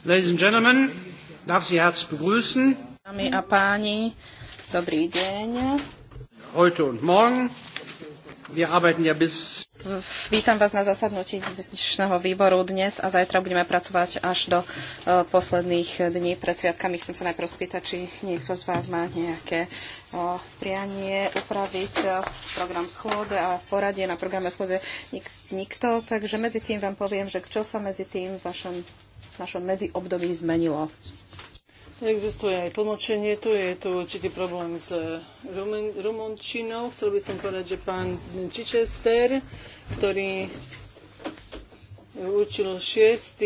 Dámy a páni, dobrý deň. Heute und morgen. Wir arbeiten ja bis... Vítam vás na zasadnutí dnešného výboru dnes a zajtra budeme pracovať až do uh, posledných dní pred sviatkami. Chcem sa najprv spýtať, či niekto z vás má nejaké uh, prianie upraviť uh, program schôdze a poradie na programe schôdze nik- nikto. Takže medzi tým vám poviem, že čo sa medzi tým v vašom našom medziobdobí zmenilo. Existuje aj tlmočenie, tu je tu určitý problém s eh, rumen, rumončinou. Chcel by som povedať, že pán Čičester, ktorý eh, určil 6.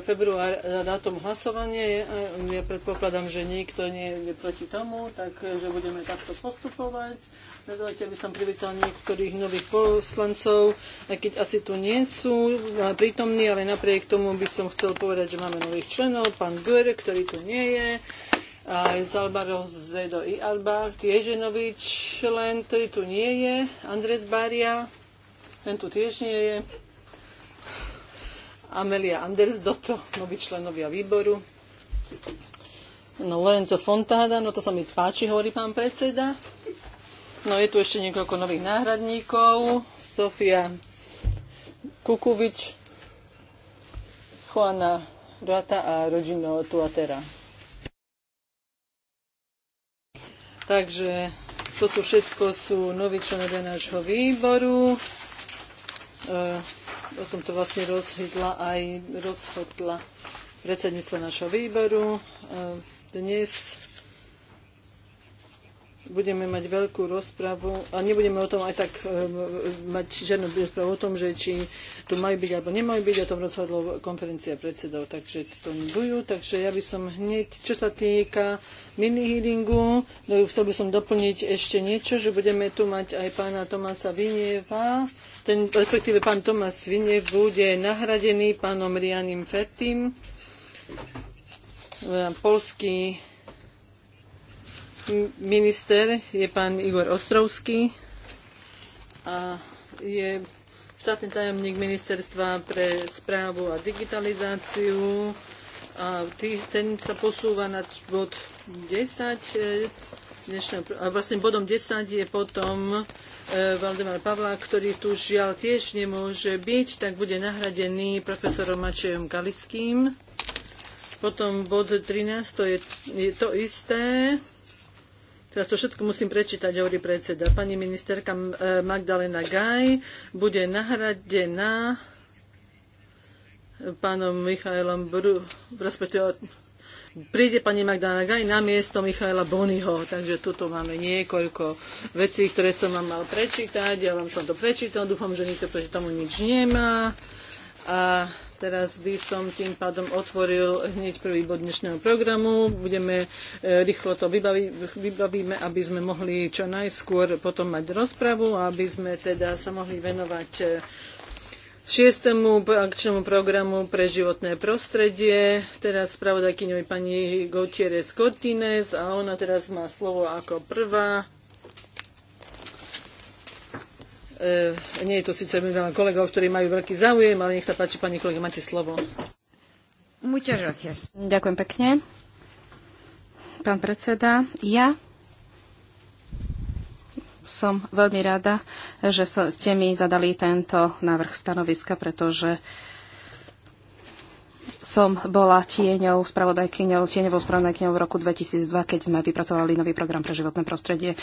február za eh, dátum hlasovania. Ja predpokladám, že nikto nie je proti tomu, takže budeme takto postupovať. Dovolte by som privítal niektorých nových poslancov, aj keď asi tu nie sú prítomní, ale napriek tomu by som chcel povedať, že máme nových členov. Pán Gür, ktorý tu nie je, a Zalbaro Zedo i Alba, tiež je nový člen, ktorý tu nie je, Andres Bária, ten tu tiež nie je, Amelia Anders Doto, nový členovia výboru. No, Lorenzo Fontáda, no to sa mi páči, hovorí pán predseda. No je tu ešte niekoľko nových náhradníkov. Sofia Kukuvič, Juana Rata a Rodino Tuatera. Takže toto všetko sú noví členovia nášho výboru. E, o tomto vlastne rozhodla aj rozhodla predsedníctvo nášho výboru. E, dnes budeme mať veľkú rozpravu a nebudeme o tom aj tak e, mať žiadnu rozpravu o tom, že či tu majú byť alebo nemajú byť, o tom rozhodlo konferencia predsedov, takže to nebudú. Takže ja by som hneď, čo sa týka mini-hearingu, no, chcel by som doplniť ešte niečo, že budeme tu mať aj pána Tomasa Vinieva, ten, respektíve pán Tomas Viniev bude nahradený pánom Rianim Fertim, e, polský minister je pán Igor Ostrovský a je štátny tajomník ministerstva pre správu a digitalizáciu. A tý, ten sa posúva na bod 10. E, a vlastne bodom 10 je potom e, Valdemar Pavla, ktorý tu žiaľ tiež nemôže byť, tak bude nahradený profesorom Mačejom Kaliským. Potom bod 13, to je, je to isté. Teraz to všetko musím prečítať, hovorí predseda. Pani ministerka e, Magdalena Gaj bude nahradená pánom Michailom Bru, respektíve príde pani Magdalena Gaj na miesto Michaela Bonyho. Takže tuto máme niekoľko vecí, ktoré som vám mal prečítať. Ja vám som to prečítal, dúfam, že nikto proti tomu nič nemá. A Teraz by som tým pádom otvoril hneď prvý bod dnešného programu. Budeme e, rýchlo to vybaví, vybavíme, aby sme mohli čo najskôr potom mať rozpravu a aby sme teda sa mohli venovať e, šiestemu akčnému programu pre životné prostredie. Teraz spravodajkyňou je pani Gautieres Cortines a ona teraz má slovo ako prvá. E, nie je to síce veľa kolegov, ktorí majú veľký záujem, ale nech sa páči, pani kolega, máte slovo. Ďakujem pekne. Pán predseda, ja som veľmi rada, že ste mi zadali tento návrh stanoviska, pretože som bola tieňou, spravodajkyňou, tieňovou spravodajkyňou v roku 2002, keď sme vypracovali nový program pre životné prostredie.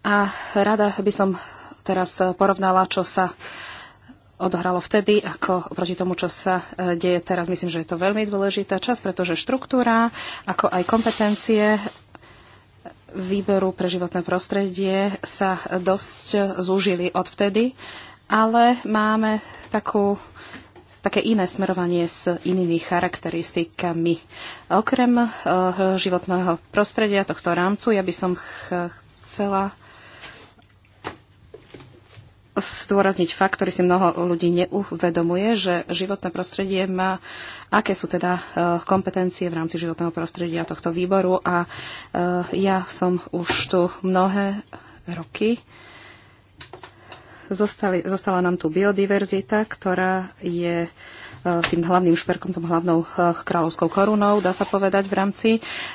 A rada by som teraz eh, porovnala, čo sa odohralo vtedy, ako proti tomu, čo sa eh, deje teraz. Myslím, že je to veľmi dôležitá čas, pretože štruktúra, ako aj kompetencie výberu pre životné prostredie sa dosť eh, zúžili od vtedy, ale máme takú, také iné smerovanie s inými charakteristikami. Okrem uh, životného prostredia tohto rámcu, ja by som chcela stôrazniť fakt, ktorý si mnoho ľudí neuvedomuje, že životné prostredie má, aké sú teda eh, kompetencie v rámci životného prostredia tohto výboru. A eh, ja som už tu mnohé roky. Zostali, zostala nám tu biodiverzita, ktorá je uh, tým hlavným šperkom, tom hlavnou eh, kráľovskou korunou, dá sa povedať v rámci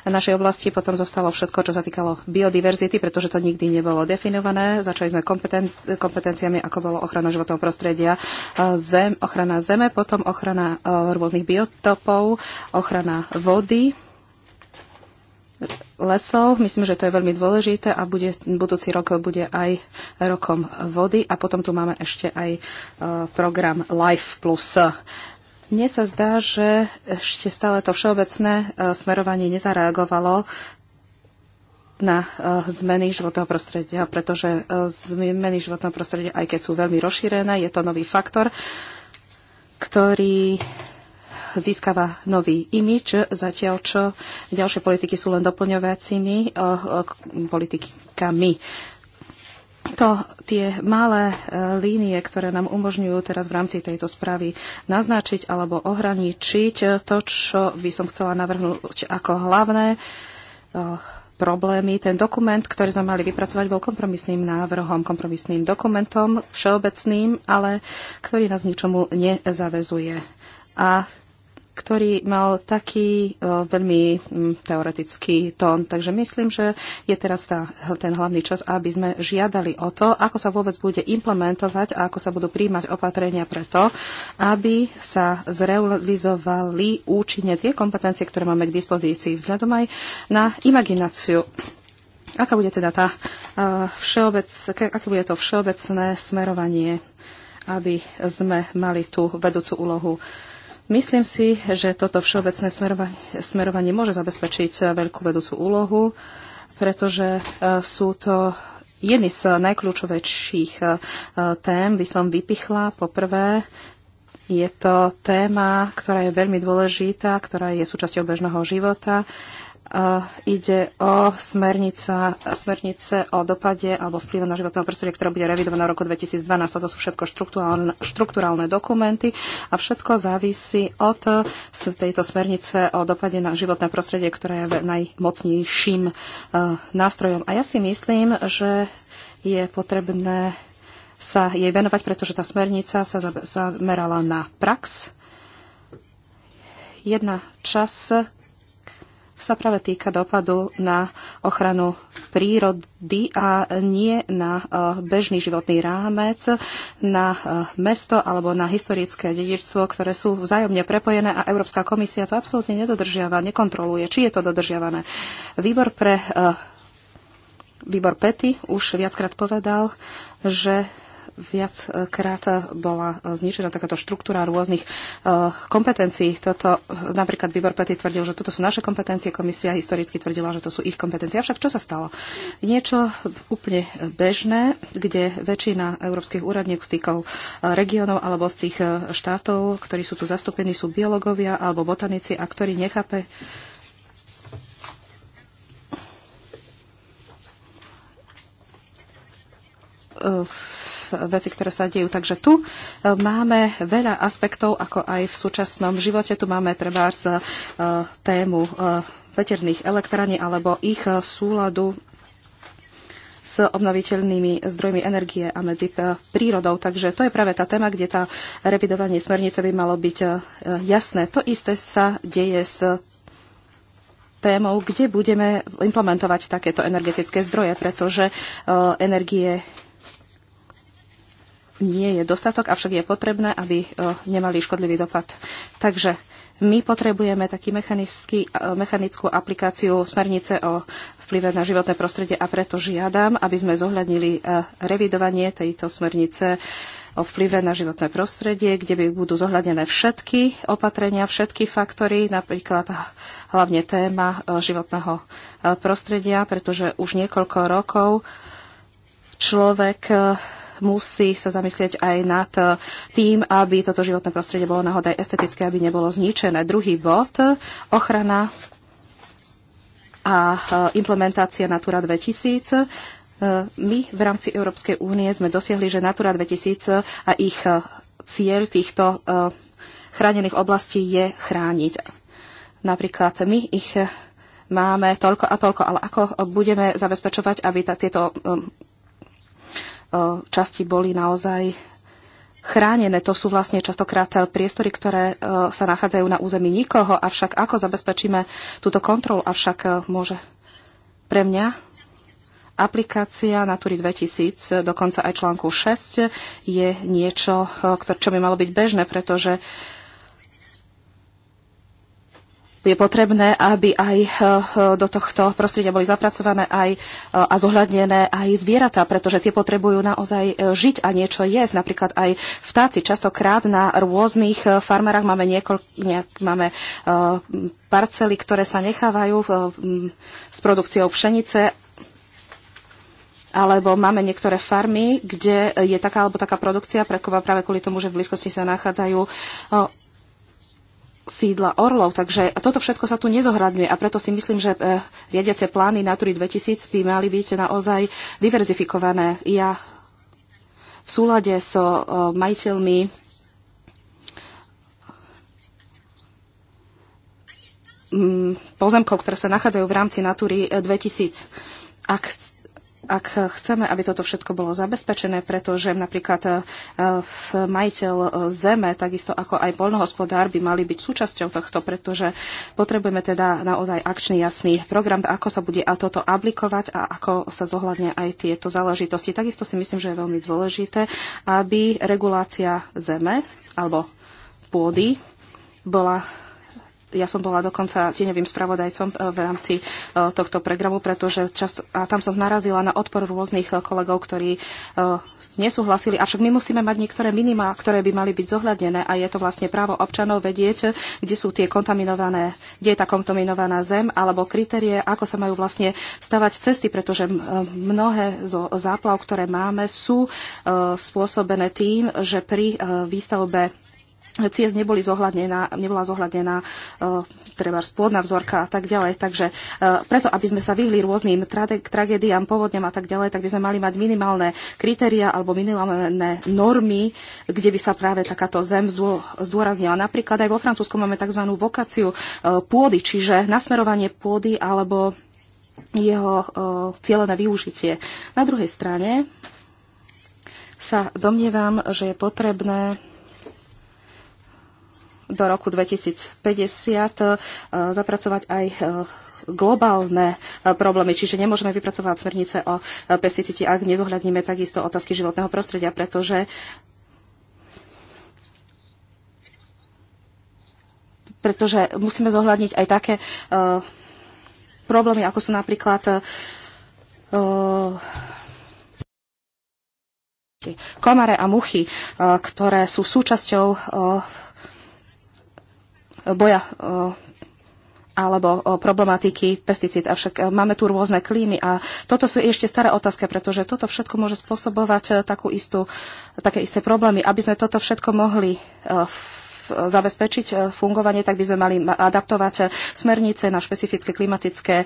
našej oblasti. Potom zostalo všetko, čo sa týkalo biodiverzity, pretože to nikdy nebolo definované. Začali sme kompetenci- kompetenciami, ako bolo ochrana životného prostredia, eh, zem, ochrana zeme, potom ochrana eh, rôznych biotopov, ochrana vody, lesov. Myslím, že to je veľmi dôležité a bude, budúci rok bude aj rokom vody. A potom tu máme ešte aj program Life Plus. Mne sa zdá, že ešte stále to všeobecné e, smerovanie nezareagovalo na e, zmeny životného prostredia, pretože e, zmeny životného prostredia, aj keď sú veľmi rozšírené, je to nový faktor, ktorý získava nový imič, zatiaľ čo ďalšie politiky sú len doplňovacími politikami to, tie malé e, línie, ktoré nám umožňujú teraz v rámci tejto správy naznačiť alebo ohraničiť e, to, čo by som chcela navrhnúť ako hlavné e, problémy. Ten dokument, ktorý sme mali vypracovať, bol kompromisným návrhom, kompromisným dokumentom, všeobecným, ale ktorý nás ničomu nezavezuje. A ktorý mal taký e, veľmi teoretický tón. Takže myslím, že je teraz tá, ten hlavný čas, aby sme žiadali o to, ako sa vôbec bude implementovať a ako sa budú príjmať opatrenia preto, aby sa zrealizovali účinne tie kompetencie, ktoré máme k dispozícii vzhľadom aj na imagináciu aká bude teda tá uh, všeobec, aké bude to všeobecné smerovanie, aby sme mali tú vedúcu úlohu Myslím si, že toto všeobecné smerovanie, smerovanie môže zabezpečiť veľkú vedúcu úlohu, pretože e, sú to jedny z najkľúčovejších e, tém, by som vypichla. Poprvé, je to téma, ktorá je veľmi dôležitá, ktorá je súčasťou bežného života Eh, ide o smernica, smernice o dopade alebo vplyve na životné prostredie, ktorá bude revidovaná v roku 2012. Toto sú všetko štruktúralne, dokumenty a všetko závisí od tejto smernice o dopade na životné prostredie, ktorá je najmocnejším eh, nástrojom. A ja si myslím, že je potrebné sa jej venovať, pretože tá smernica sa zamerala na prax jedna čas, sa práve týka dopadu na ochranu prírody a nie na e, bežný životný rámec, na e, mesto alebo na historické dedičstvo, ktoré sú vzájomne prepojené a Európska komisia to absolútne nedodržiava, nekontroluje, či je to dodržiavané. Výbor pre e, Výbor Pety už viackrát povedal, že viackrát eh, bola eh, zničená takáto štruktúra rôznych eh, kompetencií. Toto, napríklad výbor Pety tvrdil, že toto sú naše kompetencie, komisia historicky tvrdila, že to sú ich kompetencie. Avšak čo sa stalo? Niečo úplne bežné, kde väčšina európskych úradník z týkov regiónov alebo z tých štátov, ktorí sú tu zastúpení, sú biológovia alebo botanici a ktorí nechápe, veci, ktoré sa dejú. Takže tu e, máme veľa aspektov, ako aj v súčasnom živote. Tu máme treba z e, tému e, veterných elektrární alebo ich súladu s obnoviteľnými zdrojmi energie a medzi prírodou. Takže to je práve tá téma, kde tá revidovanie smernice by malo byť jasné. To isté sa deje s témou, kde budeme implementovať takéto energetické zdroje, pretože energie nie je dostatok, avšak je potrebné, aby e, nemali škodlivý dopad. Takže my potrebujeme taký e, mechanickú aplikáciu smernice o vplyve na životné prostredie a preto žiadam, aby sme zohľadnili e, revidovanie tejto smernice o vplyve na životné prostredie, kde by budú zohľadené všetky opatrenia, všetky faktory, napríklad hlavne téma životného prostredia, pretože už niekoľko rokov človek musí sa zamyslieť aj nad e, tým, aby toto životné prostredie bolo nahodaj estetické, aby nebolo zničené. Druhý bod, ochrana a e, implementácia Natura 2000 e, my v rámci Európskej únie sme dosiahli, že Natura 2000 a ich cieľ týchto chránených oblastí je chrániť. Napríklad my ich máme toľko a toľko, ale ako budeme zabezpečovať, aby tieto E, časti boli naozaj chránené. To sú vlastne častokrát e, priestory, ktoré e, sa nachádzajú na území nikoho. Avšak ako zabezpečíme túto kontrolu? Avšak môže pre mňa aplikácia Natury 2000, dokonca aj článku 6, je niečo, čo by malo byť bežné, pretože je potrebné, aby aj eh, do tohto prostredia boli zapracované aj eh, a zohľadnené aj zvieratá, pretože tie potrebujú naozaj eh, žiť a niečo jesť. Napríklad aj vtáci. Častokrát na rôznych farmárach máme, niekoľko, ne, máme parcely, ktoré sa nechávajú mm, s produkciou pšenice alebo máme niektoré farmy, kde je taká alebo taká produkcia, práve kvôli tomu, že v blízkosti sa nachádzajú sídla orlov. Takže toto všetko sa tu nezohradňuje a preto si myslím, že e, riadiace plány Natury 2000 by mali byť naozaj diverzifikované. Ja v súlade so e, majiteľmi mm, pozemkov, ktoré sa nachádzajú v rámci Natúry 2000. Eh, Ak ak chceme, aby toto všetko bolo zabezpečené, pretože napríklad e, majiteľ e, zeme, takisto ako aj poľnohospodár by mali byť súčasťou tohto, pretože potrebujeme teda naozaj akčný, jasný program, ako sa bude a toto aplikovať a ako sa zohľadne aj tieto záležitosti. Takisto si myslím, že je veľmi dôležité, aby regulácia zeme alebo pôdy bola ja som bola dokonca tieňovým spravodajcom eh, v rámci eh, tohto programu, pretože čas, a tam som narazila na odpor rôznych eh, kolegov, ktorí nesúhlasili. Avšak my musíme mať niektoré minima, ktoré by mali byť zohľadnené a je to vlastne právo občanov vedieť, kde sú tie kontaminované, kde je tá kontaminovaná zem alebo kritérie, ako sa majú vlastne stavať cesty, pretože mnohé zo záplav, ktoré máme, sú spôsobené tým, že pri výstavbe ciest neboli zohľadnená, nebola zohľadnená uh, treba spôdna vzorka a tak ďalej. Takže e, preto, aby sme sa vyhli rôznym tragédiám, povodňam a tak ďalej, tak by sme mali mať minimálne kritéria alebo minimálne normy, kde by sa práve takáto zem zdôraznila. Napríklad aj vo Francúzsku máme tzv. vokáciu e, pôdy, čiže nasmerovanie pôdy alebo jeho uh, cieľené využitie. Na druhej strane sa domnievam, že je potrebné do roku 2050 e, zapracovať aj e, globálne e, problémy. Čiže nemôžeme vypracovať smernice o pesticíti, ak nezohľadníme takisto otázky životného prostredia, pretože pretože musíme zohľadniť aj také uh, problémy, ako sú napríklad uh, komare a muchy, uh, ktoré sú súčasťou uh, boja e, alebo e, problematiky pesticíd. Avšak e, máme tu rôzne klímy a toto sú ešte staré otázky, pretože toto všetko môže spôsobovať takú istú, také isté problémy. Aby sme toto všetko mohli zabezpečiť e, fungovanie, tak by sme mali adaptovať e, smernice na špecifické klimatické e,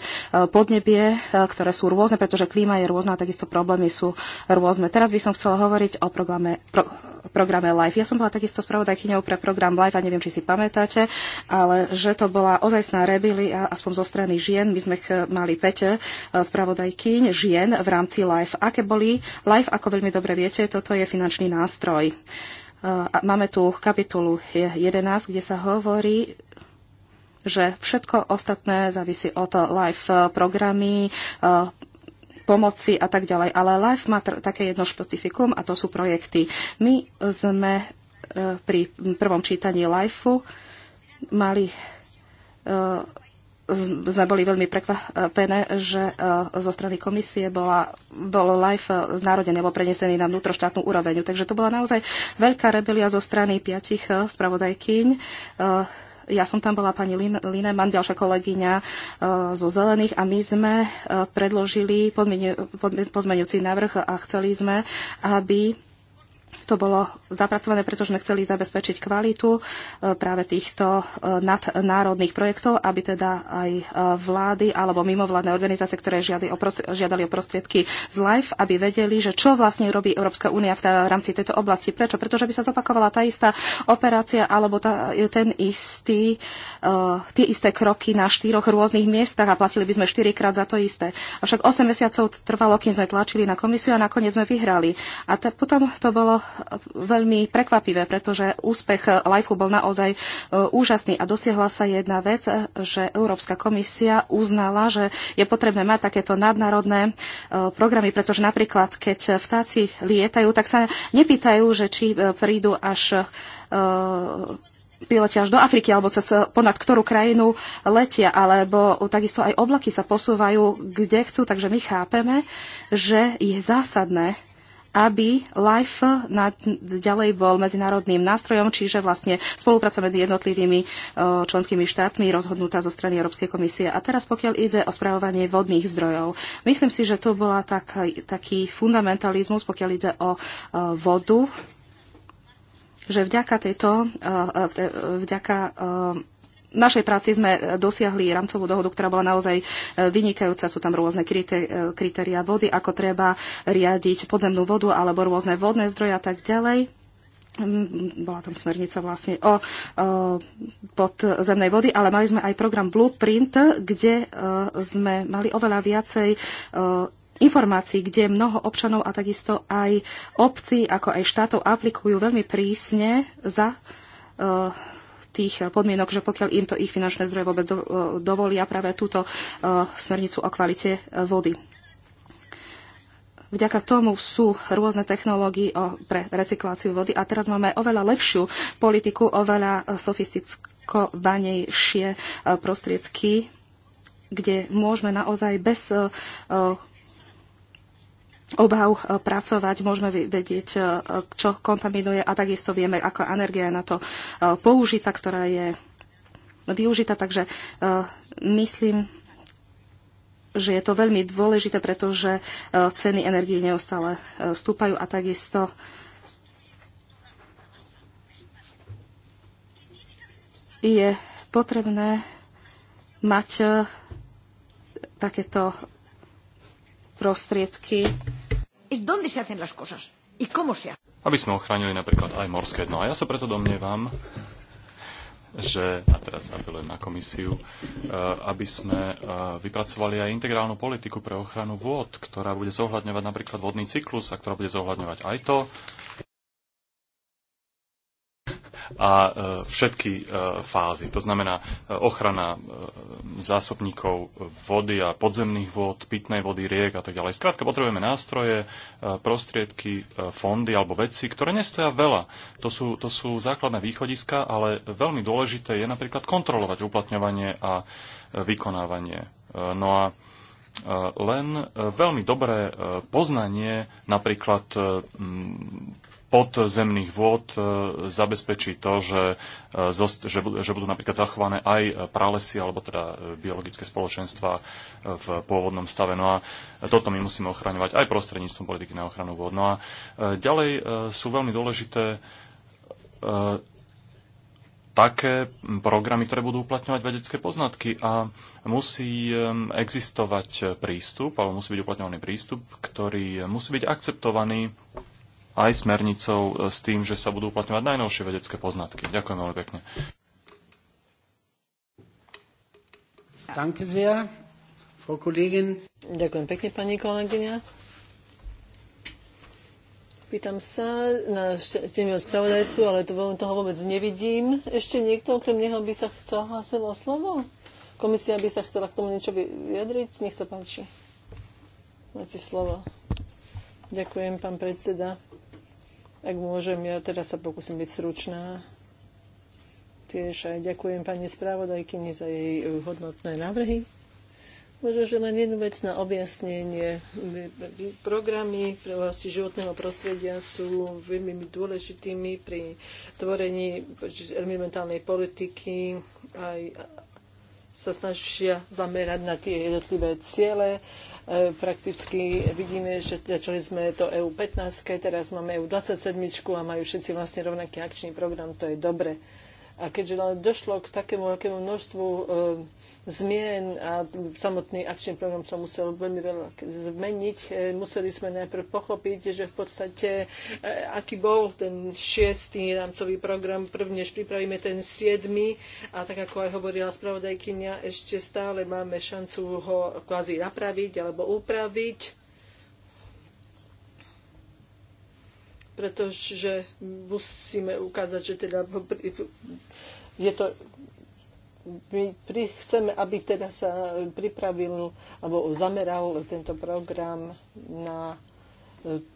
podnebie, ktoré sú rôzne, pretože klíma je rôzna a takisto problémy sú rôzne. Teraz by som chcela hovoriť o programe, pro, programe LIFE. Ja som bola takisto spravodajkyňou pre program LIFE a neviem, či si pamätáte, ale že to bola ozajstná a aspoň zo strany žien. My sme mali 5 spravodajkyň žien v rámci LIFE. Aké boli LIFE, ako veľmi dobre viete, toto je finančný nástroj. Uh, Máme tu kapitolu 11, kde sa hovorí, že všetko ostatné závisí od live programy, e, pomoci a tak ďalej. Ale LIFE má také jedno špecifikum a to sú projekty. My sme e, pri prvom čítaní live mali e, sme boli veľmi prekvapené, že e, zo strany komisie bola, bol live e, znárodený alebo prenesený na vnútroštátnu úroveň. Takže to bola naozaj veľká rebelia zo strany piatich e, spravodajkyň. Ja som tam bola pani Lineman, ďalšia kolegyňa zo Zelených a my sme predložili pozmeňujúci návrh a chceli sme, aby to bolo zapracované, pretože sme chceli zabezpečiť kvalitu e, práve týchto e, nadnárodných projektov, aby teda aj e, vlády alebo mimovládne organizácie, ktoré žiadali o, prostriedky z LIFE, aby vedeli, že čo vlastne robí Európska únia v, rámci tejto oblasti. Prečo? Pretože by sa zopakovala tá istá operácia alebo tá, ten istý, tie isté kroky na štyroch rôznych miestach a platili by sme štyrikrát za to isté. Avšak 8 mesiacov trvalo, kým sme tlačili na komisiu a nakoniec sme vyhrali. A t- potom to bolo veľmi prekvapivé, pretože úspech LIFE bol naozaj e, úžasný a dosiahla sa jedna vec, že Európska komisia uznala, že je potrebné mať takéto nadnárodné e, programy, pretože napríklad, keď vtáci lietajú, tak sa nepýtajú, že či e, prídu až piloti až do Afriky alebo cez ponad ktorú krajinu letia, alebo takisto aj oblaky sa posúvajú kde chcú, takže my chápeme, že je zásadné aby LIFE ďalej bol medzinárodným nástrojom, čiže vlastne spolupráca medzi jednotlivými e, členskými štátmi rozhodnutá zo strany Európskej komisie. A teraz pokiaľ ide o spravovanie vodných zdrojov, myslím si, že to bola tak, taký fundamentalizmus, pokiaľ ide o e, vodu, že vďaka tejto, e, vďaka v našej práci sme e, dosiahli rámcovú dohodu, ktorá bola naozaj e, vynikajúca. Sú tam rôzne e, kritéria vody, ako treba riadiť podzemnú vodu alebo rôzne vodné zdroje a tak ďalej. Mm, bola tam smernica vlastne o, o podzemnej vody, ale mali sme aj program Blueprint, kde o, sme mali oveľa viacej o, informácií, kde mnoho občanov a takisto aj obcí, ako aj štátov aplikujú veľmi prísne za tých podmienok, že pokiaľ im to ich finančné zdroje vôbec e, dovolia práve túto e, smernicu o kvalite e, vody. Vďaka tomu sú rôzne technológie pre recykláciu vody a teraz máme oveľa lepšiu politiku, oveľa sofistikovanejšie prostriedky, kde môžeme naozaj bez obav e, pracovať, môžeme vedieť, e, čo kontaminuje a takisto vieme, ako energia je na to e, použitá, ktorá je využitá. Takže myslím, že je to veľmi dôležité, pretože ceny energii neustále stúpajú a takisto je potrebné mať takéto prostriedky es dónde se hacen las cosas y cómo se hacen. Aby sme ochránili napríklad aj morské dno. A ja sa preto domnievam, že, a teraz zapilujem na komisiu, eh, aby sme eh, vypracovali aj integrálnu politiku pre ochranu vôd, ktorá bude zohľadňovať napríklad vodný cyklus a ktorá bude zohľadňovať aj to, a e, všetky e, fázy. To znamená e, ochrana zásobníkov vody a podzemných vod, pitnej vody, riek a tak ďalej. Skrátka potrebujeme nástroje, prostriedky, fondy alebo veci, ktoré nestoja veľa. To sú, to sú základné východiska, ale veľmi dôležité je napríklad kontrolovať uplatňovanie a vykonávanie. No a len veľmi dobré poznanie napríklad podzemných vôd e, zabezpečí to, že, e, že budú napríklad zachované aj e, pralesy alebo teda biologické spoločenstva v pôvodnom stave. No a toto my musíme ochraňovať aj prostredníctvom politiky na ochranu vôd. No a ďalej sú veľmi dôležité také programy, ktoré budú uplatňovať vedecké poznatky a musí existovať prístup, alebo musí byť uplatňovaný prístup, ktorý musí byť akceptovaný aj smernicou e, s tým, že sa budú uplatňovať najnovšie vedecké poznatky. Ďakujem veľmi pekne. Danke sehr, Frau Kollegin. Ďakujem pekne, pani kolegyňa. Pýtam sa na šteteného spravodajcu, ale to, toho vôbec nevidím. Ešte niekto okrem neho by sa chcel hlasiť o slovo? Komisia by sa chcela k tomu niečo vyjadriť? Nech sa páči. Máte slovo. Ďakujem, pán predseda. Ak môžem, ja teraz sa pokúsim byť stručná. Tiež aj ďakujem pani správodajkyni za jej e, hodnotné návrhy. Možno, že len jednu vec na objasnenie. Programy pre vlasti životného prostredia sú veľmi dôležitými pri tvorení environmentálnej politiky aj sa snažia zamerať na tie jednotlivé ciele E, prakticky vidíme, že začali sme to EU 15, teraz máme EU 27 a majú všetci vlastne rovnaký akčný program, to je dobre. A keďže došlo k takému veľkému množstvu e, zmien a samotný akčný program sa musel veľmi veľa zmeniť, e, museli sme najprv pochopiť, že v podstate e, aký bol ten šiestý rámcový program, prvnež pripravíme ten siedmy a tak ako aj hovorila spravodajkynia, ešte stále máme šancu ho kvázi napraviť alebo upraviť pretože musíme ukázať, že teda je to my pri, chceme, aby teda sa pripravil alebo zameral tento program na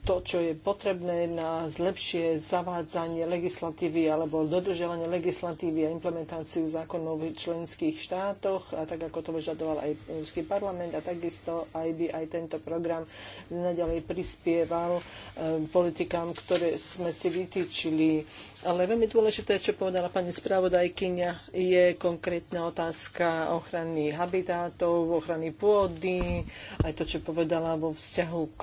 to, čo je potrebné na zlepšie zavádzanie legislatívy alebo dodržiavanie legislatívy a implementáciu zákonov v členských štátoch, a tak ako to vyžadoval aj Európsky parlament a takisto aj by aj tento program naďalej prispieval e, politikám, ktoré sme si vytýčili. Ale veľmi dôležité, čo povedala pani spravodajkyňa, je konkrétna otázka ochrany habitátov, ochrany pôdy, aj to, čo povedala vo vzťahu k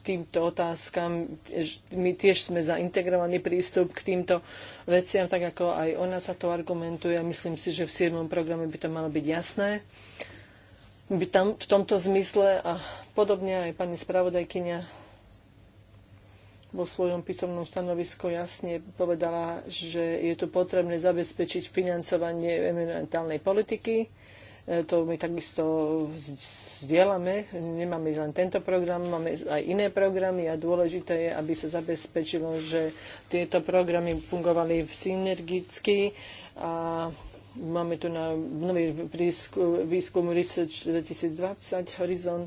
týmto otázkam. My tiež sme za integrovaný prístup k týmto veciam, tak ako aj ona sa to argumentuje. Myslím si, že v 7. programe by to malo byť jasné. By tam v tomto zmysle a podobne aj pani spravodajkyňa vo svojom písomnom stanovisku jasne povedala, že je tu potrebné zabezpečiť financovanie environmentálnej politiky E, to my takisto zdieľame. Nemáme len tento program, máme aj iné programy a dôležité je, aby sa zabezpečilo, že tieto programy fungovali synergicky a máme tu na nový výskum Research 2020 Horizon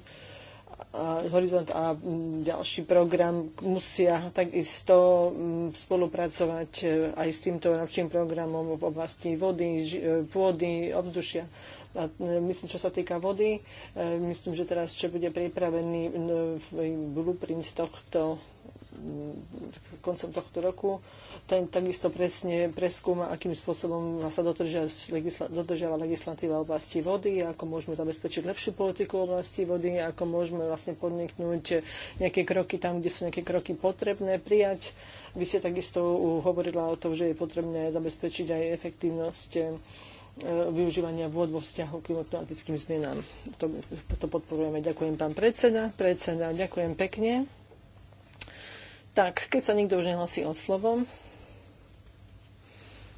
a Horizont a mm, ďalší program musia takisto mm, spolupracovať e, aj s týmto ročným programom v oblasti vody, e, pôdy, obdušia. A e, myslím, čo sa týka vody, e, myslím, že teraz, čo bude pripravený e, blueprint tohto mm, koncom tohto roku, ten takisto presne preskúma, akým spôsobom sa dodržiava legislatíva oblasti vody, ako môžeme zabezpečiť lepšiu politiku oblasti vody, ako môžeme vlastne podniknúť nejaké kroky tam, kde sú nejaké kroky potrebné prijať. Vy ste takisto hovorila o tom, že je potrebné zabezpečiť aj efektívnosť E, využívania vôd vo vzťahu k klimatickým zmenám. To, to podporujeme. Ďakujem pán predseda. Predseda, ďakujem pekne. Tak, keď sa nikto už nehlasí o slovo,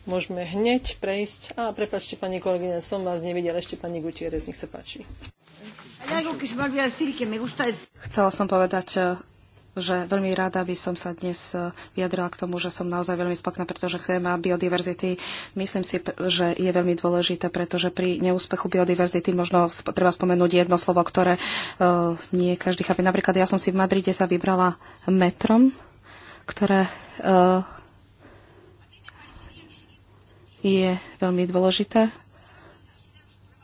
môžeme hneď prejsť. A prepačte, pani kolegyňa, som vás nevidel. Ešte pani Gutierrez, nech sa páči. Chcela som povedať že veľmi rada by som sa dnes e, vyjadrila k tomu, že som naozaj veľmi spokojná, pretože téma biodiverzity myslím si, že je veľmi dôležité, pretože pri neúspechu biodiverzity možno treba spomenúť jedno slovo, ktoré uh, nie každý chápe. Napríklad ja som si v Madride sa vybrala metrom, ktoré uh, je veľmi dôležité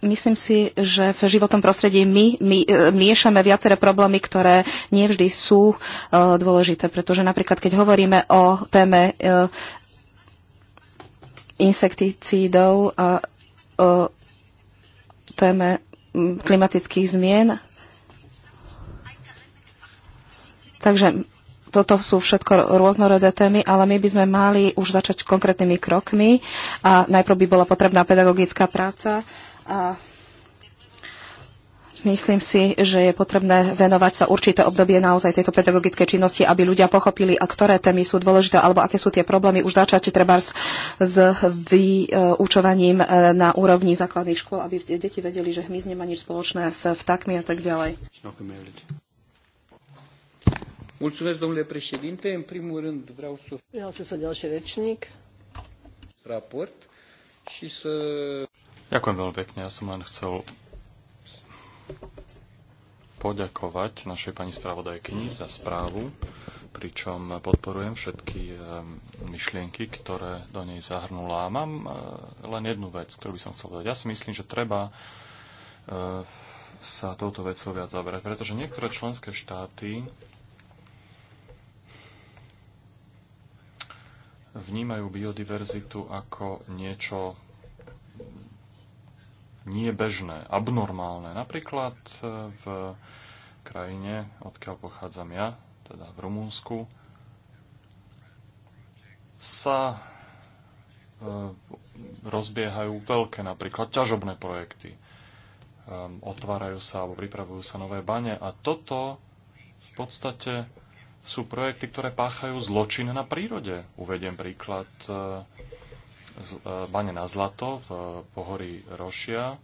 myslím si, že v životnom prostredí my, my e, miešame viaceré problémy, ktoré nevždy sú e, dôležité, pretože napríklad, keď hovoríme o téme e, insekticídov a téme klimatických zmien. Takže toto sú všetko rôznorodé témy, ale my by sme mali už začať konkrétnymi krokmi a najprv by bola potrebná pedagogická práca a Myslím si, že je potrebné venovať sa určité obdobie naozaj tejto pedagogickej činnosti, aby ľudia pochopili, a ktoré témy sú dôležité, alebo aké sú tie problémy. Už začať treba s, s vyučovaním e, na úrovni základných škôl, aby deti vedeli, že hmyz nemá nič spoločné s vtákmi a tak ďalej. Mulțumesc, domnule președinte. În primul rând vreau să... Vreau să și raport și să Ďakujem veľmi pekne. Ja som len chcel poďakovať našej pani spravodajkyni za správu, pričom podporujem všetky eh, myšlienky, ktoré do nej zahrnula. A mám eh, len jednu vec, ktorú by som chcel povedať. Ja si myslím, že treba eh, sa touto vecou viac zaberať, pretože niektoré členské štáty vnímajú biodiverzitu ako niečo nie bežné, abnormálne. Napríklad e, v krajine, odkiaľ pochádzam ja, teda v Rumunsku, sa e, rozbiehajú veľké napríklad ťažobné projekty. E, otvárajú sa alebo pripravujú sa nové bane a toto v podstate sú projekty, ktoré páchajú zločin na prírode. Uvediem príklad E, bane na zlato v pohorí Rošia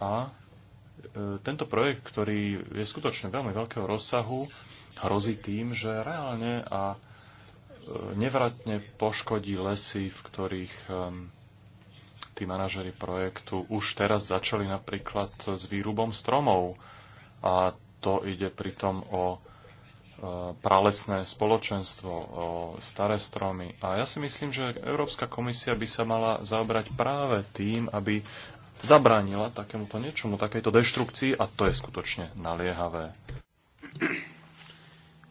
a e, tento projekt, ktorý je skutočne veľmi veľkého rozsahu, hrozí tým, že reálne a e, nevratne poškodí lesy, v ktorých tí manažery projektu už teraz začali napríklad s výrubom stromov. A to ide pritom o Eh, pralesné spoločenstvo, o eh, staré stromy. A ja si myslím, že Európska komisia by sa mala zaobrať práve tým, aby zabránila takémuto niečomu, takejto deštrukcii a to je skutočne naliehavé.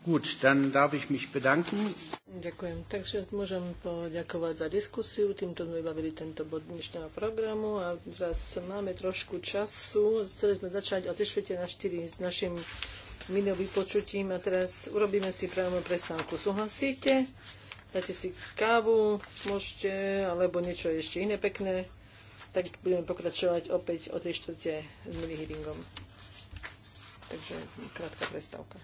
Gut, dann darf ich mich bedanken. Ďakujem. Takže môžem poďakovať za diskusiu. Týmto sme vybavili tento bod dnešného programu a teraz máme trošku času. Chceli sme začať o na 4 s našim video vypočutím a teraz urobíme si právnu prestávku. Súhlasíte? Dáte si kávu, môžete, alebo niečo ešte iné pekné. Tak budeme pokračovať opäť o tej štvrte s mini hearingom. Takže krátka prestávka.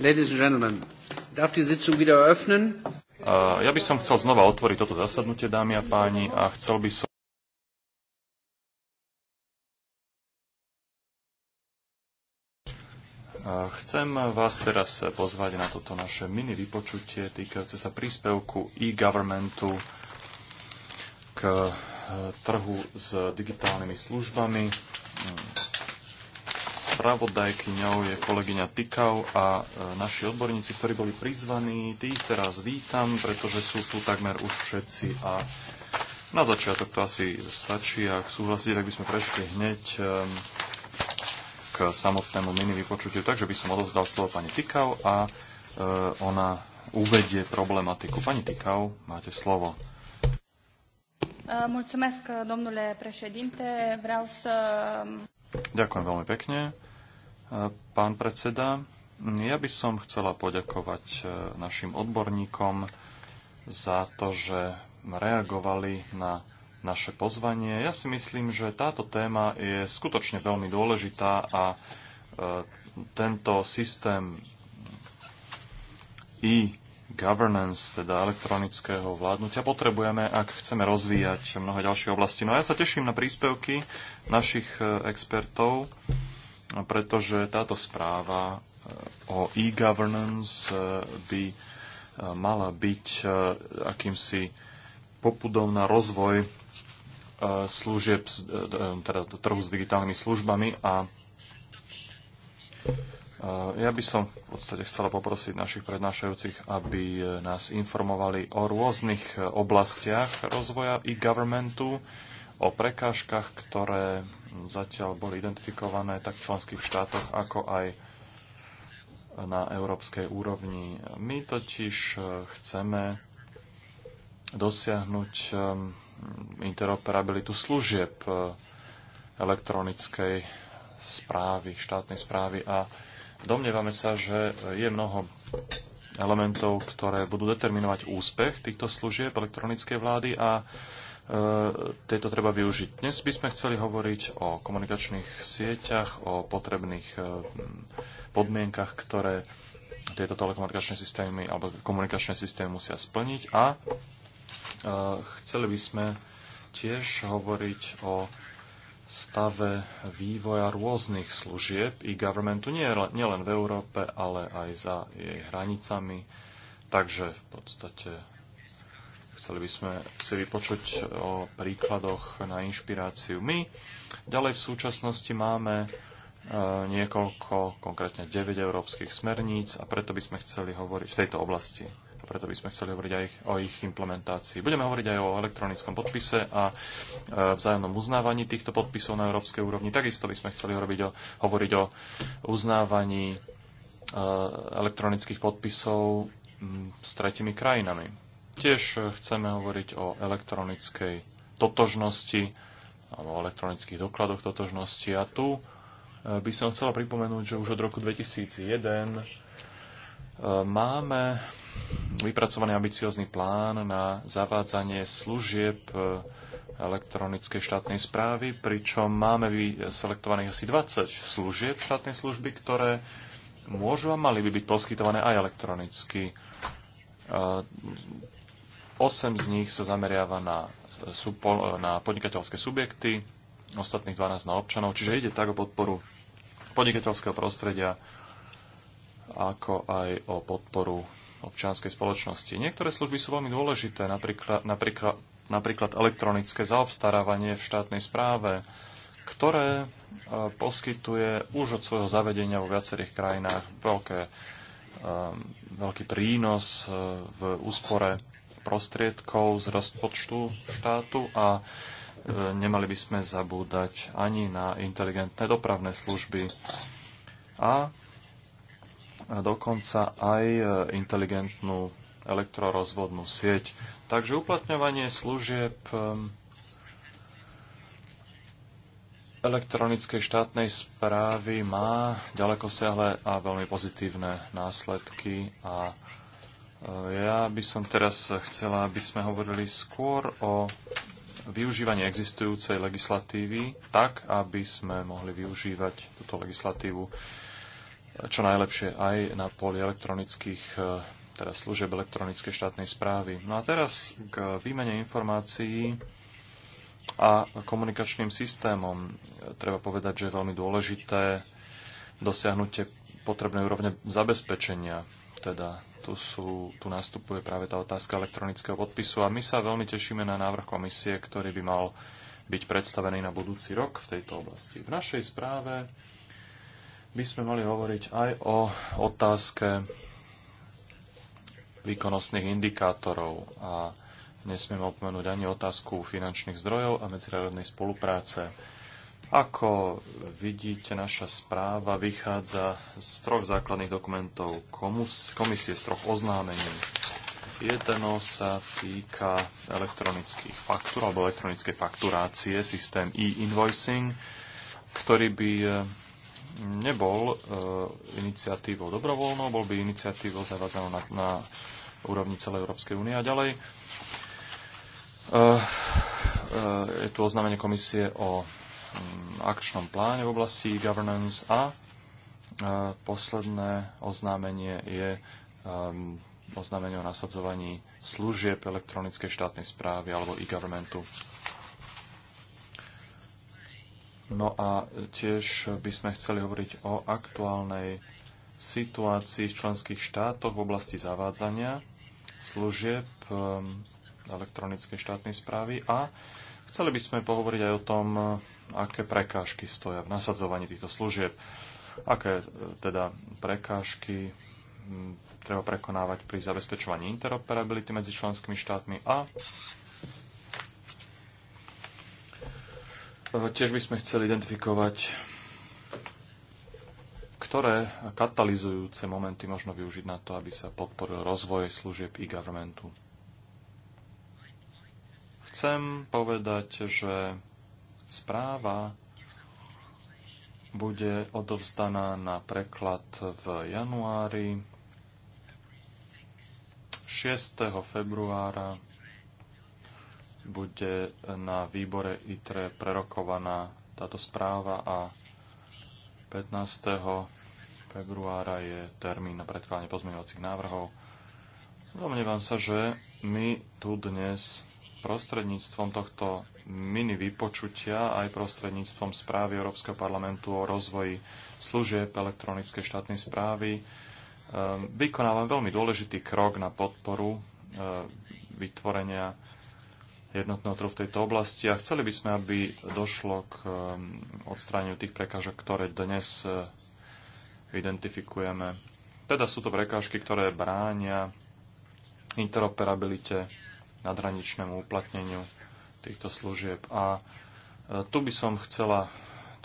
Ja by som chcel znova otvoriť toto zasadnutie, dámy a páni, a chcel by som Chcem vás teraz pozvať na toto naše mini vypočutie týkajúce sa príspevku e-governmentu k e, trhu s digitálnymi službami. Spravodajkyňou je kolegyňa Tikau a e, naši odborníci, ktorí boli prizvaní, tých teraz vítam, pretože sú tu takmer už všetci a na začiatok to asi stačí. Ak súhlasíte, tak by sme prešli hneď e, k samotnému mini vypočutiu. Takže by som odovzdal slovo pani Tikau a e, ona uvedie problematiku. Pani Tikau, máte slovo. Mulțumesc, domnule președinte. Vreau să... Ďakujem veľmi pekne. Pán predseda, ja by som chcela poďakovať e, našim odborníkom za to, že reagovali na naše pozvanie. Ja si myslím, že táto téma je skutočne veľmi dôležitá a e, tento systém i governance, teda elektronického vládnutia, potrebujeme, ak chceme rozvíjať mnohé ďalšie oblasti. No a ja sa teším na príspevky našich e, expertov, pretože táto správa e, o e-governance e, by mala byť akýmsi popudom na rozvoj služieb, teda trhu s digitálnymi službami a ja by som v podstate chcela poprosiť našich prednášajúcich, aby nás informovali o rôznych oblastiach rozvoja e-governmentu, o prekážkach, ktoré zatiaľ boli identifikované tak v členských štátoch, ako aj na európskej úrovni. My totiž eh, chceme dosiahnuť eh, interoperabilitu služieb eh, elektronickej správy, štátnej správy a Domnievame sa, že je mnoho elementov, ktoré budú determinovať úspech týchto služieb elektronickej vlády a e, tieto treba využiť. Dnes by sme chceli hovoriť o komunikačných sieťach, o potrebných e, podmienkach, ktoré tieto telekomunikačné systémy alebo komunikačné systémy musia splniť a e, chceli by sme tiež hovoriť o stave vývoja rôznych služieb e-governmentu nielen v Európe, ale aj za jej hranicami. Takže v podstate chceli by sme si vypočuť o príkladoch na inšpiráciu my. Ďalej v súčasnosti máme e, niekoľko, konkrétne 9 európskych smerníc a preto by sme chceli hovoriť v tejto oblasti preto by sme chceli hovoriť aj o ich implementácii. Budeme hovoriť aj o elektronickom podpise a e, vzájomnom uznávaní týchto podpisov na európskej úrovni. Takisto by sme chceli hovoriť o, hovoriť o uznávaní e, elektronických podpisov s tretimi krajinami. Tiež chceme hovoriť o elektronickej totožnosti alebo o elektronických dokladoch totožnosti. A tu e, by som chcela pripomenúť, že už od roku 2001 Máme vypracovaný ambiciózny plán na zavádzanie služieb e, elektronickej štátnej správy, pričom máme selektovaných asi 20 služieb štátnej služby, ktoré môžu a mali by byť poskytované aj elektronicky. E, osem z nich sa zameriava na, na podnikateľské subjekty, ostatných 12 na občanov, čiže ide tak o podporu podnikateľského prostredia ako aj o podporu občianskej spoločnosti. Niektoré služby sú veľmi dôležité, napríklad, napríklad, napríklad elektronické zaobstarávanie v štátnej správe, ktoré e, poskytuje už od svojho zavedenia vo viacerých krajinách veľké, e, veľký prínos e, v úspore prostriedkov z rozpočtu štátu a nemali by sme zabúdať ani na inteligentné dopravné služby. A a dokonca aj e, inteligentnú elektrorozvodnú sieť. Takže uplatňovanie služieb e, elektronickej štátnej správy má ďaleko siahle a veľmi pozitívne následky a e, ja by som teraz chcela, aby sme hovorili skôr o využívaní existujúcej legislatívy tak, aby sme mohli využívať túto legislatívu čo najlepšie aj na poli elektronických e, teda služieb elektronickej štátnej správy. No a teraz k výmene informácií a komunikačným systémom. Treba povedať, že je veľmi dôležité dosiahnutie potrebnej úrovne zabezpečenia. Teda tu, sú, tu nastupuje práve tá otázka elektronického podpisu a my sa veľmi tešíme na návrh komisie, ktorý by mal byť predstavený na budúci rok v tejto oblasti. V našej správe by sme mali hovoriť aj o otázke výkonnostných indikátorov a nesmieme opomenúť ani otázku finančných zdrojov a medzinárodnej spolupráce. Ako vidíte, naša správa vychádza z troch základných dokumentov komus, komisie, z troch oznámení. Jedno sa týka elektronických faktúr alebo elektronickej fakturácie, systém e-invoicing, ktorý by nebol e, iniciatívou dobrovoľnou, bol by iniciatívou zavádzanou na, na úrovni celej Európskej únie. A ďalej e, e, je tu oznámenie komisie o mm, akčnom pláne v oblasti governance a posledné oznámenie je oznámenie o nasadzovaní služieb elektronickej štátnej správy alebo e-governmentu No a tiež by sme chceli hovoriť o aktuálnej situácii v členských štátoch v oblasti zavádzania služieb um, elektronickej štátnej správy a chceli by sme pohovoriť aj o tom, aké prekážky stoja v nasadzovaní týchto služieb, aké e, teda prekážky treba prekonávať pri zabezpečovaní interoperability medzi členskými štátmi a Eh, tiež by sme chceli identifikovať, ktoré katalizujúce momenty možno využiť na to, aby sa podporil rozvoj služieb e-governmentu. Chcem povedať, že správa bude odovzdaná na preklad v januári 6. februára bude na výbore ITRE prerokovaná táto správa a 15. februára je termín na predkladanie pozmeňovacích návrhov. Domnievam sa, že my tu dnes prostredníctvom tohto mini vypočutia aj prostredníctvom správy Európskeho parlamentu o rozvoji služieb elektronickej štátnej správy ehm, vykonávam veľmi dôležitý krok na podporu ehm, vytvorenia jednotného trhu v tejto oblasti a chceli by sme, aby došlo k um, odstráňu tých prekážok, ktoré dnes uh, identifikujeme. Teda sú to prekážky, ktoré bránia interoperabilite, nadhraničnému uplatneniu týchto služieb. A uh, tu by som chcela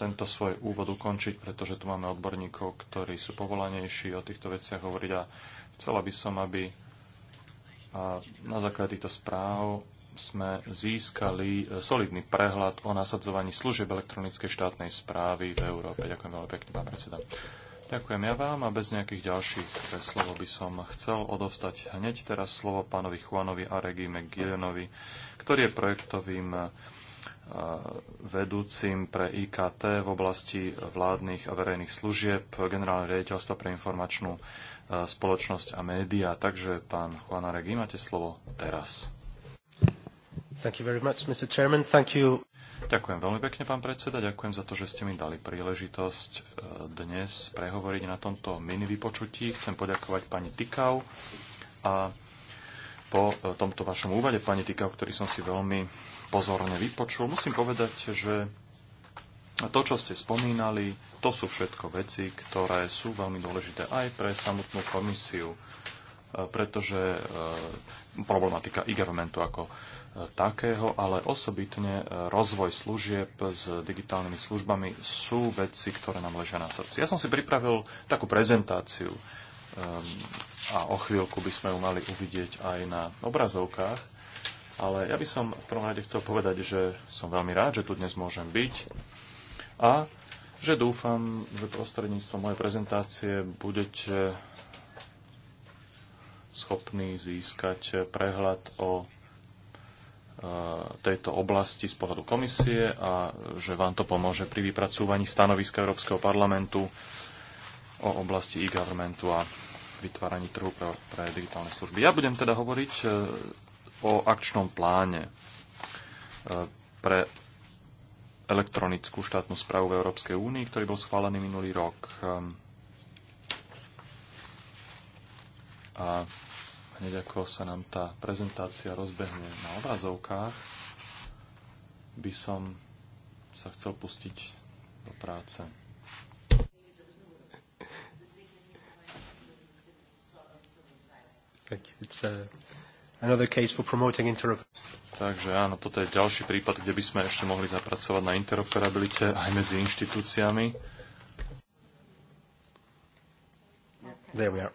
tento svoj úvod ukončiť, pretože tu máme odborníkov, ktorí sú povolanejší o týchto veciach hovoriť a chcela by som, aby uh, na základe týchto správ sme získali e, solidný prehľad o nasadzovaní služieb elektronickej štátnej správy v Európe. Ďakujem veľmi pekne, pán predseda. Ďakujem ja vám a bez nejakých ďalších slov by som chcel odovstať hneď teraz slovo pánovi Juanovi a Regime Gilenovi, ktorý je projektovým e, vedúcim pre IKT v oblasti vládnych a verejných služieb Generálne riaditeľstva pre informačnú e, spoločnosť a média. Takže pán Juan Regi, máte slovo teraz. Thank you very much, Mr. Chairman. Thank you. Ďakujem veľmi pekne, pán predseda. Ďakujem za to, že ste mi dali príležitosť e, dnes prehovoriť na tomto mini vypočutí. Chcem poďakovať pani Tikau a po e, tomto vašom úvade, pani Tikau, ktorý som si veľmi pozorne vypočul, musím povedať, že to, čo ste spomínali, to sú všetko veci, ktoré sú veľmi dôležité aj pre samotnú komisiu, e, pretože problematika e-governmentu ako takého, ale osobitne e, rozvoj služieb s digitálnymi službami sú veci, ktoré nám ležia na srdci. Ja som si pripravil takú prezentáciu e, a o chvíľku by sme ju mali uvidieť aj na obrazovkách, ale ja by som v prvom rade chcel povedať, že som veľmi rád, že tu dnes môžem byť a že dúfam, že prostredníctvom mojej prezentácie budete schopní získať prehľad o Eh, tejto oblasti z pohľadu komisie a že vám to pomôže pri vypracúvaní stanoviska Európskeho parlamentu o oblasti e-governmentu a vytváraní trhu pre, pre digitálne služby. Ja budem teda hovoriť eh, o akčnom pláne eh, pre elektronickú štátnu správu v Európskej únii, ktorý bol schválený minulý rok. Ehm, a hneď ako sa nám tá prezentácia rozbehne na obrazovkách, by som sa chcel pustiť do práce. Uh, Takže áno, toto je ďalší prípad, kde by sme ešte mohli zapracovať na interoperabilite aj medzi inštitúciami. There we are.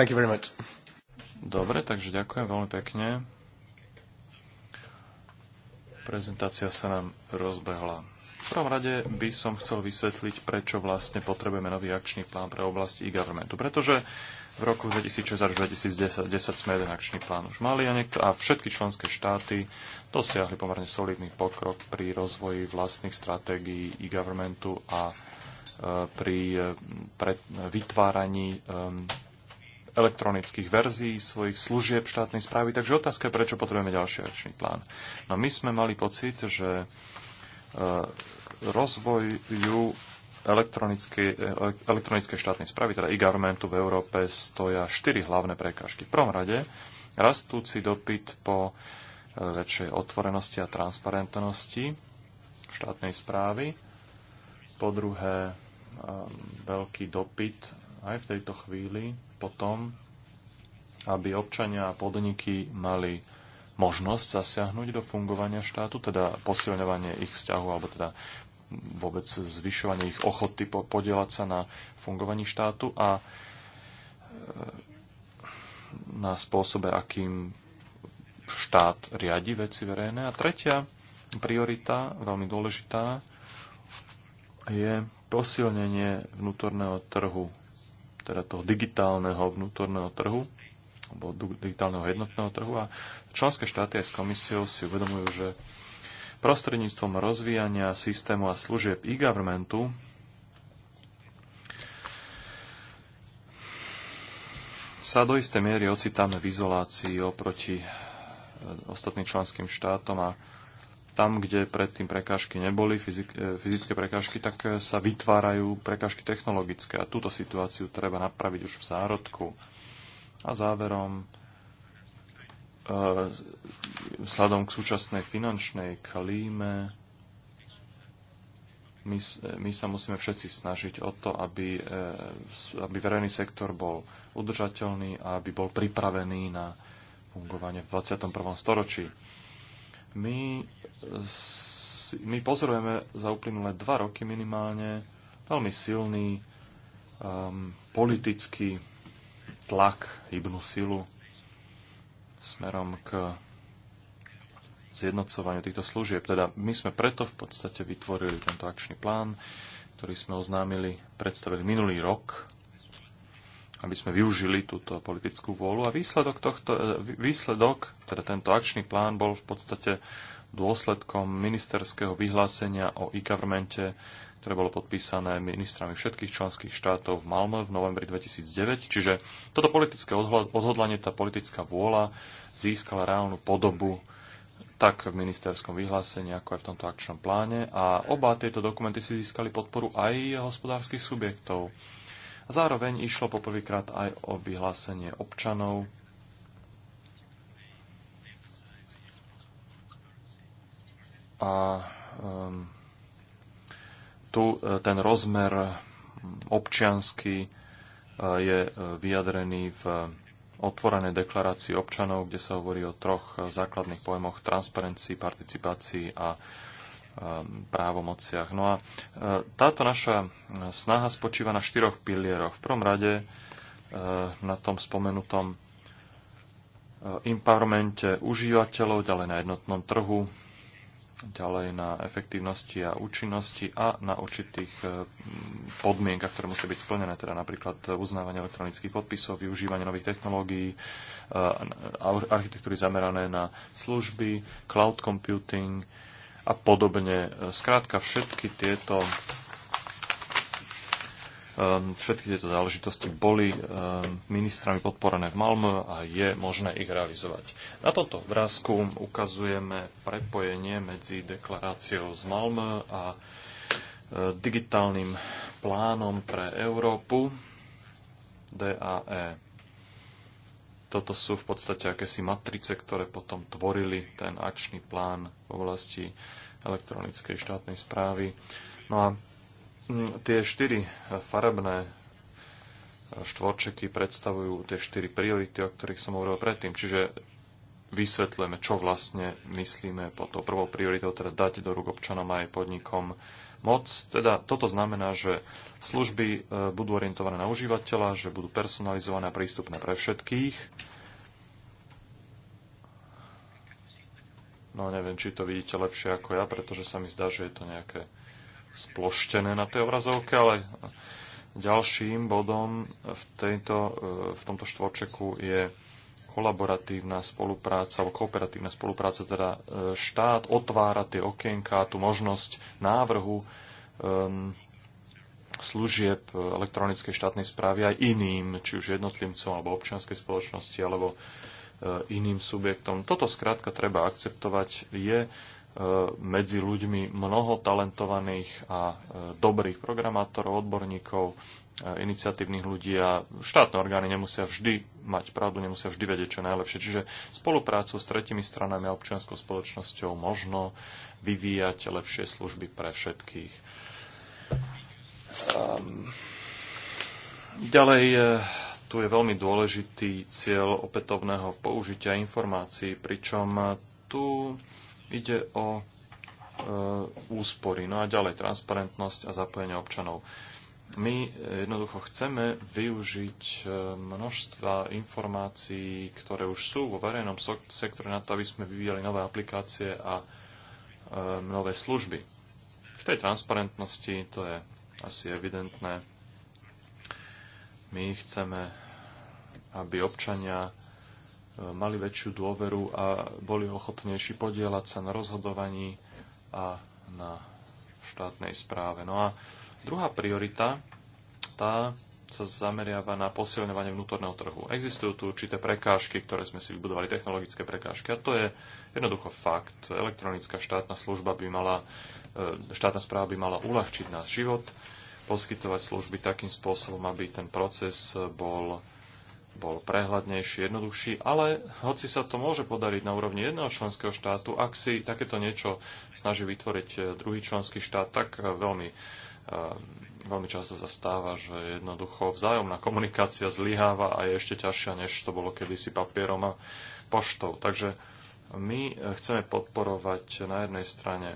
Thank you very much. Dobre, takže ďakujem veľmi pekne. Prezentácia sa nám rozbehla. V prvom rade by som chcel vysvetliť, prečo vlastne potrebujeme nový akčný plán pre oblasti e-governmentu. Pretože v roku 2006 až 2010 sme jeden akčný plán už mali a, niekto, a všetky členské štáty dosiahli pomerne solidný pokrok pri rozvoji vlastných stratégií e-governmentu a e, pri e, pred, vytváraní elektronických verzií svojich služieb štátnej správy. Takže otázka je, prečo potrebujeme ďalší akčný plán. No my sme mali pocit, že e, rozvoju elektronickej, elektronické štátnej správy, teda e-governmentu v Európe, stoja štyri hlavné prekážky. V prvom rade rastúci dopyt po e, väčšej otvorenosti a transparentnosti štátnej správy. Po druhé, e, veľký dopyt aj v tejto chvíli potom, aby občania a podniky mali možnosť zasiahnuť do fungovania štátu, teda posilňovanie ich vzťahu alebo teda vôbec zvyšovanie ich ochoty podielať sa na fungovaní štátu a e, na spôsobe, akým štát riadi veci verejné. A tretia priorita, veľmi dôležitá, je posilnenie vnútorného trhu teda toho digitálneho vnútorného trhu alebo digitálneho jednotného trhu a členské štáty aj s komisiou si uvedomujú, že prostredníctvom rozvíjania systému a služieb e-governmentu sa do istej miery ocitáme v izolácii oproti e, ostatným členským štátom a tam, kde predtým prekážky neboli, e, fyzické prekážky, tak e, sa vytvárajú prekážky technologické a túto situáciu treba napraviť už v zárodku. A záverom, e, vzhľadom k súčasnej finančnej klíme, my, my sa musíme všetci snažiť o to, aby, aby verejný sektor bol udržateľný a aby bol pripravený na fungovanie v 21. storočí. My, my pozorujeme za uplynulé dva roky minimálne veľmi silný um, politický tlak, hybnú silu smerom k zjednocovaniu týchto služieb. Teda my sme preto v podstate vytvorili tento akčný plán, ktorý sme oznámili, predstavili minulý rok aby sme využili túto politickú vôľu. A výsledok, tohto, e, výsledok, teda tento akčný plán, bol v podstate dôsledkom ministerského vyhlásenia o e-governmente, ktoré bolo podpísané ministrami všetkých členských štátov v Malmö v novembri 2009. Čiže toto politické odhodlanie, tá politická vôľa získala reálnu podobu tak v ministerskom vyhlásení, ako aj v tomto akčnom pláne. A oba tieto dokumenty si získali podporu aj hospodárskych subjektov. A zároveň išlo poprvýkrát aj o vyhlásenie občanov a um, tu e, ten rozmer občiansky e, je e, vyjadrený v otvorenej deklarácii občanov, kde sa hovorí o troch základných pojmoch transparencii, participácii a Um, právomociach. No a uh, táto naša uh, snaha spočíva na štyroch pilieroch. V prvom rade uh, na tom spomenutom empowermente užívateľov, ďalej na jednotnom trhu, ďalej na efektívnosti a účinnosti a na určitých podmienkach, ktoré musia byť splnené, teda napríklad uznávanie elektronických podpisov, využívanie nových technológií, architektúry zamerané na služby, cloud computing, a podobne. Skrátka, všetky tieto ehm, všetky tieto záležitosti boli ehm, ministrami podporené v Malmö a je možné ich realizovať. Na tomto obrázku ukazujeme prepojenie medzi deklaráciou z Malmö a ehm, digitálnym plánom pre Európu DAE. Toto sú v podstate akési matrice, ktoré potom tvorili ten akčný plán v oblasti elektronickej štátnej správy. No a mm, tie štyri farebné štvorčeky predstavujú tie štyri priority, o ktorých som hovoril predtým. Čiže vysvetlujeme, čo vlastne myslíme po tou prvou prioritou, teda dať do rúk občanom aj podnikom moc. Teda toto znamená, že Služby e, budú orientované na užívateľa, že budú personalizované a prístupné pre všetkých. No neviem, či to vidíte lepšie ako ja, pretože sa mi zdá, že je to nejaké sploštené na tej obrazovke, ale ďalším bodom v, tejto, e, v tomto štvorčeku je kolaboratívna spolupráca, alebo kooperatívna spolupráca, teda e, štát otvára tie okienka, tú možnosť návrhu um, služieb e, elektronickej štátnej správy aj iným, či už jednotlivcom alebo občianskej spoločnosti alebo e, iným subjektom. Toto skrátka treba akceptovať. Je e, medzi ľuďmi mnoho talentovaných a dobrých programátorov, odborníkov, iniciatívnych ľudí a štátne orgány nemusia vždy mať pravdu, nemusia vždy vedieť čo najlepšie. Čiže spoluprácu s tretimi stranami a občianskou spoločnosťou možno vyvíjať lepšie služby pre všetkých. Um, ďalej eh, tu je veľmi dôležitý cieľ opätovného použitia informácií, pričom eh, tu ide o e, úspory. No a ďalej transparentnosť a zapojenie občanov. My jednoducho chceme využiť množstva informácií, ktoré už sú vo verejnom sektore na to, aby sme vyvíjali nové aplikácie a e, nové služby. V tej transparentnosti to je asi evidentné. My chceme, aby občania e, mali väčšiu dôveru a boli ochotnejší podielať sa na rozhodovaní a na štátnej správe. No a druhá priorita, tá sa zameriava na posilňovanie vnútorného trhu. Existujú tu určité prekážky, ktoré sme si vybudovali, technologické prekážky. A to je jednoducho fakt. Elektronická štátna služba by mala E, štátna správa by mala uľahčiť náš život, poskytovať služby takým spôsobom, aby ten proces bol bol prehľadnejší, jednoduchší, ale hoci sa to môže podariť na úrovni jedného členského štátu, ak si takéto niečo snaží vytvoriť e, druhý členský štát, tak e, veľmi, veľmi často sa stáva, že jednoducho vzájomná komunikácia zlyháva a je ešte ťažšia, než to bolo kedysi papierom a poštou. Takže my chceme podporovať na jednej strane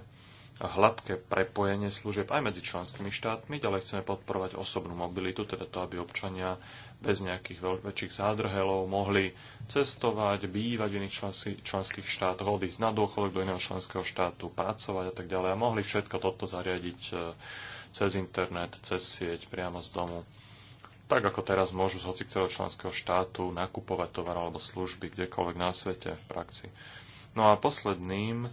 hladké prepojenie služieb aj medzi členskými štátmi, ďalej chceme podporovať osobnú mobilitu, teda to, aby občania bez nejakých väčších zádrhelov mohli cestovať, bývať v iných členských, štátoch, odísť na dôchodok do iného členského štátu, pracovať a tak ďalej a mohli všetko toto zariadiť e, cez internet, cez sieť, priamo z domu. Tak ako teraz môžu z ktorého členského štátu nakupovať tovar alebo služby kdekoľvek na svete v praxi. No a posledným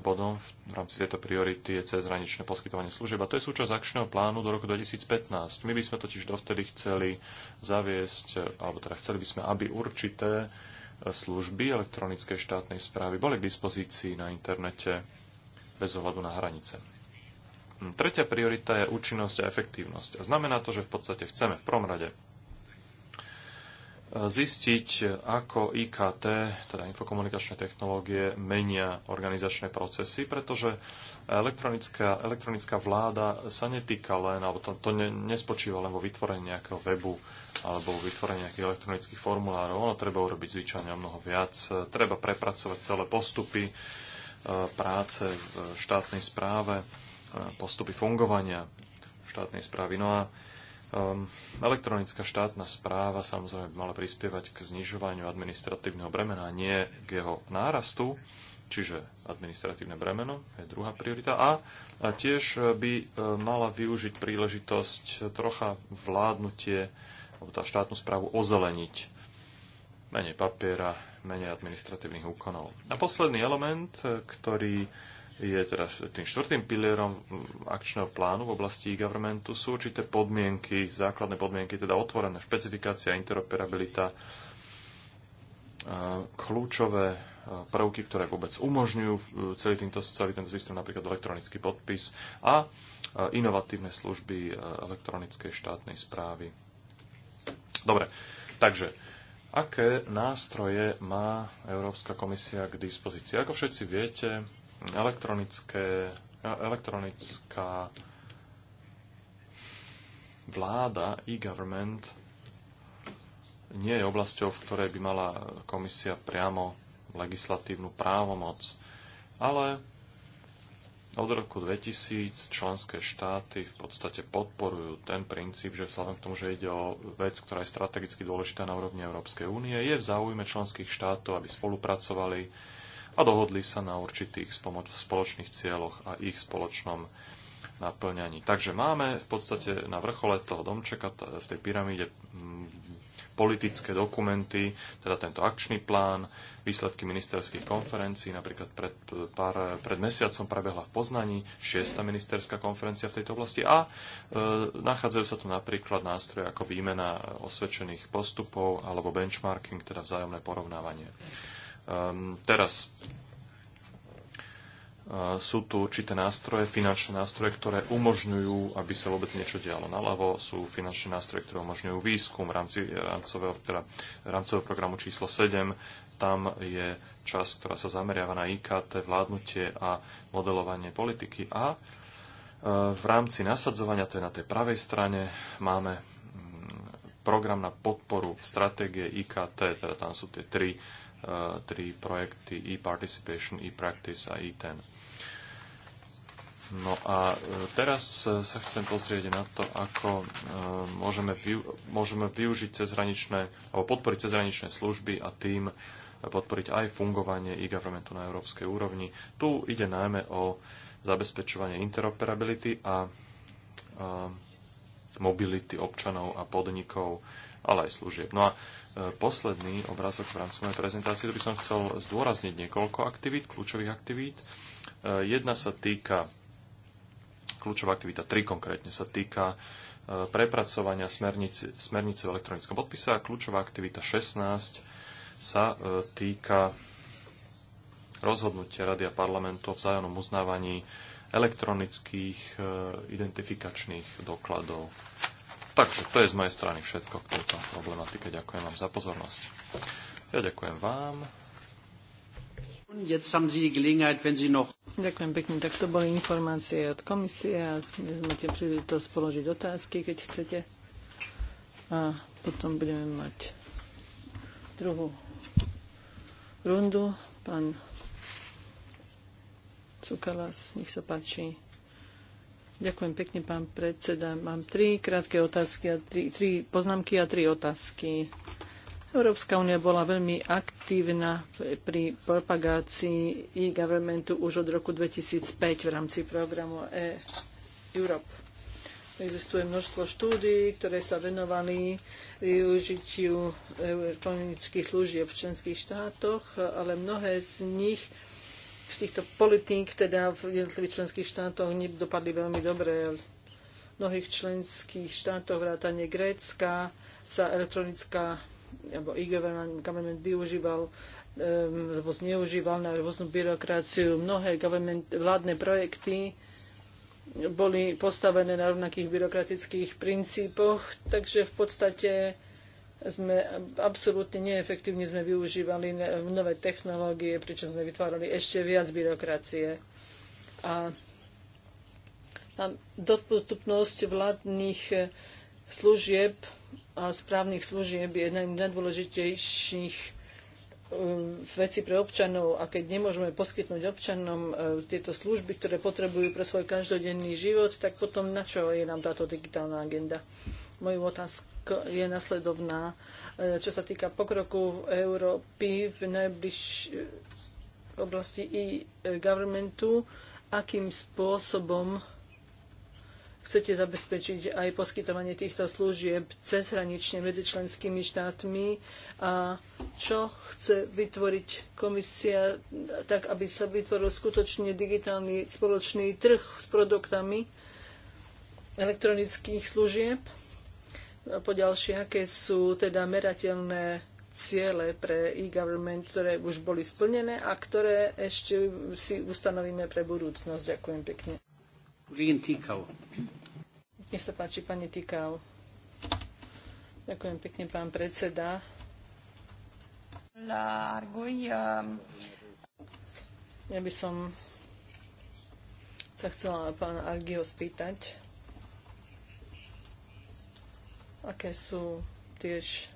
bodom v rámci tejto priority je cezhraničné poskytovanie služieb. A to je súčasť akčného plánu do roku 2015. My by sme totiž dovtedy chceli zaviesť, alebo teda chceli by sme, aby určité e, služby elektronickej štátnej správy boli k dispozícii na internete bez ohľadu na hranice. Hm, tretia priorita je účinnosť a efektívnosť. A znamená to, že v podstate chceme v prvom rade zistiť, ako IKT, teda infokomunikačné technológie, menia organizačné procesy, pretože elektronická, elektronická vláda sa netýka len, alebo to, to ne, nespočíva len vo vytvorení nejakého webu alebo vytvorení nejakých elektronických formulárov. Ono treba urobiť zvyčajne o mnoho viac. Treba prepracovať celé postupy e, práce v štátnej správe, e, postupy fungovania štátnej správy. No a Ehm, elektronická štátna správa samozrejme by mala prispievať k znižovaniu administratívneho bremena, nie k jeho nárastu, čiže administratívne bremeno je druhá priorita. A tiež eh, by eh, mala využiť príležitosť eh, trocha vládnutie, alebo tá štátnu správu ozeleniť. Menej papiera, menej administratívnych úkonov. A posledný element, ktorý je teda tým štvrtým pilierom mm, akčného plánu v oblasti e-governmentu sú určité podmienky, základné podmienky, teda otvorená špecifikácia, interoperabilita, kľúčové prvky, ktoré vôbec umožňujú e, celý, týmto, celý tento systém, napríklad elektronický podpis a inovatívne služby e, elektronickej štátnej správy. Dobre, takže aké nástroje má Európska komisia k dispozícii? Ako všetci viete, elektronické, e, elektronická vláda, e-government, nie je oblasťou, v ktorej by mala komisia priamo legislatívnu právomoc, ale od roku 2000 členské štáty v podstate podporujú ten princíp, že vzhľadom k tomu, že ide o vec, ktorá je strategicky dôležitá na úrovni Európskej únie, je v záujme členských štátov, aby spolupracovali a dohodli sa na určitých spoločných cieľoch a ich spoločnom naplňaní. Takže máme v podstate na vrchole toho domčeka v tej pyramíde mm, politické dokumenty, teda tento akčný plán, výsledky ministerských konferencií, napríklad pred, pár, pred mesiacom prebehla v Poznaní šiesta ministerská konferencia v tejto oblasti a e, nachádzajú sa tu napríklad nástroje ako výmena osvedčených postupov alebo benchmarking, teda vzájomné porovnávanie. Ehm, teraz e, sú tu určité nástroje, finančné nástroje, ktoré umožňujú, aby sa vôbec niečo dialo. Naľavo sú finančné nástroje, ktoré umožňujú výskum v rámci e, rámcového, teda rámcového programu číslo 7. Tam je časť, ktorá sa zameriava na IKT, vládnutie a modelovanie politiky. A e, v rámci nasadzovania, to je na tej pravej strane, máme mm, program na podporu stratégie IKT, teda tam sú tie tri Eh, tri projekty e-participation, e-practice a e-ten. No a eh, teraz eh, sa chcem pozrieť na to, ako môžeme, vyu- môžeme využiť cezhraničné, alebo podporiť cezhraničné služby a tým podporiť aj fungovanie e-governmentu na európskej úrovni. Tu ide najmä o zabezpečovanie interoperability a, a mobility občanov a podnikov, ale aj služieb. No a posledný obrázok v rámci mojej prezentácie. Tu by som chcel zdôrazniť niekoľko aktivít, kľúčových aktivít. Eh, jedna sa týka, kľúčová aktivita tri, konkrétne, sa týka eh, prepracovania smernice, smernice v elektronickom podpise a kľúčová aktivita 16 sa eh, týka rozhodnutia Rady a parlamentu o vzájomnom uznávaní elektronických identifikačných dokladov. Takže to je z mojej strany všetko k tejto problematike. Ďakujem vám za pozornosť. Ja ďakujem vám. Ďakujem pekne. Tak to boli informácie od komisie a máte príležitosť položiť otázky, keď chcete. A potom budeme mať druhú rundu. Pán Cukalas, nech sa páči. Ďakujem pekne, pán predseda. Mám tri krátke otázky a tri, tri poznámky a tri otázky. Európska únia bola veľmi aktívna pri propagácii e-governmentu už od roku 2005 v rámci programu e Europe. Existuje množstvo štúdií, ktoré sa venovali využitiu elektronických služieb v členských štátoch, ale mnohé z nich z týchto politík teda v jednotlivých členských štátoch nedopadli veľmi dobre. V mnohých členských štátoch vrátane Grécka sa elektronická alebo e-government využíval ehm, alebo zneužíval na rôznu byrokraciu. Mnohé government, vládne projekty boli postavené na rovnakých byrokratických princípoch, takže v podstate sme absolútne neefektívne sme využívali nové technológie, pričom sme vytvárali ešte viac byrokracie. A, dostupnosť vládnych služieb a správnych služieb je jedným z najdôležitejších um, veci pre občanov a keď nemôžeme poskytnúť občanom uh, tieto služby, ktoré potrebujú pre svoj každodenný život, tak potom na čo je nám táto digitálna agenda? Moju otázku je nasledovná. E, čo sa týka pokroku Európy v najbližšej oblasti i governmentu, akým spôsobom chcete zabezpečiť aj poskytovanie týchto služieb cezhranične medzi členskými štátmi a čo chce vytvoriť komisia tak, aby sa vytvoril skutočne digitálny spoločný trh s produktami elektronických služieb po ďalšie, aké sú teda merateľné ciele pre e-government, ktoré už boli splnené a ktoré ešte si ustanovíme pre budúcnosť. Ďakujem pekne. Nech sa páči, pani Tikau. Ďakujem pekne, pán predseda. Um, ja by som sa chcela pána Argyho spýtať, aké sú tiež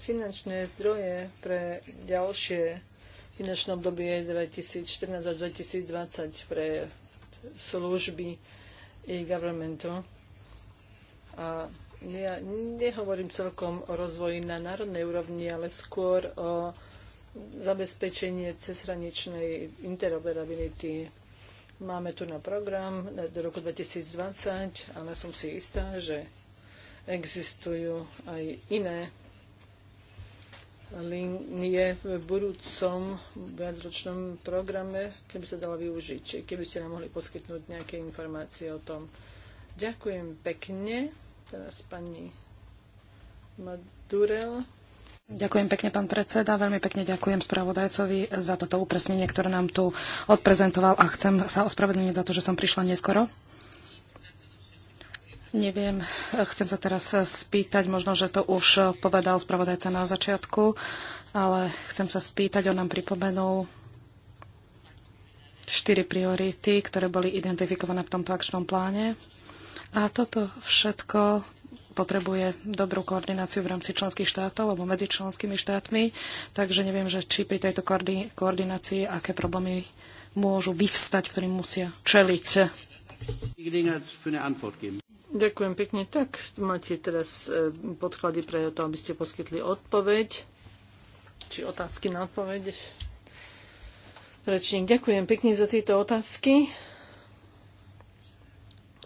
finančné zdroje pre ďalšie finančné obdobie 2014 až 2020 pre služby i governmentu A ja nehovorím celkom o rozvoji na národnej úrovni, ale skôr o zabezpečenie cezhraničnej interoperability. Máme tu na program do roku 2020, ale som si istá, že existujú aj iné linie v budúcom viacročnom programe, keby sa dala využiť. Keby ste nám mohli poskytnúť nejaké informácie o tom. Ďakujem pekne. Teraz pani Madurel. Ďakujem pekne, pán predseda. Veľmi pekne ďakujem spravodajcovi za toto upresnenie, ktoré nám tu odprezentoval a chcem sa ospravedlniť za to, že som prišla neskoro. Neviem, chcem sa teraz spýtať, možno, že to už povedal spravodajca na začiatku, ale chcem sa spýtať, on nám pripomenul štyri priority, ktoré boli identifikované v tomto akčnom pláne. A toto všetko potrebuje dobrú koordináciu v rámci členských štátov alebo medzi členskými štátmi, takže neviem, že či pri tejto koordinácii aké problémy môžu vyvstať, ktorým musia čeliť. Ďakujem pekne. Tak máte teraz e, podklady pre to, aby ste poskytli odpoveď, či otázky na odpoveď. Rečník, ďakujem pekne za tieto otázky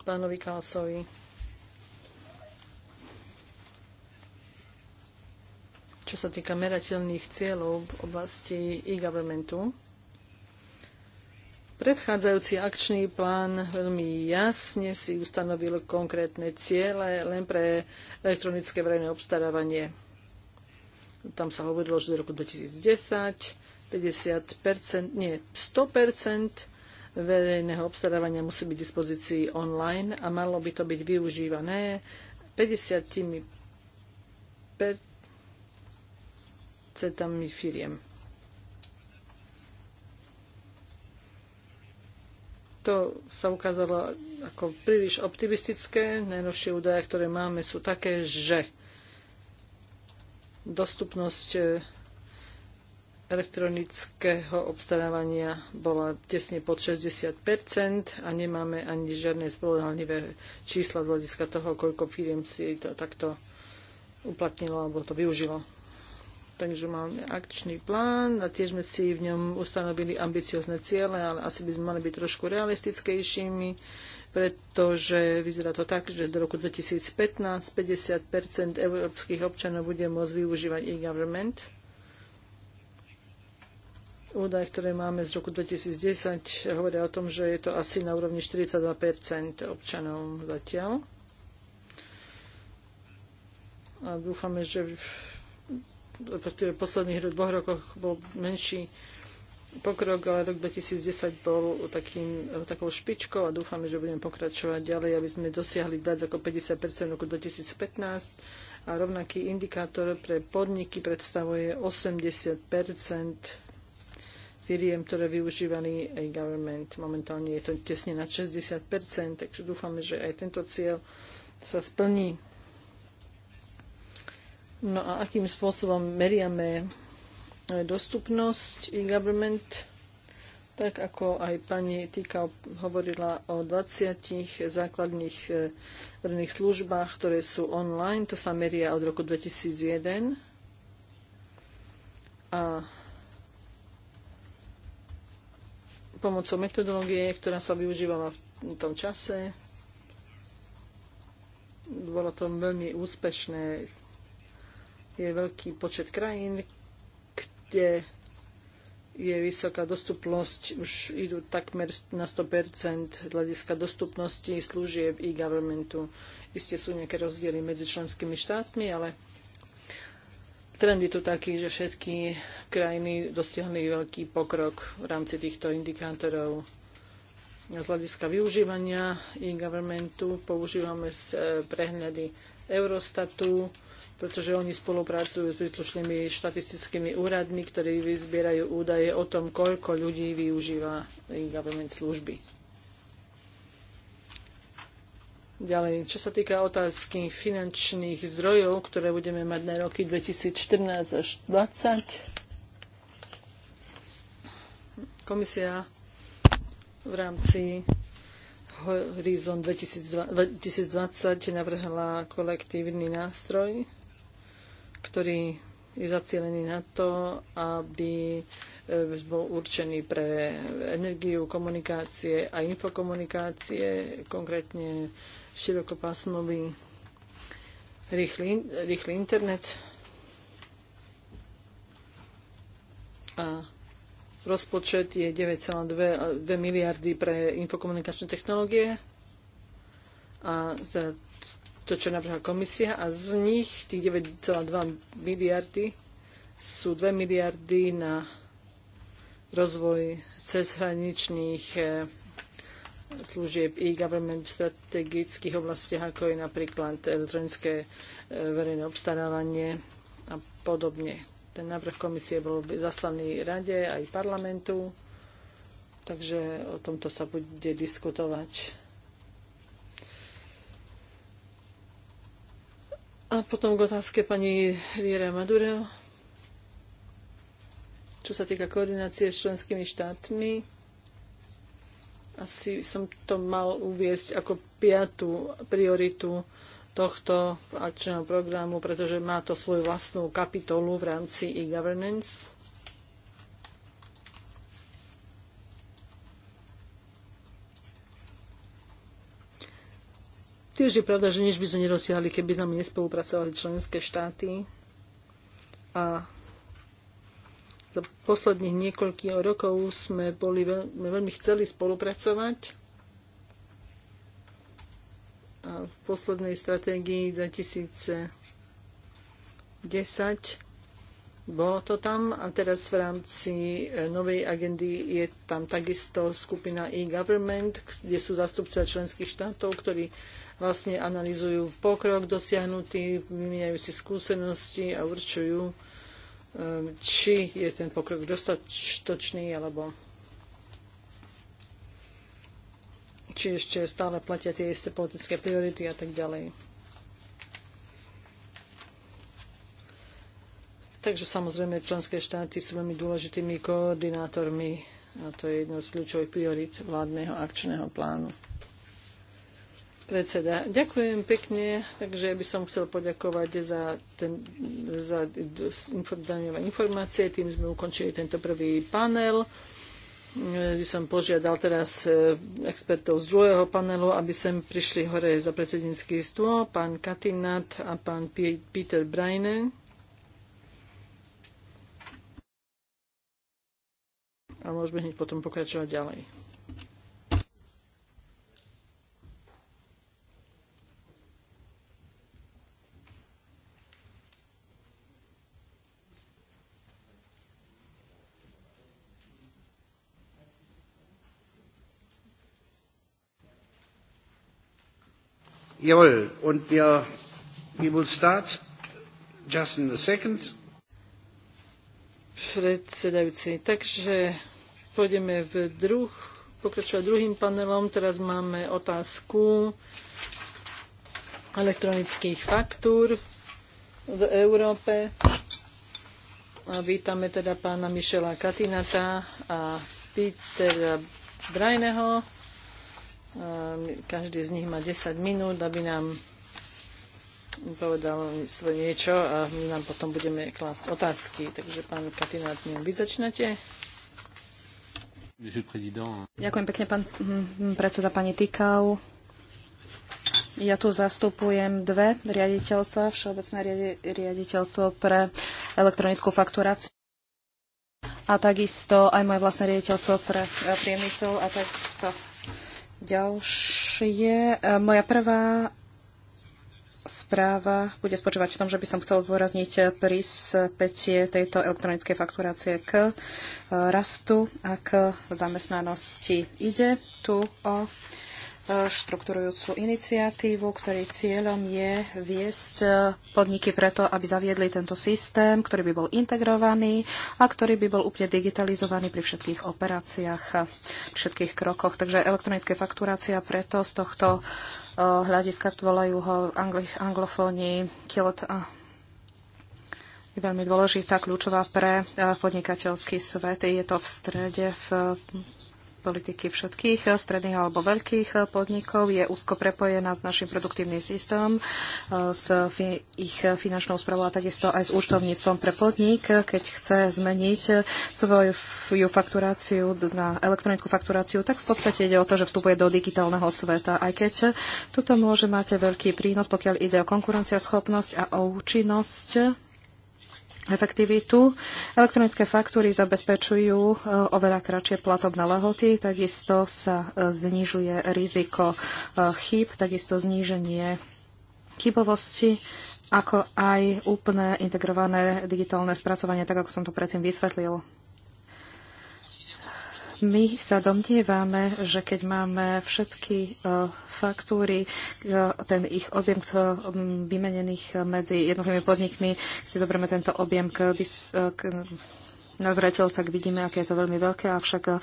pánovi Kalsovi. Čo sa týka merateľných cieľov v oblasti e-governmentu, Predchádzajúci akčný plán veľmi jasne si ustanovil konkrétne ciele len pre elektronické verejné obstarávanie. Tam sa hovorilo, že do roku 2010 50%, nie, 100% verejného obstarávania musí byť v dispozícii online a malo by to byť využívané 50 percentami firiem. To sa ukázalo ako príliš optimistické. Najnovšie údaje, ktoré máme, sú také, že dostupnosť e, elektronického obstarávania bola tesne pod 60 a nemáme ani žiadne spolehlivé čísla z hľadiska toho, koľko firiem si to takto uplatnilo alebo to využilo. Takže máme akčný plán a tiež sme si v ňom ustanovili ambiciozne ciele, ale asi by sme mali byť trošku realistickejšími, pretože vyzerá to tak, že do roku 2015 50 európskych občanov bude môcť využívať e-government. Údaj, ktoré máme z roku 2010, hovoria o tom, že je to asi na úrovni 42 občanov zatiaľ. A dúfame, že v posledných dvoch rokoch bol menší pokrok, ale rok 2010 bol takým, takou špičkou a dúfame, že budeme pokračovať ďalej, aby sme dosiahli viac ako 50 v roku 2015 a rovnaký indikátor pre podniky predstavuje 80 firiem, ktoré využívali e-government. Momentálne je to tesne na 60 takže dúfame, že aj tento cieľ sa splní. No a akým spôsobom meriame eh, dostupnosť e-government, tak ako aj pani Tika hovorila o 20 základných eh, verejných službách, ktoré sú online. To sa meria od roku 2001. A pomocou metodológie, ktorá sa využívala v tom čase, bolo to veľmi úspešné je veľký počet krajín, kde je vysoká dostupnosť, už idú takmer na 100% hľadiska dostupnosti služieb e-governmentu. Isté sú nejaké rozdiely medzi členskými štátmi, ale trend je tu taký, že všetky krajiny dosiahli veľký pokrok v rámci týchto indikátorov. Z hľadiska využívania e-governmentu používame e, prehľady Eurostatu, pretože oni spolupracujú s príslušnými štatistickými úradmi, ktorí vyzbierajú údaje o tom, koľko ľudí využíva e-government služby. Ďalej, čo sa týka otázky finančných zdrojov, ktoré budeme mať na roky 2014 až 2020, komisia v rámci Horizon 2020 navrhla kolektívny nástroj, ktorý je zacielený na to, aby e, bol určený pre energiu, komunikácie a infokomunikácie, konkrétne širokopásmový rýchly, rýchly internet a Rozpočet je 9,2 miliardy pre infokomunikačné technológie a za to, čo navrhla komisia a z nich tých 9,2 miliardy sú 2 miliardy na rozvoj cezhraničných eh, služieb e-government v strategických oblastiach, ako je napríklad elektronické eh, verejné obstarávanie a podobne. Ten návrh komisie bol zaslaný rade aj parlamentu, takže o tomto sa bude diskutovať. A potom k otázke pani Riera Madura. čo sa týka koordinácie s členskými štátmi. Asi som to mal uviesť ako piatú prioritu tohto akčného programu, pretože má to svoju vlastnú kapitolu v rámci e-governance. Tiež je pravda, že nič by sme nerozsiahli, keby s nami nespolupracovali členské štáty. A za posledných niekoľkých rokov sme boli veľmi, veľmi chceli spolupracovať v poslednej stratégii 2010 bolo to tam a teraz v rámci e, novej agendy je tam takisto skupina e-government, kde sú zastupcovia členských štátov, ktorí vlastne analizujú pokrok dosiahnutý, vymieňajú si skúsenosti a určujú, e, či je ten pokrok dostatočný alebo či ešte stále platia tie isté politické priority a tak ďalej. Takže samozrejme členské štáty sú veľmi dôležitými koordinátormi a to je jedno z kľúčových priorit vládneho akčného plánu. Predseda, ďakujem pekne, takže by som chcel poďakovať za, ten, za informácie. Tým sme ukončili tento prvý panel by som požiadal teraz e, expertov z druhého panelu, aby sem prišli hore za predsednícky stôl, pán Katinat a pán Peter Brajne. A môžeme hneď potom pokračovať ďalej. Jawohl, und wir, we will start just in a second. Predsedajúci, takže pôjdeme v druh, pokračovať druhým panelom. Teraz máme otázku elektronických faktúr v Európe. A vítame teda pána Mišela Katinata a Petera Brajneho Ehm, každý z nich má 10 minút, aby nám povedal svoje niečo a my nám potom budeme klásť otázky. Takže pán Katinát, vy začnete. Ďakujem pekne, pán hm, predseda, pani Tykau. Ja tu zastupujem dve riaditeľstva, Všeobecné riaditeľstvo pre elektronickú fakturáciu a takisto aj moje vlastné riaditeľstvo pre priemysel a takisto Ďalšie. E, moja prvá správa bude spočívať v tom, že by som chcel zdôrazniť prispätie tejto elektronickej fakturácie k e, rastu a k zamestnanosti. Ide tu o štrukturujúcu iniciatívu, ktorý cieľom je viesť e, podniky preto, aby zaviedli tento systém, ktorý by bol integrovaný a ktorý by bol úplne digitalizovaný pri všetkých operáciách, všetkých krokoch. Takže elektronické fakturácia preto z tohto e, hľadiska volajú ho anglofóni Kilt a je veľmi dôležitá, kľúčová pre e, podnikateľský svet. Je to v strede v politiky všetkých stredných alebo veľkých podnikov je úzko prepojená s našim produktívnym systémom, e, s ich finančnou správou a takisto aj s účtovníctvom pre podnik, keď chce zmeniť svoju fakturáciu na elektronickú fakturáciu, tak v podstate ide o to, že vstupuje do digitálneho sveta. Aj keď toto môže mať veľký prínos, pokiaľ ide o konkurenciaschopnosť a o účinnosť efektivitu. Elektronické faktúry zabezpečujú e, oveľa kratšie platobné lehoty, takisto sa e, znižuje riziko e, chýb, takisto zníženie chybovosti ako aj úplné integrované digitálne spracovanie, tak ako som to predtým vysvetlil. My sa domnievame, že keď máme všetky e, faktúry, e, ten ich objem vymenených medzi jednotlivými podnikmi, si zoberieme tento objem k, e, k na zreteľ, tak vidíme, aké je to veľmi veľké, avšak e,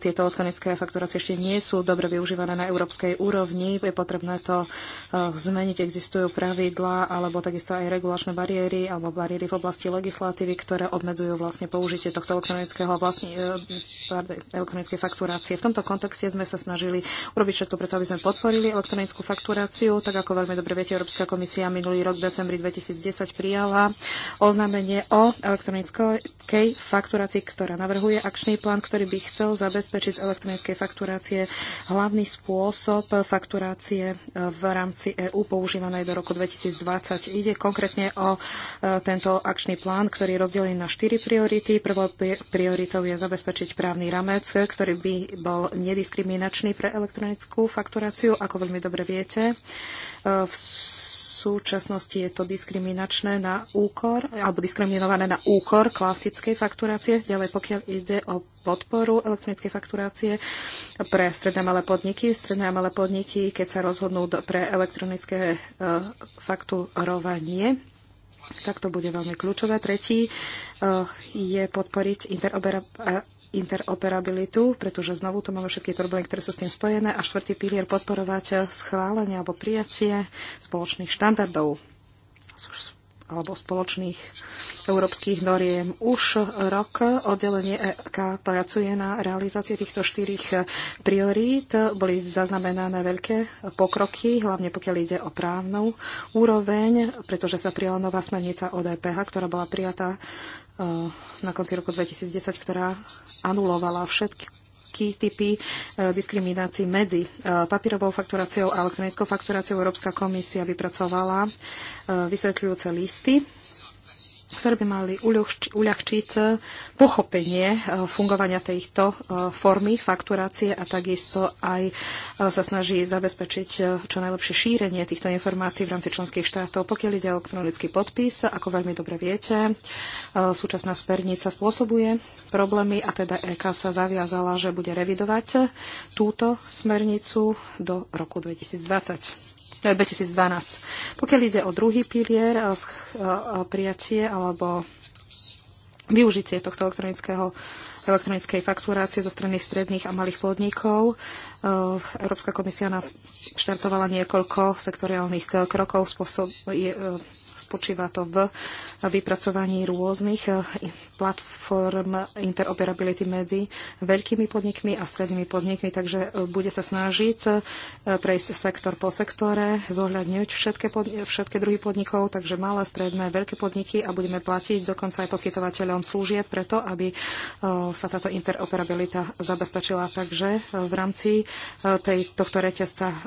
tieto elektronické fakturácie ešte nie sú dobre využívané na európskej úrovni. Je potrebné to e, zmeniť. Existujú pravidlá alebo takisto aj regulačné bariéry alebo bariéry v oblasti legislatívy, ktoré obmedzujú vlastne použitie tohto elektronického vlastne, e, pardon, elektronickej fakturácie. V tomto kontexte sme sa snažili urobiť všetko preto, aby sme podporili elektronickú fakturáciu. Tak ako veľmi dobre viete, Európska komisia minulý rok v decembri 2010 prijala oznámenie o elektronickej fakturácii, ktorá navrhuje akčný plán, ktorý by chcel zabezpečiť z elektronickej fakturácie hlavný spôsob fakturácie e, v rámci EÚ používanej do roku 2020. Ide konkrétne o e, tento akčný plán, ktorý je rozdelený na štyri priority. Prvou prioritou je zabezpečiť právny ramec, e, ktorý by bol nediskriminačný pre elektronickú fakturáciu, ako veľmi dobre viete. V súčasnosti je to diskriminačné na úkor, alebo diskriminované na úkor klasickej fakturácie. Ďalej, pokiaľ ide o podporu elektronickej fakturácie pre stredné malé podniky, stredné a malé podniky, keď sa rozhodnú pre elektronické e, fakturovanie, tak to bude veľmi kľúčové. Tretí e, je podporiť interoperabilitu, pretože znovu tu máme všetky problémy, ktoré sú s tým spojené a štvrtý pilier podporovať schválenie alebo prijatie spoločných štandardov alebo spoločných európskych noriem. Už rok oddelenie EK pracuje na realizácii týchto štyrich priorít. Boli zaznamenané veľké pokroky, hlavne pokiaľ ide o právnu úroveň, pretože sa prijala nová smernica ODPH, ktorá bola prijatá Eh, na konci roku 2010, ktorá anulovala všetky typy eh, diskriminácií medzi eh, papírovou fakturáciou a elektronickou fakturáciou. Európska komisia vypracovala vysvetľujúce listy ktoré by mali uľahčiť e, pochopenie e, fungovania tejto e, formy fakturácie a takisto aj sa snaží zabezpečiť čo najlepšie šírenie týchto informácií v rámci členských štátov. Pokiaľ ide o elektronický podpis, ako veľmi dobre viete, súčasná smernica spôsobuje problémy a teda EK sa zaviazala, že bude revidovať túto smernicu do roku 2020. 2012. Pokiaľ ide o druhý pilier, prijatie alebo využitie tohto elektronického elektronickej fakturácie zo strany stredných a malých podnikov. Eh, Európska komisia naštartovala niekoľko sektoriálnych eh, krokov. Spôsob je, eh, spočíva to v vypracovaní rôznych platform interoperability medzi veľkými podnikmi a strednými podnikmi, takže bude sa snažiť prejsť sektor po sektore, zohľadňuť všetky, všetky druhy podnikov, takže malé, stredné, veľké podniky a budeme platiť dokonca aj poskytovateľom služieb preto, aby sa táto interoperabilita zabezpečila. Takže v rámci Eh, tej, tohto reťazca eh,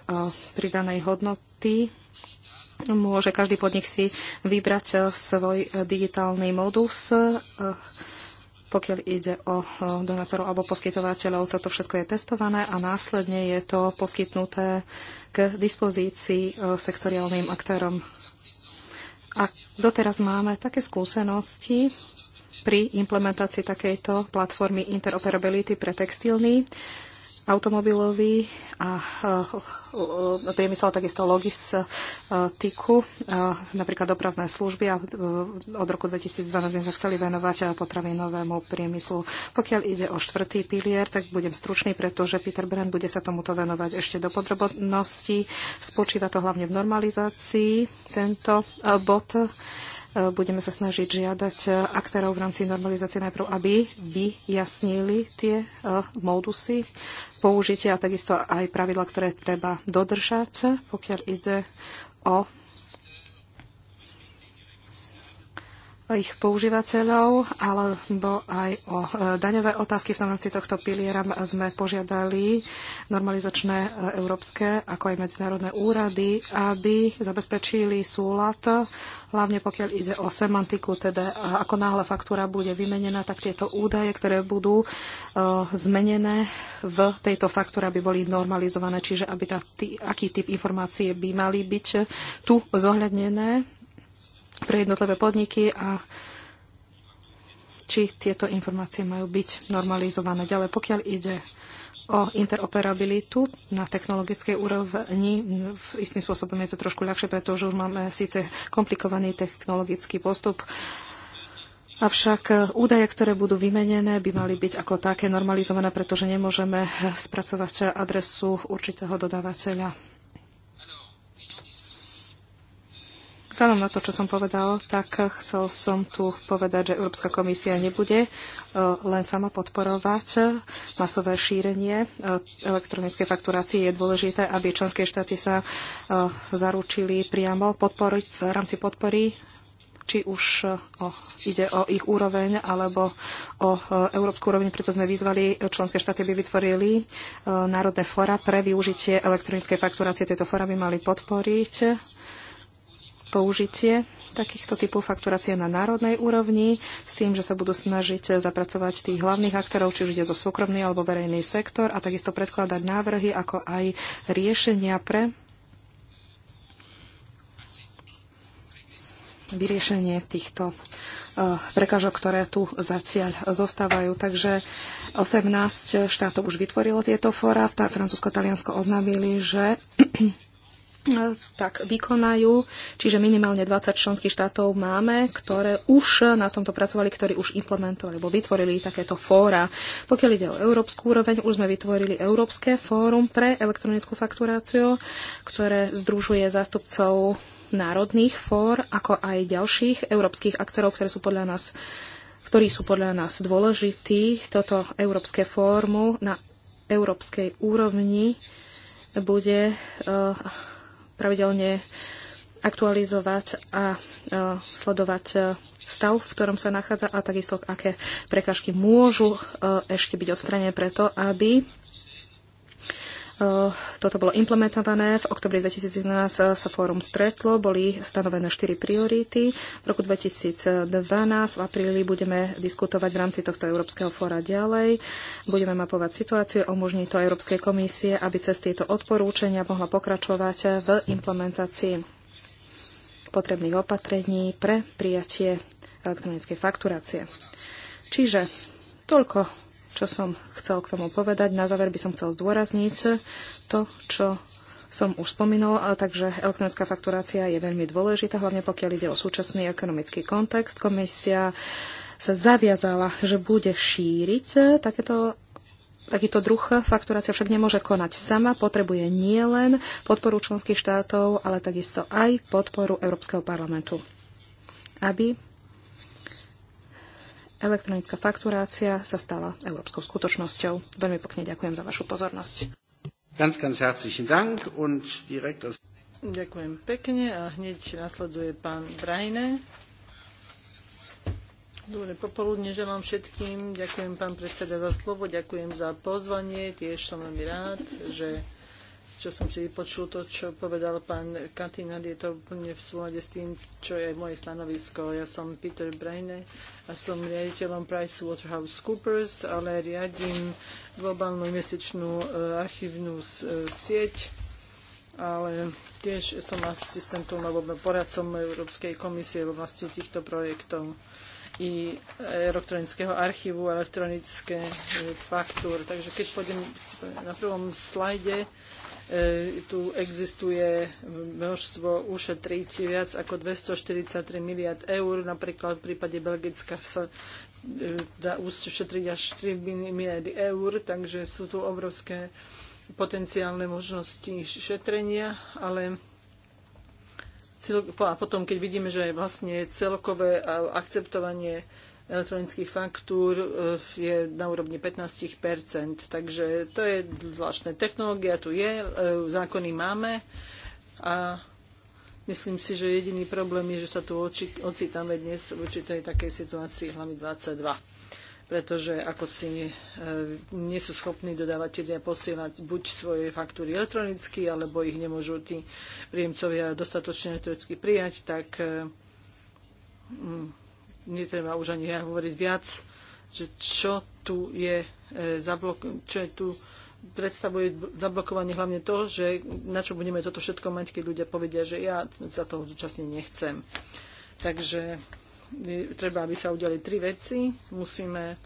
pridanej hodnoty môže každý podnik si vybrať eh, svoj digitálny modus, pokiaľ ide o donátorov alebo poskytovateľov. Toto všetko je testované a následne je to poskytnuté k dispozícii sektoriálnym aktérom. A doteraz máme také skúsenosti pri implementácii takejto platformy interoperability pre textilný automobilový a, priemysel, takisto logistiku, napríklad dopravné služby a od roku 2012 sme sa chceli venovať potravinovému priemyslu. Pokiaľ ide o štvrtý pilier, tak budem stručný, pretože Peter Brand bude sa tomuto venovať ešte do podrobnosti. Spočíva to hlavne v normalizácii, tento bod budeme sa snažiť žiadať eh, aktérov v rámci normalizácie najprv, aby vyjasnili tie eh, modusy použitia a takisto aj pravidla, ktoré treba dodržať, pokiaľ ide o ich používateľov, alebo aj o e, daňové otázky. V tom rámci tohto piliera sme požiadali normalizačné e, európske, ako aj medzinárodné úrady, aby zabezpečili súlad, hlavne pokiaľ ide o semantiku, teda ako náhle faktúra bude vymenená, tak tieto údaje, ktoré budú e, zmenené v tejto faktúre, aby boli normalizované, čiže aby tá, tý, aký typ informácie by mali byť tu zohľadnené pre jednotlivé podniky a či tieto informácie majú byť normalizované. Ďalej, pokiaľ ide o interoperabilitu na technologickej úrovni. V istým spôsobom je to trošku ľahšie, pretože už máme síce komplikovaný technologický postup, Avšak údaje, ktoré budú vymenené, by mali byť ako také normalizované, pretože nemôžeme spracovať adresu určitého dodávateľa. Vzhľadom na to, čo som povedal, tak chcel som tu povedať, že Európska komisia nebude e, len sama podporovať e, masové šírenie e, elektronickej fakturácie. Je dôležité, aby členské štáty sa zaručili priamo podporiť v rámci podpory či už o, ide o ich úroveň alebo o európsku úroveň. Preto sme vyzvali členské štáty, aby vytvorili národné fora pre využitie elektronickej fakturácie. Tieto fora by mali podporiť použitie takýchto typov fakturácie na národnej úrovni s tým, že sa budú snažiť zapracovať tých hlavných aktorov, či už ide zo súkromný alebo verejný sektor a takisto predkladať návrhy ako aj riešenia pre vyriešenie týchto eh, prekážok, ktoré tu zatiaľ zostávajú. Takže 18 štátov už vytvorilo tieto fóra. Francúzsko Taliansko oznámili, že tak vykonajú. Čiže minimálne 20 členských štátov máme, ktoré už na tomto pracovali, ktorí už implementovali alebo vytvorili takéto fóra. Pokiaľ ide o európsku úroveň, už sme vytvorili Európske fórum pre elektronickú fakturáciu, ktoré združuje zástupcov národných fór, ako aj ďalších európskych aktorov, ktoré sú podľa nás ktorí sú podľa nás dôležití. Toto Európske fórum na európskej úrovni bude uh, pravidelne aktualizovať a e, sledovať e, stav, v ktorom sa nachádza a takisto aké prekážky môžu e, ešte byť odstranené preto, aby Eh, toto bolo implementované. V oktobri 2011 eh, sa fórum stretlo, boli stanovené štyri priority. V roku 2012 v apríli budeme diskutovať v rámci tohto Európskeho fóra ďalej. Budeme mapovať situáciu, umožní to Európskej komisie, aby cez tieto odporúčania mohla pokračovať v implementácii potrebných opatrení pre prijatie elektronickej fakturácie. Čiže toľko čo som chcel k tomu povedať. Na záver by som chcel zdôrazniť to, čo som už spomínal, takže elektronická fakturácia je veľmi dôležitá, hlavne pokiaľ ide o súčasný ekonomický kontext. Komisia sa zaviazala, že bude šíriť takéto Takýto druh fakturácia však nemôže konať sama, potrebuje nielen podporu členských štátov, ale takisto aj podporu Európskeho parlamentu, aby elektronická fakturácia sa stala európskou skutočnosťou. Veľmi pekne ďakujem za vašu pozornosť. Ganz, ganz herzlichen Dank und direkt aus... Ďakujem pekne a hneď nasleduje pán Brajne. Dobre popoludne želám všetkým. Ďakujem pán predseda za slovo, ďakujem za pozvanie. Tiež som veľmi rád, že čo som si vypočul, to, čo povedal pán Katinad, je to úplne v súlade s tým, čo je moje stanovisko. Ja som Peter Brejne a som riaditeľom PricewaterhouseCoopers, ale riadím globálnu investičnú e, archívnu e, sieť, ale tiež som asistentom alebo poradcom Európskej komisie v oblasti týchto projektov i elektronického archívu, elektronické e, faktúr. Takže keď pôjdem na prvom slajde, E, tu existuje množstvo ušetriť viac ako 243 miliard eur. Napríklad v prípade Belgicka sa e, dá ušetriť až 4 miliardy eur, takže sú tu obrovské potenciálne možnosti šetrenia, ale a potom, keď vidíme, že je vlastne celkové akceptovanie elektronických faktúr e, je na úrovni 15 Takže to je zvláštne. Technológia tu je, e, zákony máme a myslím si, že jediný problém je, že sa tu ocitáme dnes v určitej takej situácii hlavy 22 pretože ako si e, nie sú schopní dodávateľia posielať buď svoje faktúry elektronicky, alebo ich nemôžu tí príjemcovia dostatočne elektronicky prijať, tak mm, netreba už ani ja hovoriť viac, že čo tu je e, zablok- čo je tu predstavuje zablokovanie hlavne to, že na čo budeme toto všetko mať, keď ľudia povedia, že ja za toho zúčastne nechcem. Takže e, treba, aby sa udiali tri veci. Musíme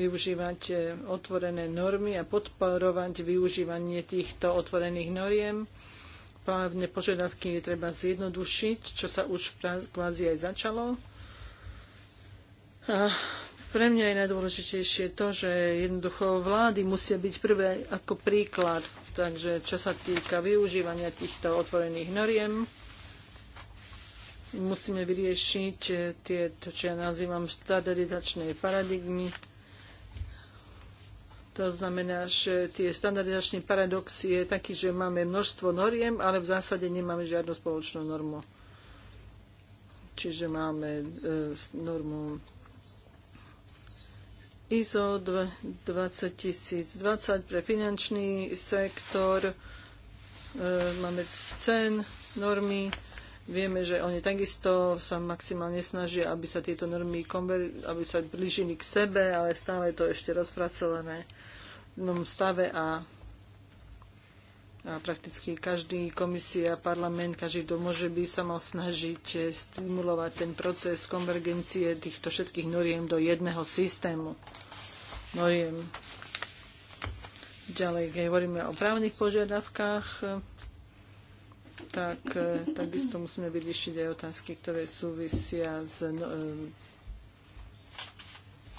využívať e, otvorené normy a podporovať využívanie týchto otvorených noriem Plávne požiadavky je treba zjednodušiť, čo sa už kvázi aj začalo. A pre mňa je najdôležitejšie to, že jednoducho vlády musia byť prvé ako príklad. Takže čo sa týka využívania týchto otvorených noriem, musíme vyriešiť tie, to, čo ja nazývam standardizačné paradigmy. To znamená, že tie standardizačný paradoxy je taký, že máme množstvo noriem, ale v zásade nemáme žiadnu spoločnú normu. Čiže máme e, normu ISO 20020 pre finančný sektor. E, máme cen, normy. Vieme, že oni takisto sa maximálne snažia, aby sa tieto normy aby sa blížili k sebe, ale stále je to ešte rozpracované v stave a a prakticky každý komisia, parlament, každý, kto môže by sa mal snažiť stimulovať ten proces konvergencie týchto všetkých noriem do jedného systému. Noriem. Ďalej, keď hovoríme o právnych požiadavkách, tak eh, takisto musíme vyriešiť aj otázky, ktoré súvisia s eh,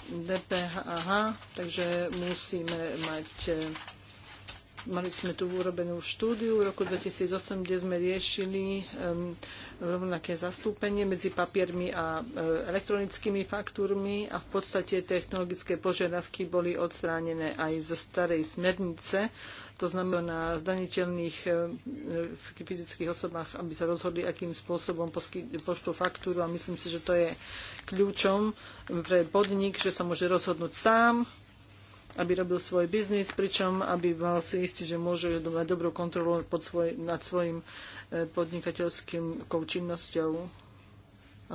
DPH, takže musíme mať eh, Mali sme tu urobenú štúdiu v roku 2008, kde sme riešili um, rovnaké zastúpenie medzi papiermi a e, elektronickými faktúrmi a v podstate technologické požiadavky boli odstránené aj zo starej smernice, to znamená na zdaniteľných e, e, fyzických osobách, aby sa rozhodli, akým spôsobom pošlú faktúru a myslím si, že to je kľúčom pre podnik, že sa môže rozhodnúť sám, aby robil svoj biznis, pričom aby mal si istý, že môže mať dobrú kontrolu pod svoj, nad svojim e, podnikateľským činnosťou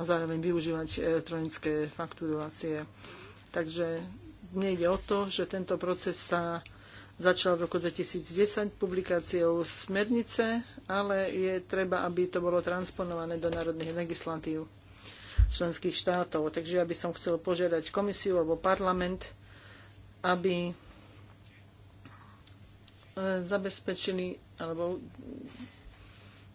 a zároveň využívať e, elektronické fakturácie. Takže mne ide o to, že tento proces sa začal v roku 2010 publikáciou smernice, ale je treba, aby to bolo transponované do národných legislatív členských štátov. Takže ja by som chcel požiadať komisiu alebo parlament, aby eh, zabezpečili alebo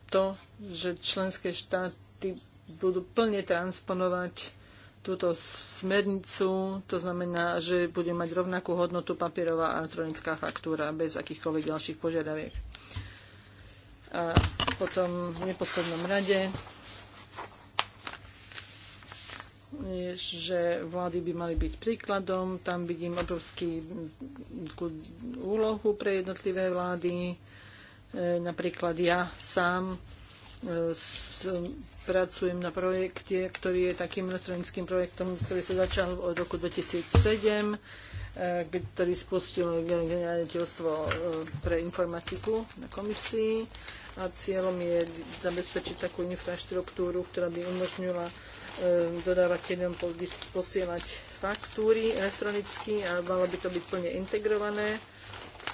to, že členské štáty budú plne transponovať túto smernicu, to znamená, že bude mať rovnakú hodnotu papierová a elektronická faktúra bez akýchkoľvek ďalších požiadaviek. A potom v neposlednom rade že vlády by mali byť príkladom. Tam vidím obrovský úlohu pre jednotlivé vlády. E, napríklad ja sám e, pracujem na projekte, ktorý je takým elektronickým projektom, ktorý sa začal od roku 2007, e, ktorý spustil generáliteľstvo pre informatiku na komisii a cieľom je zabezpečiť takú infraštruktúru, ktorá by umožnila Ehm, dodávateľom posielať faktúry elektronicky a malo by to byť plne integrované.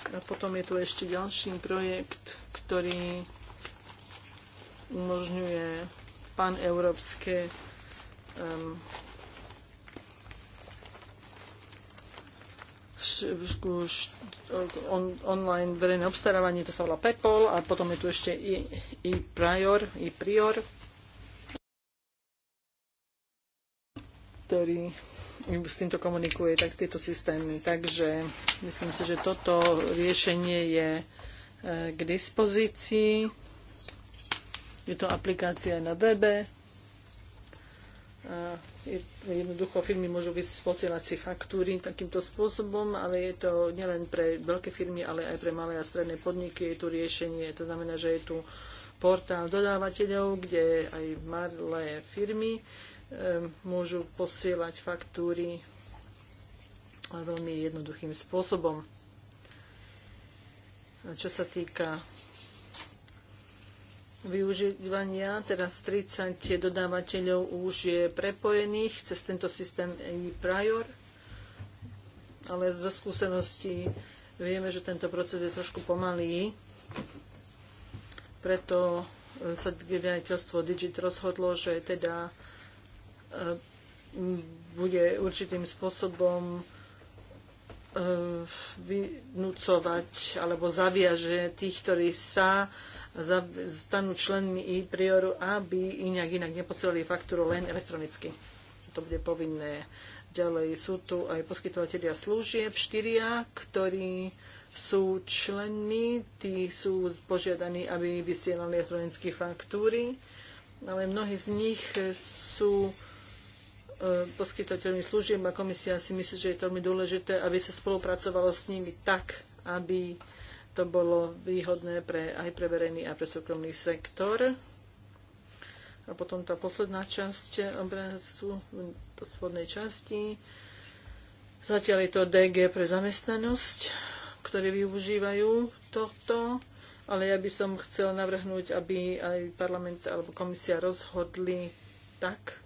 A potom je tu ešte ďalší projekt, ktorý umožňuje paneurópske um, on, online verejné obstarávanie, to sa volá PEPOL a potom je tu ešte i, i prior, i prior ktorý s týmto komunikuje, tak s týmto systémy. Takže myslím si, že toto riešenie je e, k dispozícii. Je to aplikácia na webe. E, jednoducho firmy môžu posielať si faktúry takýmto spôsobom, ale je to nielen pre veľké firmy, ale aj pre malé a stredné podniky. Je tu riešenie, to znamená, že je tu portál dodávateľov, kde aj malé firmy môžu posielať faktúry veľmi jednoduchým spôsobom. Čo sa týka využívania, teraz 30 dodávateľov už je prepojených cez tento systém e-prior, ale zo skúseností vieme, že tento proces je trošku pomalý, preto sa vydajateľstvo Digit rozhodlo, že teda E, bude určitým spôsobom e, vynúcovať alebo zaviaže tých, ktorí sa stanú členmi i prioru, aby inak inak neposielali faktúru len elektronicky. To bude povinné. Ďalej sú tu aj poskytovateľia služieb, štyria, ktorí sú členmi, tí sú požiadaní, aby vysielali elektronické faktúry, ale mnohí z nich sú E, poskytateľmi služieb a komisia si myslí, že je veľmi dôležité, aby sa spolupracovalo s nimi tak, aby to bolo výhodné pre, aj pre verejný a pre súkromný sektor. A potom tá posledná časť obrazu, v spodnej časti. Zatiaľ je to DG pre zamestnanosť, ktoré využívajú toto, ale ja by som chcel navrhnúť, aby aj parlament alebo komisia rozhodli tak,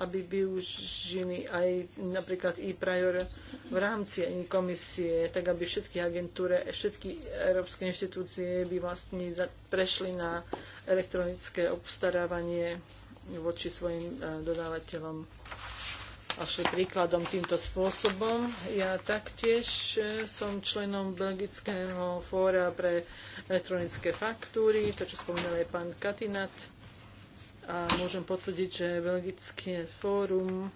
aby využili aj napríklad e-prior v rámci komisie, tak aby všetky agentúre, všetky európske inštitúcie by vlastne prešli na elektronické obstarávanie voči svojim e, dodávateľom vašim príkladom týmto spôsobom. Ja taktiež e, som členom Belgického fóra pre elektronické faktúry, to, čo spomínal aj pán Katinat a môžem potvrdiť, že Belgické fórum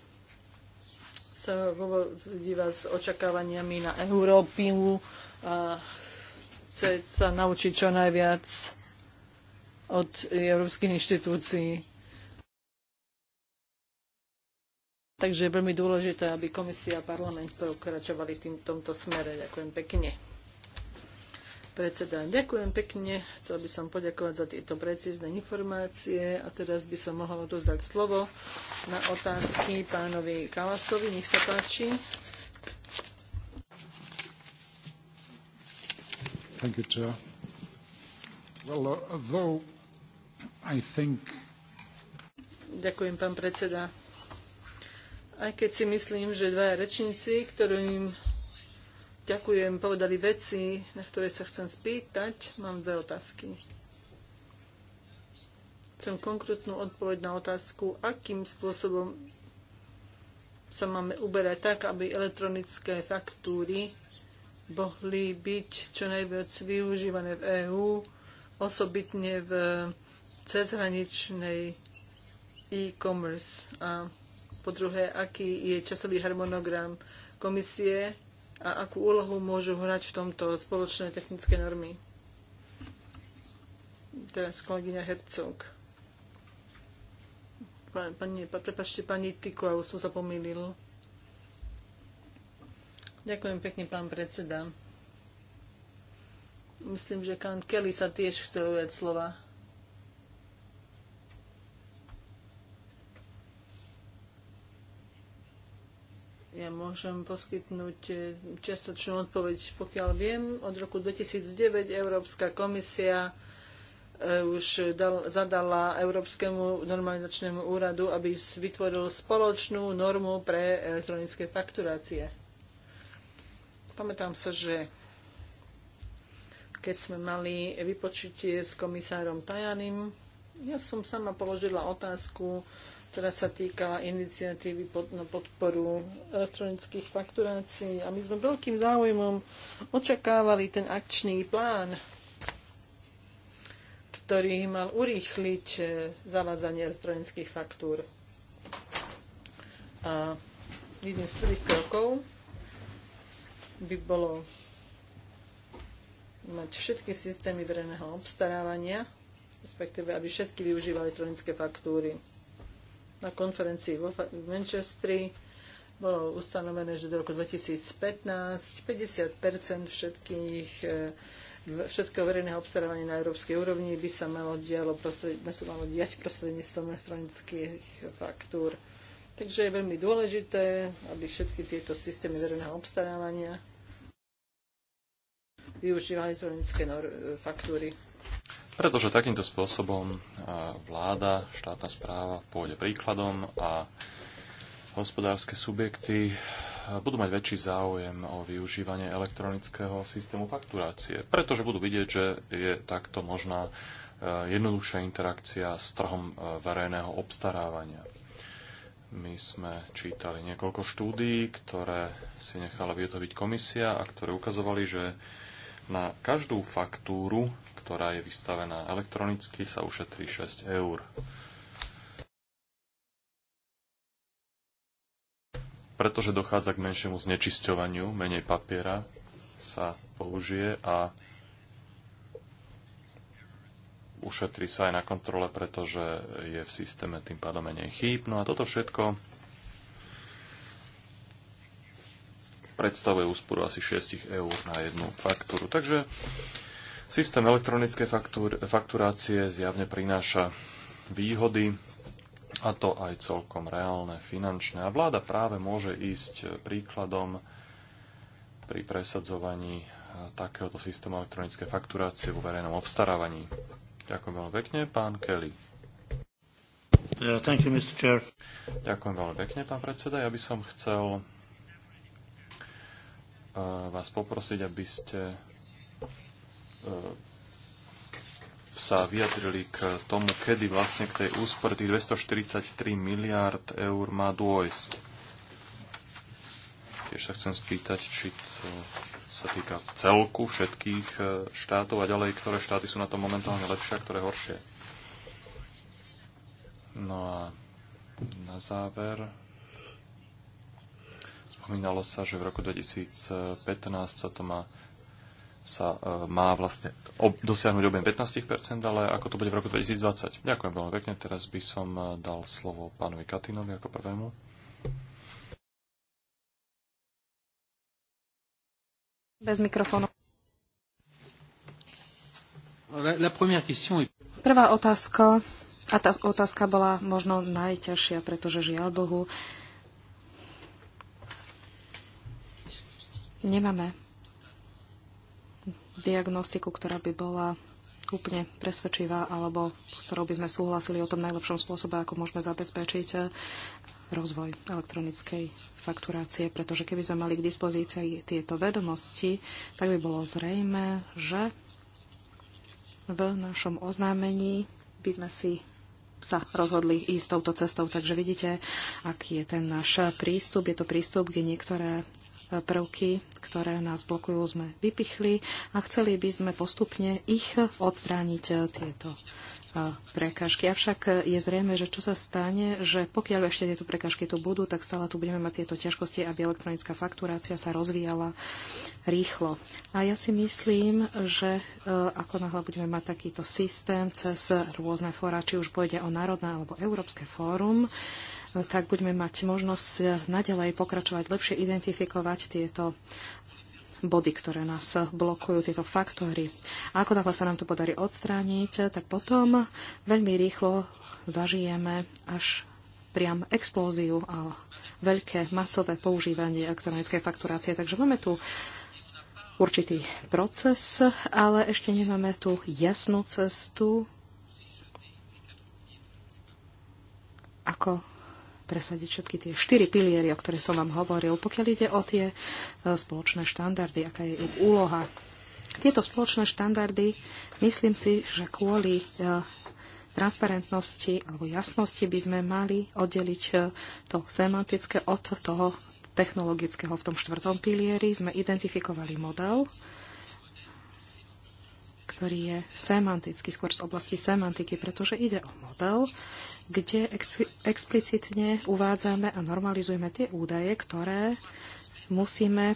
sa díva s očakávaniami na Európu a chce sa naučiť čo najviac od európskych inštitúcií. Takže je veľmi dôležité, aby komisia a parlament pokračovali v tým, tomto smere. Ďakujem pekne predseda. Ďakujem pekne. Chcel by som poďakovať za tieto precízne informácie a teraz by som mohla odozdať slovo na otázky pánovi Kalasovi. Nech sa páči. Thank you, Chair. Well, uh, though I think... Ďakujem, pán predseda. Aj keď si myslím, že dvaja rečníci, ktorým Ďakujem, povedali veci, na ktoré sa chcem spýtať. Mám dve otázky. Chcem konkrétnu odpoveď na otázku, akým spôsobom sa máme uberať tak, aby elektronické faktúry mohli byť čo najviac využívané v EÚ, osobitne v cezhraničnej e-commerce. A po druhé, aký je časový harmonogram komisie a akú úlohu môžu hrať v tomto spoločné technické normy. Teraz kolegyňa Hercog. Pani, prepačte, pani Tyko, som sa pomýlil. Ďakujem pekne, pán predseda. Myslím, že Kant Kelly sa tiež chcel ujať slova. Ja môžem poskytnúť e, čiastočnú odpoveď, pokiaľ viem. Od roku 2009 Európska komisia e, už dal, zadala Európskemu normalizačnému úradu, aby vytvoril spoločnú normu pre elektronické fakturácie. Pamätám sa, že keď sme mali vypočutie s komisárom Tajanim, ja som sama položila otázku, ktorá sa týkala iniciatívy pod, na podporu elektronických fakturácií. A my sme veľkým záujmom očakávali ten akčný plán, ktorý mal urýchliť eh, zavádzanie elektronických faktúr. A jedným z prvých krokov by bolo mať všetky systémy verejného obstarávania, respektíve aby všetky využívali elektronické faktúry na konferencii v Manchestri bolo ustanovené, že do roku 2015 50 všetkých eh, všetkého verejného obstarávania na európskej úrovni by sa malo, dialo by sa malo diať prostredníctvom elektronických faktúr. Takže je veľmi dôležité, aby všetky tieto systémy verejného obstarávania využívali elektronické eh, faktúry. Pretože takýmto spôsobom vláda, štátna správa pôjde príkladom a hospodárske subjekty budú mať väčší záujem o využívanie elektronického systému fakturácie, pretože budú vidieť, že je takto možná jednoduchšia interakcia s trhom verejného obstarávania. My sme čítali niekoľko štúdií, ktoré si nechala vyhotoviť komisia a ktoré ukazovali, že na každú faktúru, ktorá je vystavená elektronicky, sa ušetrí 6 eur. Pretože dochádza k menšiemu znečisťovaniu, menej papiera sa použije a ušetrí sa aj na kontrole, pretože je v systéme tým pádom menej chýb. No a toto všetko predstavuje úsporu asi 6 eur na jednu faktúru. Takže systém elektronickej faktúr, fakturácie zjavne prináša výhody, a to aj celkom reálne finančné. A vláda práve môže ísť príkladom pri presadzovaní e, takéhoto systému elektronické fakturácie vo verejnom obstarávaní. Ďakujem veľmi pekne, pán Kelly. Yeah, you, Ďakujem veľmi pekne, pán predseda. Ja by som chcel vás poprosiť, aby ste e, sa vyjadrili k tomu, kedy vlastne k tej úspore tých 243 miliárd eur má dôjsť. Tiež sa chcem spýtať, či to sa týka celku všetkých e, štátov a ďalej, ktoré štáty sú na tom momentálne lepšie a ktoré horšie. No a na záver spomínalo sa, že v roku 2015 sa to má sa e, má vlastne ob, dosiahnuť objem 15%, ale ako to bude v roku 2020. Ďakujem veľmi pekne. Teraz by som e, dal slovo pánovi Katinovi ako prvému. Bez mikrofónu. Prvá otázka, a tá otázka bola možno najťažšia, pretože žiaľ Bohu, Nemáme diagnostiku, ktorá by bola úplne presvedčivá alebo s ktorou by sme súhlasili o tom najlepšom spôsobe, ako môžeme zabezpečiť rozvoj elektronickej fakturácie, pretože keby sme mali k dispozícii tieto vedomosti, tak by bolo zrejme, že v našom oznámení by sme si sa rozhodli ísť touto cestou. Takže vidíte, aký je ten náš prístup. Je to prístup, kde niektoré prvky, ktoré nás blokujú, sme vypichli a chceli by sme postupne ich odstrániť eh, tieto prekážky. Avšak je zrejme, že čo sa stane, že pokiaľ ešte tieto prekážky tu budú, tak stále tu budeme mať tieto ťažkosti, aby elektronická fakturácia sa rozvíjala rýchlo. A ja si myslím, že e, ako náhle budeme mať takýto systém cez rôzne fóra, či už pôjde o národné alebo európske fórum, e, tak budeme mať možnosť naďalej pokračovať, lepšie identifikovať tieto body, ktoré nás blokujú, tieto faktory. A ako takhle sa nám to podarí odstrániť, tak potom veľmi rýchlo zažijeme až priam explóziu a veľké masové používanie elektronickej fakturácie. Takže máme tu určitý proces, ale ešte nemáme tu jasnú cestu, ako presadiť všetky tie štyri piliery, o ktoré som vám hovoril. Pokiaľ ide o tie e, spoločné štandardy, aká je ich úloha. Tieto spoločné štandardy, myslím si, že kvôli e, transparentnosti alebo jasnosti by sme mali oddeliť e, to semantické od toho technologického. V tom štvrtom pilieri sme identifikovali model, ktorý je semantický, skôr z oblasti semantiky, pretože ide o model, kde explicitne uvádzame a normalizujeme tie údaje, ktoré musíme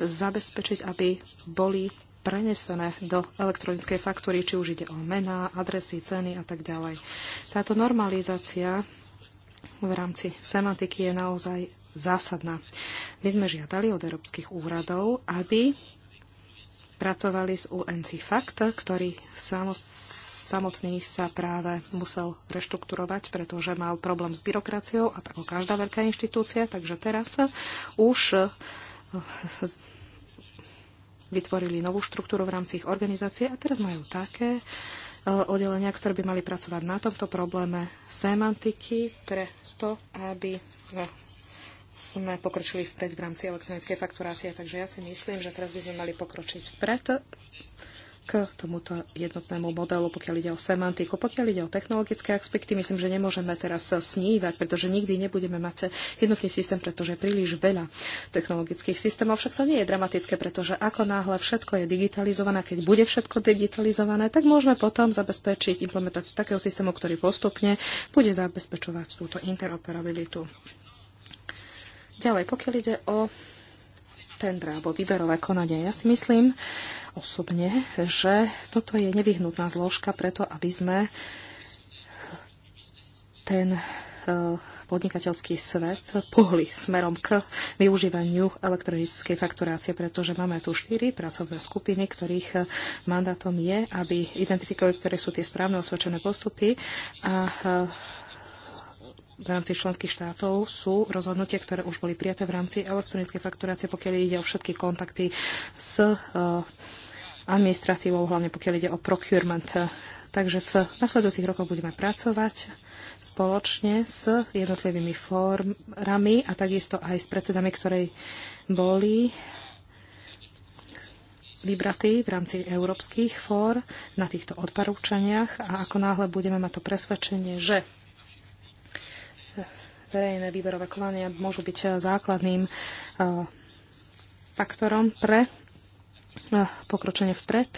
zabezpečiť, aby boli prenesené do elektronickej faktúry, či už ide o mená, adresy, ceny a tak ďalej. Táto normalizácia v rámci semantiky je naozaj zásadná. My sme žiadali od európskych úradov, aby pracovali s UNC Fakt, ktorý samotný sa práve musel reštrukturovať, pretože mal problém s byrokraciou a ako každá veľká inštitúcia, takže teraz už eh, vytvorili novú štruktúru v rámci ich organizácie a teraz majú také eh, oddelenia, ktoré by mali pracovať na tomto probléme semantiky, pre to, aby eh, sme pokročili vpred v rámci elektronickej fakturácie, takže ja si myslím, že teraz by sme mali pokročiť vpred k tomuto jednotnému modelu, pokiaľ ide o semantiku, pokiaľ ide o technologické aspekty. Myslím, že nemôžeme teraz snívať, pretože nikdy nebudeme mať jednotný systém, pretože je príliš veľa technologických systémov. Však to nie je dramatické, pretože ako náhle všetko je digitalizované, keď bude všetko digitalizované, tak môžeme potom zabezpečiť implementáciu takého systému, ktorý postupne bude zabezpečovať túto interoperabilitu. Ďalej, pokiaľ ide o tendra alebo výberové konanie, ja si myslím osobne, že toto je nevyhnutná zložka preto, aby sme ten e, podnikateľský svet pohli smerom k využívaniu elektronickej fakturácie, pretože máme tu štyri pracovné skupiny, ktorých e, mandátom je, aby identifikovali, ktoré sú tie správne osvedčené postupy a e, v rámci členských štátov sú rozhodnutie, ktoré už boli prijaté v rámci elektronickej fakturácie, pokiaľ ide o všetky kontakty s e, administratívou, hlavne pokiaľ ide o procurement. Takže v nasledujúcich rokoch budeme pracovať spoločne s jednotlivými fórami a takisto aj s predsedami, ktoré boli vybratí v rámci európskych fór na týchto odporúčaniach a ako náhle budeme mať to presvedčenie, že verejné výberové konania môžu byť eh, základným eh, faktorom pre eh, pokročenie vpred,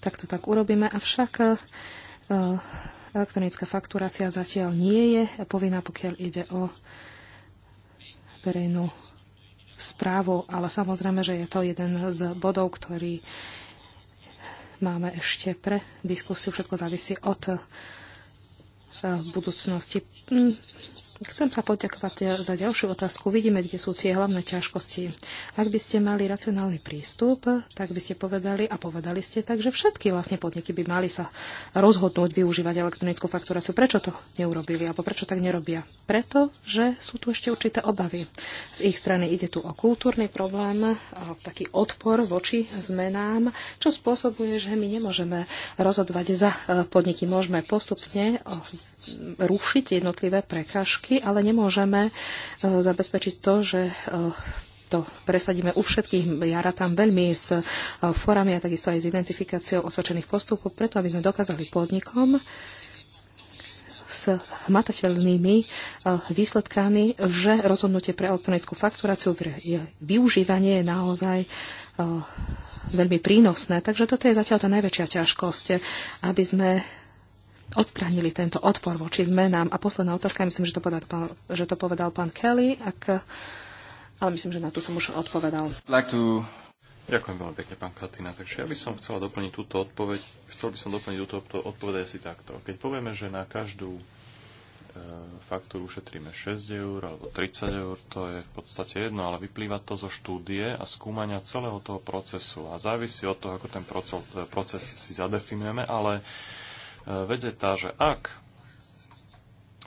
tak to tak urobíme. Avšak elektronická fakturácia zatiaľ nie je povinná, pokiaľ ide o verejnú správu, ale samozrejme, že je to jeden z bodov, ktorý máme ešte pre diskusiu. Všetko závisí od budúcnosti Chcem sa poďakovať za ďalšiu otázku. Vidíme, kde sú tie hlavné ťažkosti. Ak by ste mali racionálny prístup, tak by ste povedali a povedali ste tak, že všetky vlastne podniky by mali sa rozhodnúť využívať elektronickú fakturáciu. Prečo to neurobili alebo prečo tak nerobia? Preto, že sú tu ešte určité obavy. Z ich strany ide tu o kultúrny problém, o taký odpor voči zmenám, čo spôsobuje, že my nemôžeme rozhodovať za podniky. Môžeme postupne rušiť jednotlivé prekážky, ale nemôžeme e, zabezpečiť to, že e, to presadíme u všetkých. Ja tam veľmi s e, forami a takisto aj s identifikáciou osvedčených postupov, preto aby sme dokázali podnikom s hmatateľnými výsledkami, že rozhodnutie pre elektronickú fakturáciu, pre využívanie je naozaj veľmi prínosné. Takže toto je zatiaľ tá najväčšia ťažkosť, aby sme odstránili tento odpor voči zmenám. A posledná otázka, myslím, že to povedal pán, že to povedal pán Kelly, ak, ale myslím, že na tú som už odpovedal. Like to... Ďakujem veľmi pekne, pán Katina. Takže ja by som chcela doplniť túto odpoveď. Chcel by som doplniť túto odpoveď asi takto. Keď povieme, že na každú e, faktúru ušetríme 6 eur alebo 30 eur, to je v podstate jedno, ale vyplýva to zo štúdie a skúmania celého toho procesu a závisí od toho, ako ten proces, proces si zadefinujeme, ale vedze tá, že ak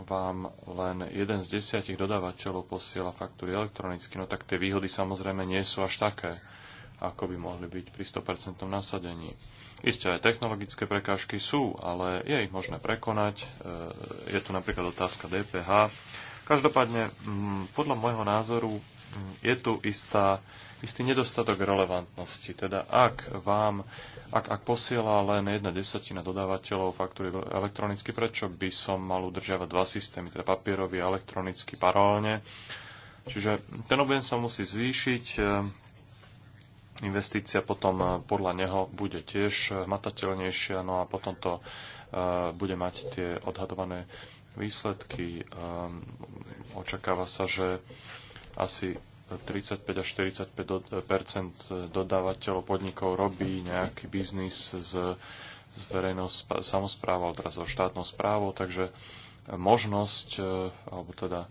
vám len jeden z desiatich dodávateľov posiela faktúry elektronicky, no tak tie výhody samozrejme nie sú až také, ako by mohli byť pri 100% nasadení. Isté aj technologické prekážky sú, ale je ich možné prekonať. E, je tu napríklad otázka DPH. Každopádne, mm, podľa môjho názoru, mm, je tu istá, istý nedostatok relevantnosti. Teda ak vám ak, ak posiela len jedna desatina dodávateľov faktúry elektronicky, prečo by som mal udržiavať dva systémy, teda papierový a elektronicky paralelne? Čiže ten objem sa musí zvýšiť, e, investícia potom e, podľa neho bude tiež e, matateľnejšia, no a potom to bude mať tie odhadované výsledky. Očakáva sa, že asi 35 až 45 dodávateľov podnikov robí nejaký biznis s, verejnou samozprávou, teraz so štátnou správou, takže možnosť, e, alebo teda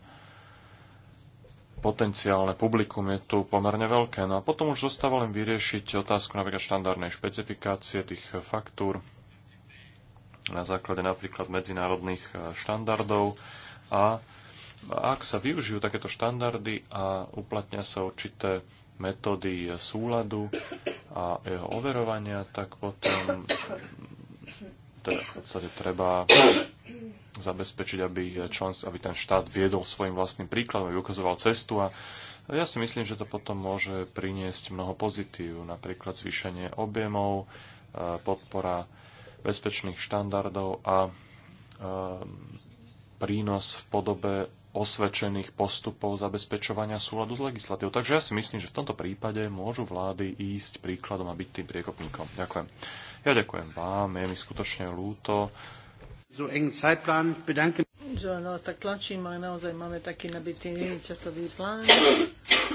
potenciálne publikum je tu pomerne veľké. No a potom už zostáva len vyriešiť otázku napríklad štandardnej špecifikácie tých faktúr na základe napríklad medzinárodných e, štandardov a ak sa využijú takéto štandardy a uplatnia sa určité metódy súladu a jeho overovania, tak potom teda v podstate treba zabezpečiť, aby, člen, aby ten štát viedol svojim vlastným príkladom, aby ukazoval cestu a ja si myslím, že to potom môže priniesť mnoho pozitív, napríklad zvýšenie objemov, e, podpora bezpečných štandardov a e, prínos v podobe osvedčených postupov zabezpečovania súladu s legislatívou. Takže ja si myslím, že v tomto prípade môžu vlády ísť príkladom a byť tým priekopníkom. Ďakujem. Ja ďakujem vám, je mi skutočne ľúto. So engen Zeitplan no, tak tlačím a naozaj máme taký nabitý časový plán,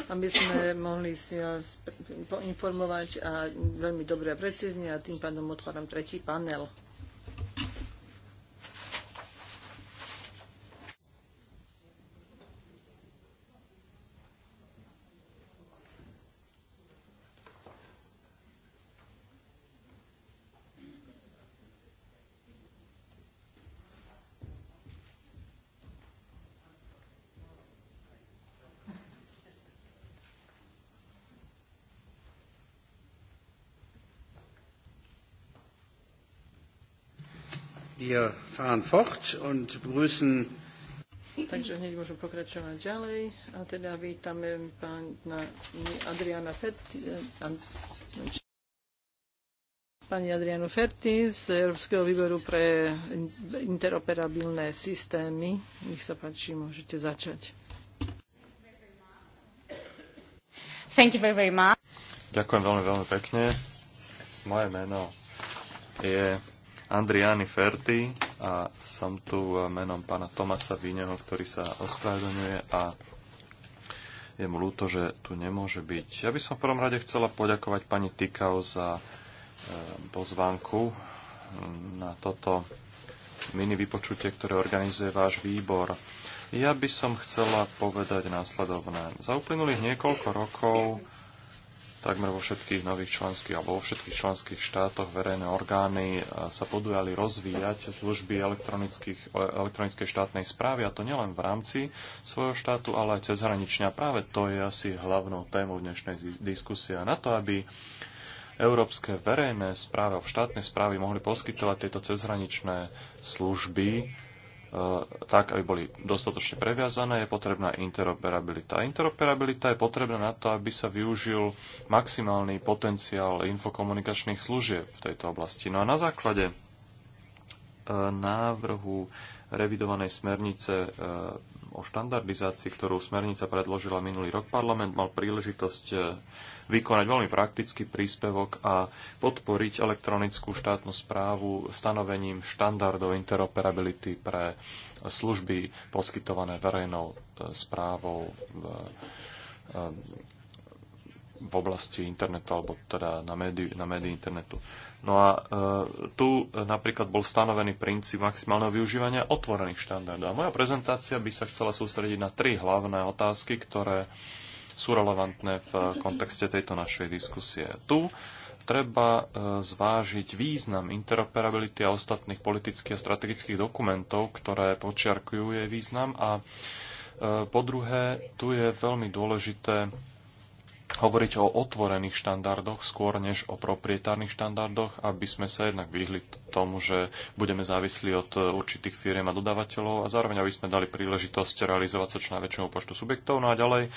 aby sme mohli si informovať a veľmi dobre a precízne a tým pádom otváram tretí panel. Wir fahren fort und begrüßen Takže hneď môžem pokračovať ďalej. A teda vítame pána Adriana Ferti, pani Adriano Ferti z Európskeho výboru pre interoperabilné systémy. Nech sa páči, môžete začať. Thank you very, very much. Ďakujem veľmi, veľmi pekne. Moje meno je Andriani Ferty a som tu menom pána Tomasa Víneho, ktorý sa ospravedlňuje a je mu ľúto, že tu nemôže byť. Ja by som v prvom rade chcela poďakovať pani Tikau za e, pozvánku na toto mini vypočutie, ktoré organizuje váš výbor. Ja by som chcela povedať následovné. Za uplynulých niekoľko rokov takmer vo všetkých nových členských alebo vo všetkých členských štátoch verejné orgány e, sa podujali rozvíjať služby e, elektronickej štátnej správy, a to nielen v rámci svojho štátu, ale aj cezhranične. A práve to je asi hlavnou témou dnešnej diskusie. A na to, aby európske verejné správy alebo štátne správy mohli poskytovať tieto cezhraničné služby, E, tak, aby boli dostatočne previazané, je potrebná interoperabilita. Interoperabilita je potrebná na to, aby sa využil maximálny potenciál infokomunikačných služieb v tejto oblasti. No a na základe e, návrhu revidovanej smernice e, o štandardizácii, ktorú smernica predložila minulý rok, parlament mal príležitosť vykonať veľmi praktický príspevok a podporiť elektronickú štátnu správu stanovením štandardov interoperability pre služby poskytované verejnou e, správou v, e, e, v oblasti internetu alebo teda na médii, na médii internetu. No a e, tu napríklad bol stanovený princíp maximálneho využívania otvorených štandardov. A moja prezentácia by sa chcela sústrediť na tri hlavné otázky, ktoré sú relevantné v eh, kontexte tejto našej diskusie. Tu treba eh, zvážiť význam interoperability a ostatných politických a strategických dokumentov, ktoré počiarkujú jej význam. A eh, po druhé, tu je veľmi dôležité hovoriť o otvorených štandardoch skôr než o proprietárnych štandardoch, aby sme sa jednak vyhli tomu, že budeme závislí od určitých firiem a dodávateľov a zároveň aby sme dali príležitosť realizovať sa čo najväčšiemu počtu subjektov. No a ďalej,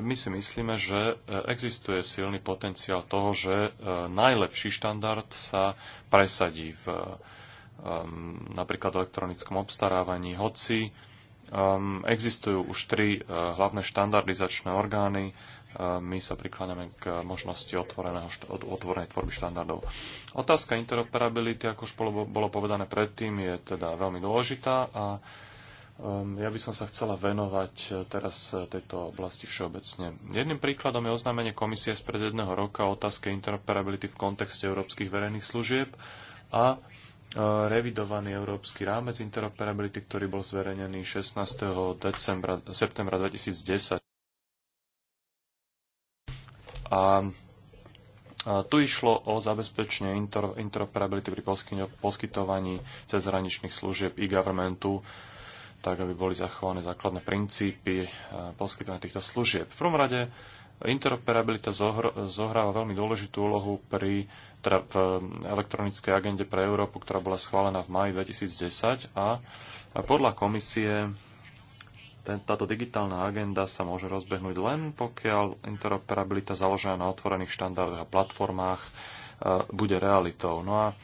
my si myslíme, že e, existuje silný potenciál toho, že e, najlepší štandard sa presadí v napríklad elektronickom obstarávaní, hoci existujú už tri e, hlavné štandardizačné orgány. my sa prikláňame k možnosti otvoreného, otvorenej tvorby štandardov. Otázka interoperability, ako už bolo, povedané predtým, je teda veľmi dôležitá a Um, ja by som sa chcela venovať e, teraz e, tejto oblasti všeobecne. Jedným príkladom je oznámenie komisie spred jedného roka o otázke interoperability v kontexte európskych verejných služieb a e, revidovaný európsky rámec interoperability, ktorý bol zverejnený 16. Decembra, septembra 2010. A tu išlo o zabezpečenie interoperability pri poskytovaní cezhraničných služieb e-governmentu tak aby boli zachované základné princípy eh, poskytovania týchto služieb. V prvom rade interoperabilita zohr- zohráva veľmi dôležitú úlohu pri, teda v eh, elektronickej agende pre Európu, ktorá bola schválená v maji 2010 a podľa komisie ten, táto digitálna agenda sa môže rozbehnúť len pokiaľ interoperabilita založená na otvorených štandardoch a platformách e, bude realitou. No a e,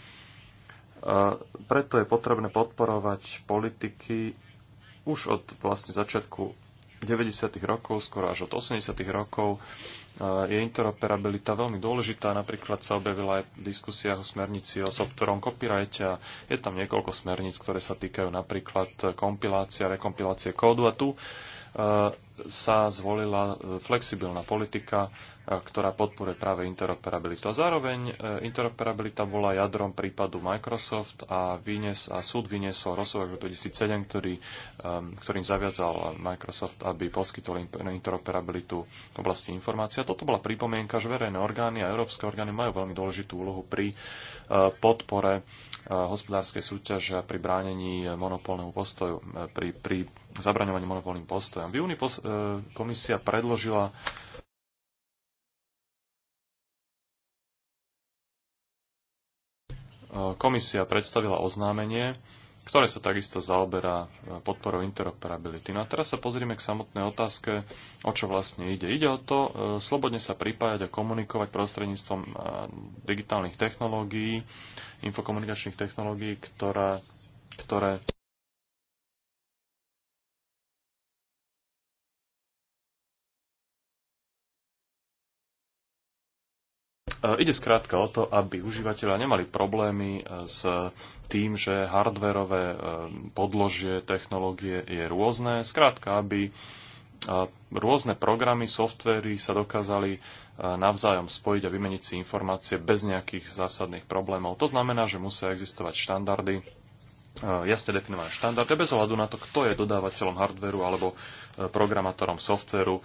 preto je potrebné podporovať politiky už od vlastne začiatku 90. rokov, skoro až od 80. rokov, e, je interoperabilita veľmi dôležitá. Napríklad sa objavila aj v diskusiách o smernici o softverom copyrighte a je tam niekoľko smerníc, ktoré sa týkajú napríklad kompilácia, rekompilácie kódu a tu sa zvolila e, flexibilná politika, e, ktorá podporuje práve interoperabilitu. A zároveň e, interoperabilita bola jadrom prípadu Microsoft a, vynies, a súd vyniesol rozsudok 2007, ktorý, ktorým zaviazal Microsoft, aby poskytol interoperabilitu v oblasti informácií. toto bola pripomienka, že verejné orgány a európske orgány majú veľmi dôležitú úlohu pri podpore Eh, hospodárskej súťaže a pri bránení monopolnému postoju, eh, pri, pri zabraňovaní monopolným postojom. V júni pos- eh, komisia predložila Komisia predstavila oznámenie, ktoré sa takisto zaoberá e, podporou interoperability. No a teraz sa pozrieme k samotnej otázke, o čo vlastne ide. Ide o to e, slobodne sa pripájať a komunikovať prostredníctvom e, digitálnych technológií, infokomunikačných technológií, ktoré, ktoré E, ide skrátka o to, aby užívateľa nemali problémy e, s tým, že hardverové e, podložie technológie je rôzne. Skrátka, aby rôzne programy, softvery sa dokázali navzájom spojiť a vymeniť si informácie bez nejakých zásadných problémov. To znamená, že musia existovať štandardy, jasne definované štandardy bez ohľadu na to, kto je dodávateľom hardveru alebo e, programátorom softveru, e,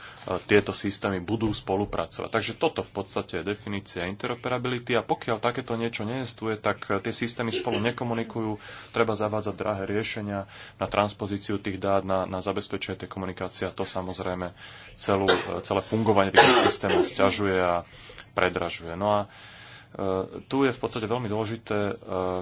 tieto systémy budú spolupracovať. Takže toto v podstate je definícia interoperability a pokiaľ takéto niečo neestuje, tak e, tie systémy spolu nekomunikujú, treba zavádzať drahé riešenia na transpozíciu tých dát, na, na zabezpečenie tej komunikácie a to samozrejme celú, celé fungovanie tých systémov stiažuje a predražuje. No a uh, Eh, tu je v podstate veľmi dôležité eh,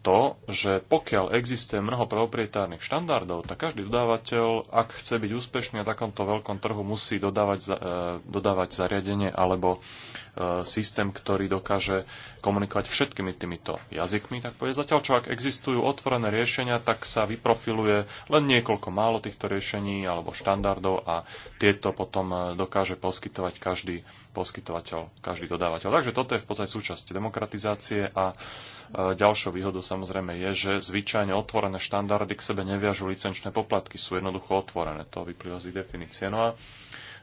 to, že pokiaľ existuje mnoho proprietárnych štandardov, tak každý dodávateľ, ak chce byť úspešný na takomto veľkom trhu, musí dodávať, eh, dodávať zariadenie alebo Eh, systém, ktorý dokáže komunikovať všetkými týmito jazykmi, tak povedať. Zatiaľ, čo ak existujú otvorené riešenia, tak sa vyprofiluje len niekoľko málo týchto riešení alebo štandardov a tieto potom eh, dokáže poskytovať každý poskytovateľ, každý dodávateľ. Takže toto je v podstate súčasť demokratizácie a eh, ďalšou výhodou samozrejme je, že zvyčajne otvorené štandardy k sebe neviažu licenčné poplatky, sú jednoducho otvorené. To vyplýva z ich definície. No a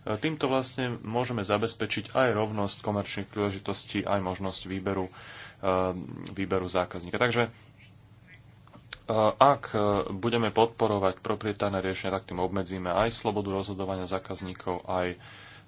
Týmto vlastne môžeme zabezpečiť aj rovnosť komerčných príležitostí, aj možnosť výberu, eh, výberu zákazníka. Takže eh, ak eh, budeme podporovať proprietárne riešenia, tak tým obmedzíme aj slobodu rozhodovania zákazníkov, aj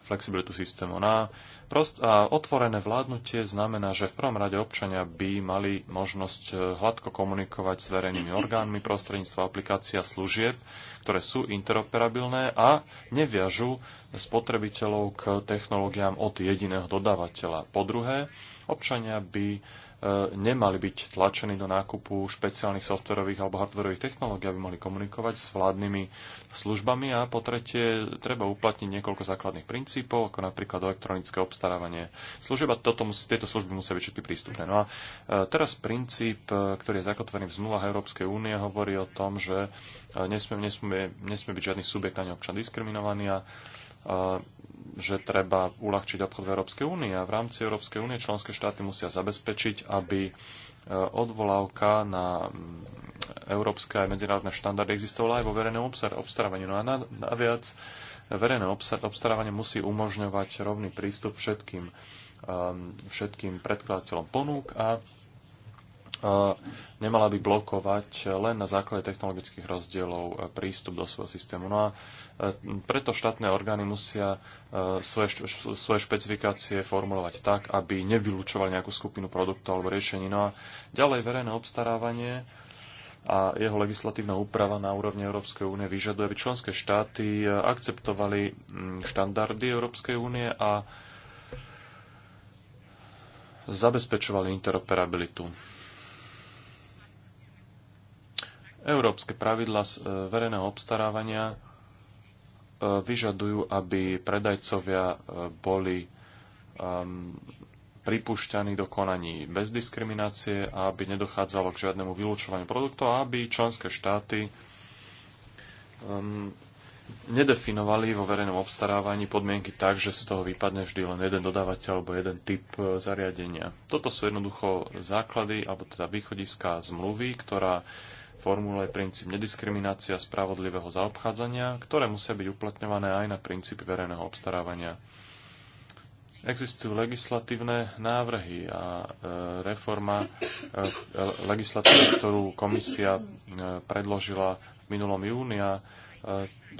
flexibilitu systému. Na prost, a otvorené vládnutie znamená, že v prvom rade občania by mali možnosť e, hladko komunikovať s verejnými orgánmi prostredníctvom aplikácia služieb, ktoré sú interoperabilné a neviažu spotrebiteľov k technológiám od jediného dodávateľa. Po druhé, občania by E, nemali byť tlačení do nákupu špeciálnych softverových alebo hardverových technológií, aby mohli komunikovať s vládnymi službami. A po tretie, treba uplatniť niekoľko základných princípov, ako napríklad elektronické obstarávanie služieb. A toto, tieto služby musia byť všetky prístupné. No a e, teraz princíp, e, ktorý je zakotvený v zmluvách Európskej únie, hovorí o tom, že nesmie, nesmie, nesmie byť žiadny subjekt ani občan diskriminovaný a E, že treba uľahčiť obchod v Európskej únie a v rámci Európskej únie členské štáty musia zabezpečiť, aby e, odvolávka na mm, európske a medzinárodné štandardy existovala aj vo verejnom obstarávaní. No a naviac verejné obstarávanie musí umožňovať rovný prístup všetkým, e, všetkým predkladateľom ponúk a nemala by blokovať len na základe technologických rozdielov prístup do svojho systému. No a preto štátne orgány musia e, svoje, svoje špecifikácie formulovať tak, aby nevylučovali nejakú skupinu produktov alebo riešení. No a ďalej verejné obstarávanie a jeho legislatívna úprava na úrovni Európskej únie vyžaduje, aby členské štáty e, akceptovali mm, štandardy Európskej únie a zabezpečovali interoperabilitu. Európske pravidla e, verejného obstarávania Eh, vyžadujú, aby predajcovia eh, boli um, pripúšťaní do konaní bez diskriminácie a aby nedochádzalo k žiadnemu vylúčovaniu produktov a aby členské štáty um, nedefinovali vo verejnom obstarávaní podmienky tak, že z toho vypadne vždy len jeden dodávateľ alebo jeden typ eh, zariadenia. Toto sú jednoducho základy alebo teda východiska zmluvy, ktorá formule princíp nediskriminácia spravodlivého zaobchádzania, ktoré musia byť uplatňované aj na princípy verejného obstarávania. Existujú legislatívne návrhy a e, reforma e, legislatívy, ktorú komisia e, predložila v minulom júnia,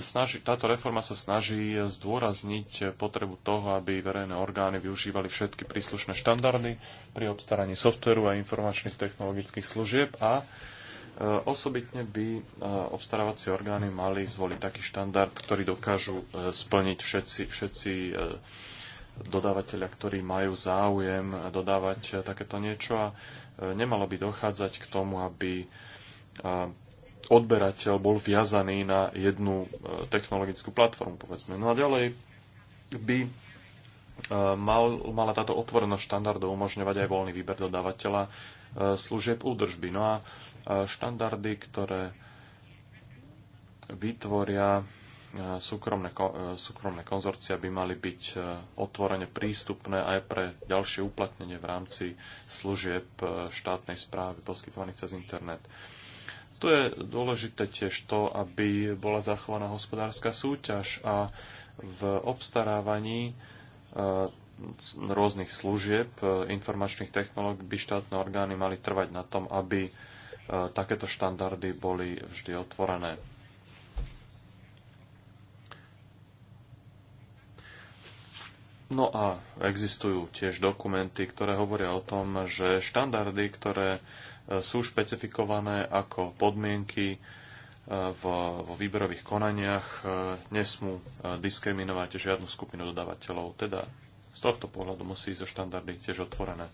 snaži, táto reforma sa snaží zdôrazniť potrebu toho, aby verejné orgány využívali všetky príslušné štandardy pri obstaraní softveru a informačných technologických služieb a Eh, osobitne by eh, obstarávacie orgány mali zvoliť taký štandard, ktorý dokážu eh, splniť všetci, všetci dodávateľia, ktorí majú záujem dodávať takéto niečo a nemalo by dochádzať k tomu, aby odberateľ bol viazaný na jednu technologickú platformu, povedzme. No a ďalej by mal, mala táto otvorenosť štandardov umožňovať aj voľný výber dodávateľa služieb údržby. No a štandardy, ktoré vytvoria e, súkromné, e, súkromné konzorcia by mali byť e, otvorene prístupné aj pre ďalšie uplatnenie v rámci služieb štátnej správy poskytovaných cez internet. Tu je dôležité tiež to, aby bola zachovaná hospodárska súťaž a v obstarávaní rôznych služieb informačných technológií by štátne orgány mali trvať na tom, aby E, takéto štandardy boli vždy otvorené. No a existujú tiež dokumenty, ktoré hovoria o tom, že štandardy, ktoré e, sú špecifikované ako podmienky e, vo výberových konaniach, nesmú diskriminovať žiadnu skupinu dodávateľov. Teda z tohto pohľadu musí ísť o štandardy tiež otvorené.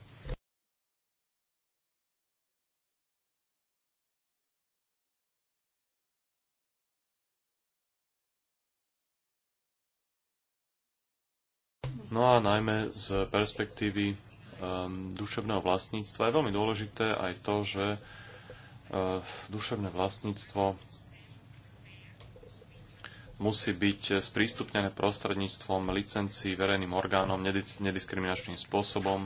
No a najmä z perspektívy um, duševného vlastníctva je veľmi dôležité aj to, že uh, duševné vlastníctvo musí byť sprístupnené prostredníctvom licencií verejným orgánom nediskriminačným spôsobom,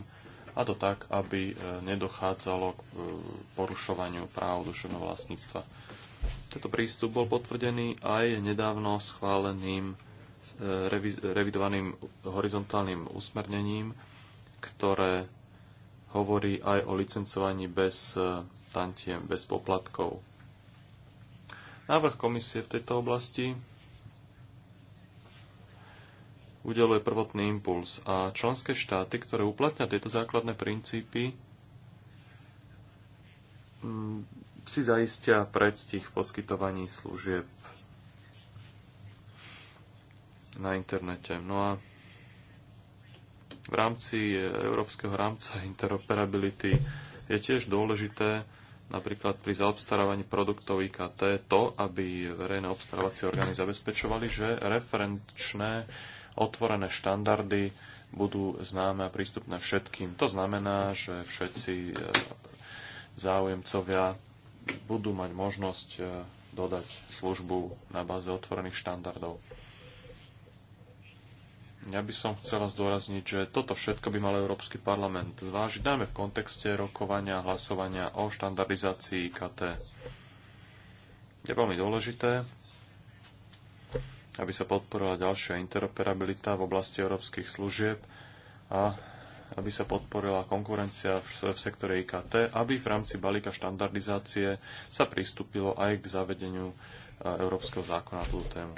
a to tak, aby eh, nedochádzalo k eh, porušovaniu práv duševného vlastníctva. Tento prístup bol potvrdený aj nedávno schváleným revidovaným horizontálnym usmernením, ktoré hovorí aj o licencovaní bez e, tantiem, bez poplatkov. Návrh komisie v tejto oblasti udeluje prvotný impuls a členské štáty, ktoré uplatňa tieto základné princípy, mm, si zaistia predstih poskytovaní služieb na internete. No a v rámci európskeho rámca interoperability je tiež dôležité napríklad pri zaobstarávaní produktov IKT to, aby verejné obstarávacie orgány zabezpečovali, že referenčné otvorené štandardy budú známe a prístupné všetkým. To znamená, že všetci eh, záujemcovia budú mať možnosť eh, dodať službu na báze otvorených štandardov ja by som chcela zdôrazniť, že toto všetko by mal Európsky parlament zvážiť, najmä v kontexte rokovania a hlasovania o štandardizácii IKT. Je veľmi dôležité, aby sa podporila ďalšia interoperabilita v oblasti európskych služieb a aby sa podporila konkurencia v, v sektore IKT, aby v rámci balíka štandardizácie sa pristúpilo aj k zavedeniu európskeho zákona na túto tému.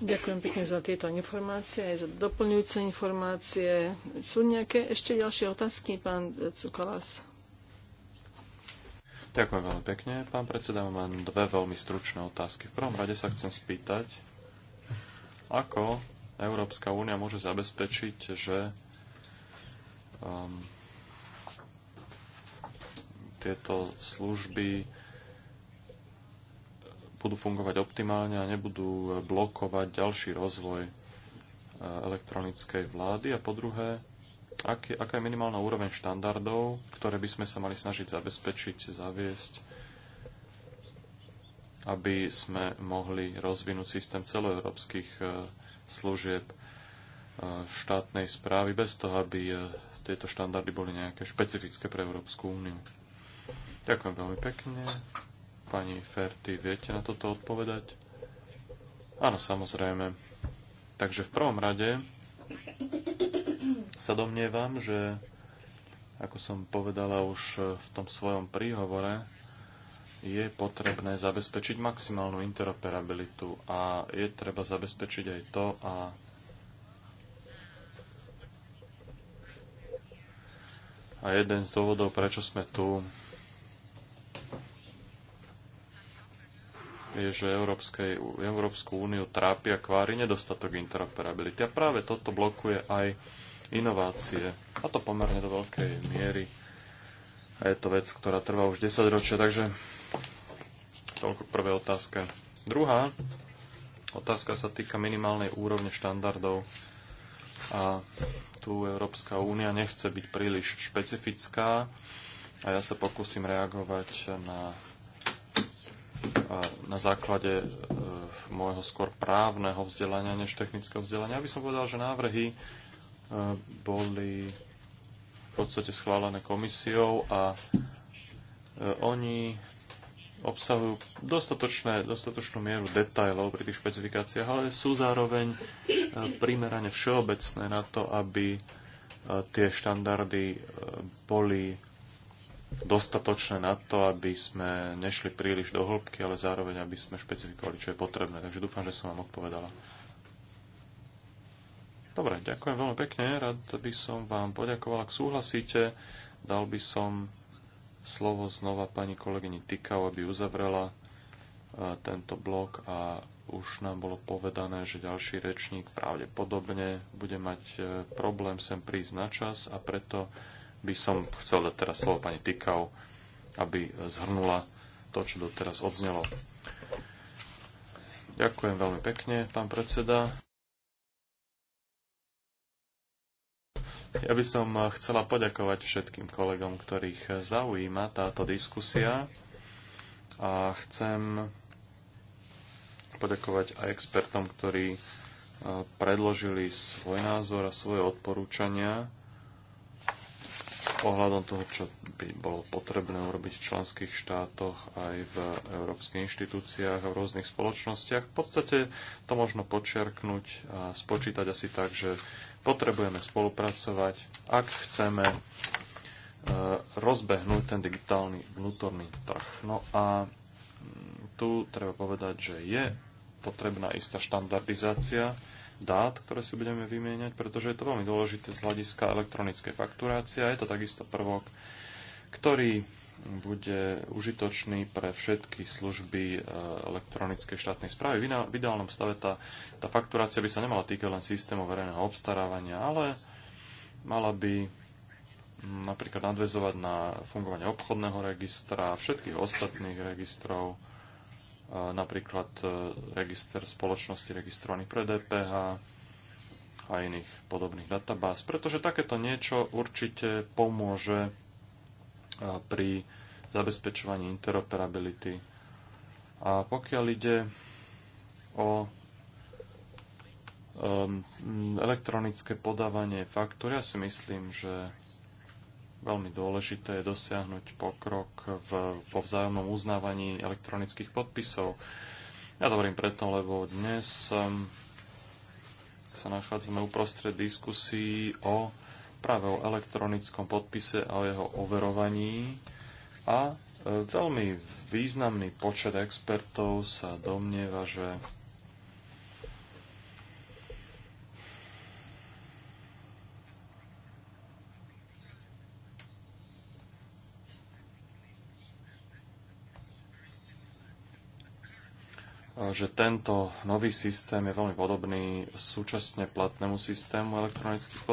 Ďakujem pekne za tieto informácie, aj za doplňujúce informácie. Sú nejaké ešte ďalšie otázky, pán Cukalas? Ďakujem veľmi pekne. Pán predseda, mám dve veľmi stručné otázky. V prvom rade sa chcem spýtať, ako Európska únia môže zabezpečiť, že um, tieto služby budú fungovať optimálne a nebudú eh, blokovať ďalší rozvoj eh, elektronickej vlády. A po druhé, aká je minimálna úroveň štandardov, ktoré by sme sa mali snažiť zabezpečiť, zaviesť, aby sme mohli rozvinúť systém celoeurópskych eh, služieb štátnej správy bez toho, aby tieto štandardy boli nejaké špecifické pre Európsku úniu. Ďakujem veľmi pekne. Pani Ferty, viete na toto odpovedať? Áno, samozrejme. Takže v prvom rade sa domnievam, že ako som povedala už v tom svojom príhovore, je potrebné zabezpečiť maximálnu interoperabilitu a je treba zabezpečiť aj to a a jeden z dôvodov, prečo sme tu, je, že Európskej, Európsku úniu trápia kvári nedostatok interoperability. A práve toto blokuje aj inovácie. A to pomerne do veľkej miery. A je to vec, ktorá trvá už 10 ročia. Takže toľko k prvej otázke. Druhá otázka sa týka minimálnej úrovne štandardov. A tu Európska únia nechce byť príliš špecifická a ja sa pokúsim reagovať na na základe e, môjho skôr právneho vzdelania než technického vzdelania. Aby som povedal, že návrhy e, boli v podstate schválené komisiou a e, oni obsahujú dostatočné, dostatočnú mieru detajlov pri tých špecifikáciách, ale sú zároveň primerane všeobecné na to, aby tie štandardy boli dostatočné na to, aby sme nešli príliš do hĺbky, ale zároveň, aby sme špecifikovali, čo je potrebné. Takže dúfam, že som vám odpovedala. Dobre, ďakujem veľmi pekne. Rád by som vám poďakoval. Ak súhlasíte, dal by som slovo znova pani kolegyni Tikau, aby uzavrela e, tento blok a už nám bolo povedané, že ďalší rečník pravdepodobne bude mať e, problém sem prísť na čas a preto by som chcel dať teraz slovo pani Tikau, aby zhrnula to, čo doteraz odznelo. Ďakujem veľmi pekne, pán predseda. Ja by som chcela poďakovať všetkým kolegom, ktorých zaujíma táto diskusia a chcem poďakovať aj expertom, ktorí eh, predložili svoj názor a svoje odporúčania ohľadom toho, čo by bolo potrebné urobiť v členských štátoch aj v európskych inštitúciách a v rôznych spoločnostiach. V podstate to možno počerknúť a spočítať asi tak, že potrebujeme spolupracovať, ak chceme e, rozbehnúť ten digitálny vnútorný trh. No a mm, tu treba povedať, že je potrebná istá štandardizácia dát, ktoré si budeme vymieňať, pretože je to veľmi dôležité z hľadiska elektronickej fakturácie a je to takisto prvok, ktorý bude užitočný pre všetky služby e, elektronickej štátnej správy. V ideálnom stave tá, tá fakturácia by sa nemala týkať len systému verejného obstarávania, ale mala by napríklad nadvezovať na fungovanie obchodného registra, a všetkých ostatných registrov, napríklad e, register spoločnosti registrovaných pre DPH a iných podobných databáz, pretože takéto niečo určite pomôže e, pri zabezpečovaní interoperability. A pokiaľ ide o e, elektronické podávanie faktúr, ja si myslím, že veľmi dôležité je dosiahnuť pokrok v, vo vzájomnom uznávaní elektronických podpisov. Ja to hovorím preto, lebo dnes um, sa nachádzame uprostred diskusí o práve o elektronickom podpise a o jeho overovaní a e, veľmi významný počet expertov sa domnieva, že že tento nový systém je veľmi podobný súčasne platnému systému elektronických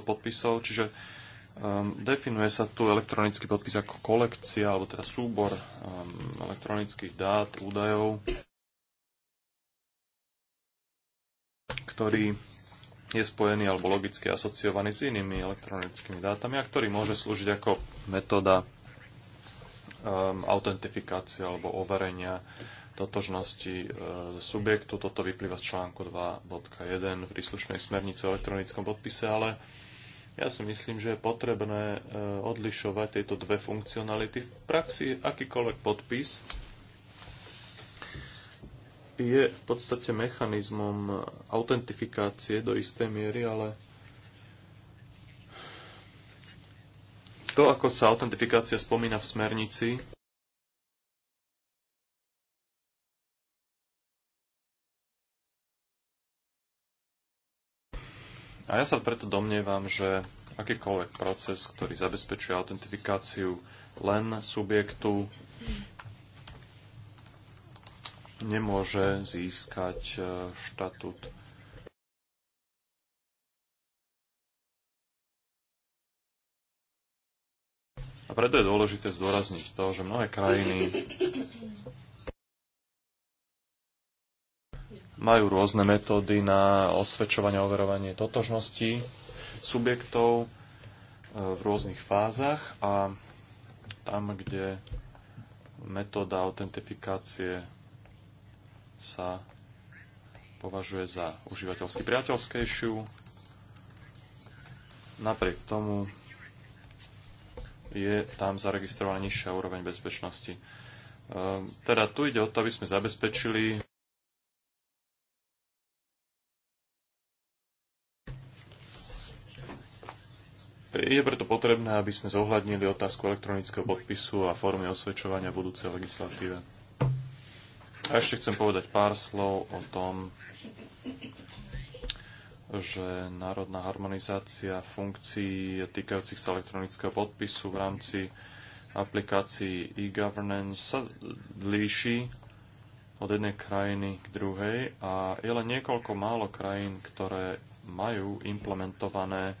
podpisov, čiže um, definuje sa tu elektronický podpis ako kolekcia alebo teda súbor um, elektronických dát, údajov, ktorý je spojený alebo logicky asociovaný s inými elektronickými dátami a ktorý môže slúžiť ako metóda um, autentifikácie alebo overenia totožnosti e, subjektu. Toto vyplýva z článku 2.1 príslušnej smernice o elektronickom podpise, ale ja si myslím, že je potrebné e, odlišovať tieto dve funkcionality. V praxi akýkoľvek podpis je v podstate mechanizmom autentifikácie do istej miery, ale to, ako sa autentifikácia spomína v smernici, A ja sa preto domnievam, že akýkoľvek proces, ktorý zabezpečuje autentifikáciu len subjektu, nemôže získať e, štatút. A preto je dôležité zdôrazniť to, že mnohé krajiny majú rôzne metódy na osvedčovanie a overovanie totožnosti subjektov e, v rôznych fázach a tam, kde metóda autentifikácie sa považuje za užívateľsky priateľskejšiu. Napriek tomu je tam zaregistrovaná nižšia úroveň bezpečnosti. E, teda tu ide o to, aby sme zabezpečili Je preto potrebné, aby sme zohľadnili otázku elektronického podpisu a formy osvedčovania budúcej legislatíve. A ešte chcem povedať pár slov o tom, že národná harmonizácia funkcií týkajúcich sa elektronického podpisu v rámci aplikácií e-governance sa líši od jednej krajiny k druhej a je len niekoľko málo krajín, ktoré majú implementované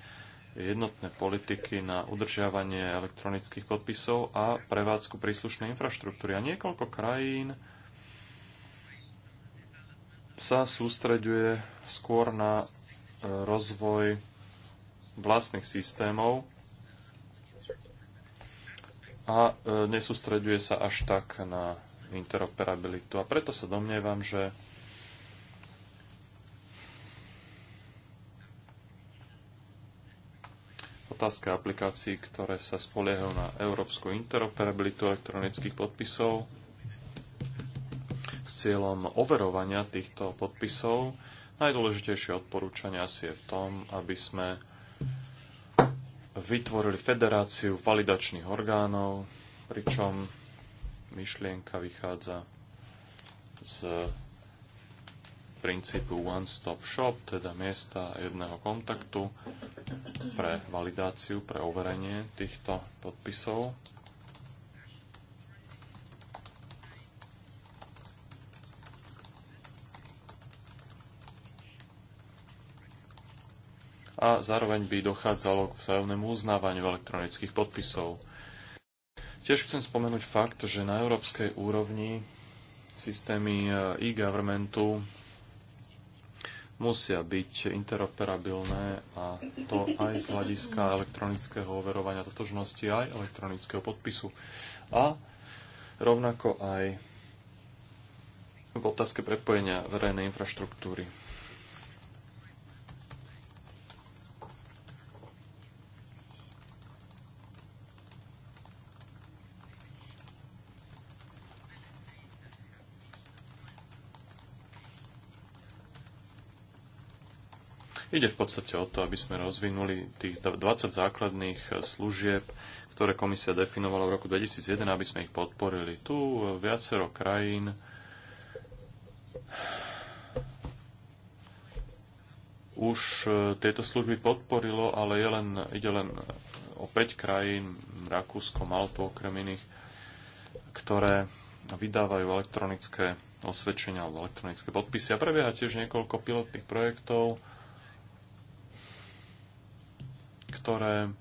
jednotné politiky na udržiavanie elektronických podpisov a prevádzku príslušnej infraštruktúry. A niekoľko krajín sa sústreďuje skôr na e, rozvoj vlastných systémov a e, nesústreďuje sa až tak na interoperabilitu. A preto sa domnievam, že Otázka aplikácií, ktoré sa spoliehajú na európsku interoperabilitu elektronických podpisov s cieľom overovania týchto podpisov. Najdôležitejšie odporúčania asi je v tom, aby sme vytvorili federáciu validačných orgánov, pričom myšlienka vychádza z princípu One Stop Shop, teda miesta jedného kontaktu pre validáciu, pre overenie týchto podpisov. A zároveň by dochádzalo k vzájomnému uznávaniu elektronických podpisov. Tiež chcem spomenúť fakt, že na európskej úrovni systémy e-governmentu musia byť interoperabilné a to aj z hľadiska elektronického overovania totožnosti, aj elektronického podpisu. A rovnako aj v otázke prepojenia verejnej infraštruktúry. Ide v podstate o to, aby sme rozvinuli tých 20 základných eh, služieb, ktoré komisia definovala v roku 2001, aby sme ich podporili. Tu eh, viacero krajín už eh, tieto služby podporilo, ale je len, ide len o 5 krajín, Rakúsko, Maltu okrem iných, ktoré vydávajú elektronické osvedčenia alebo elektronické podpisy. A prebieha tiež niekoľko pilotných projektov, ktoré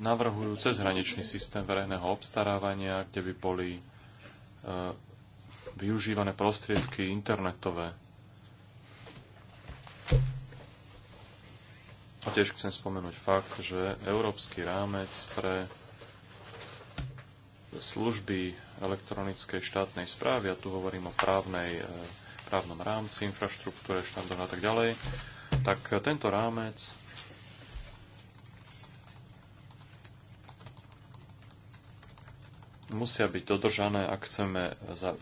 navrhujú cezhraničný systém verejného obstarávania, kde by boli e, využívané prostriedky internetové. A tiež chcem spomenúť fakt, že európsky rámec pre služby elektronickej štátnej správy, a tu hovorím o právnej, e, právnom rámci, infraštruktúre, štandardoch a tak ďalej, tak tento rámec musia byť dodržané, ak chceme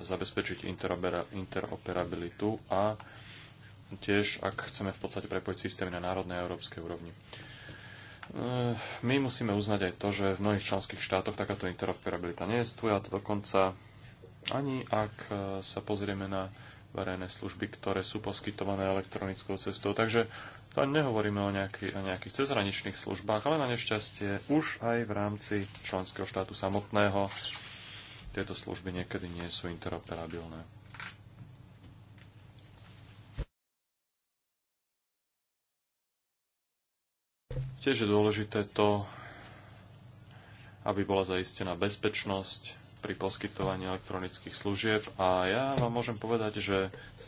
zabezpečiť interoperabilitu a tiež, ak chceme v podstate prepojiť systémy na národnej a európskej úrovni. E, my musíme uznať aj to, že v mnohých členských štátoch takáto interoperabilita nie je a to dokonca ani ak e, sa pozrieme na verejné služby, ktoré sú poskytované elektronickou cestou. Takže to ani nehovoríme o, nejaký, o nejakých cezhraničných službách, ale na nešťastie už aj v rámci členského štátu samotného tieto služby niekedy nie sú interoperabilné. Tiež je dôležité to, aby bola zaistená bezpečnosť pri poskytovaní elektronických služieb a ja vám môžem povedať, že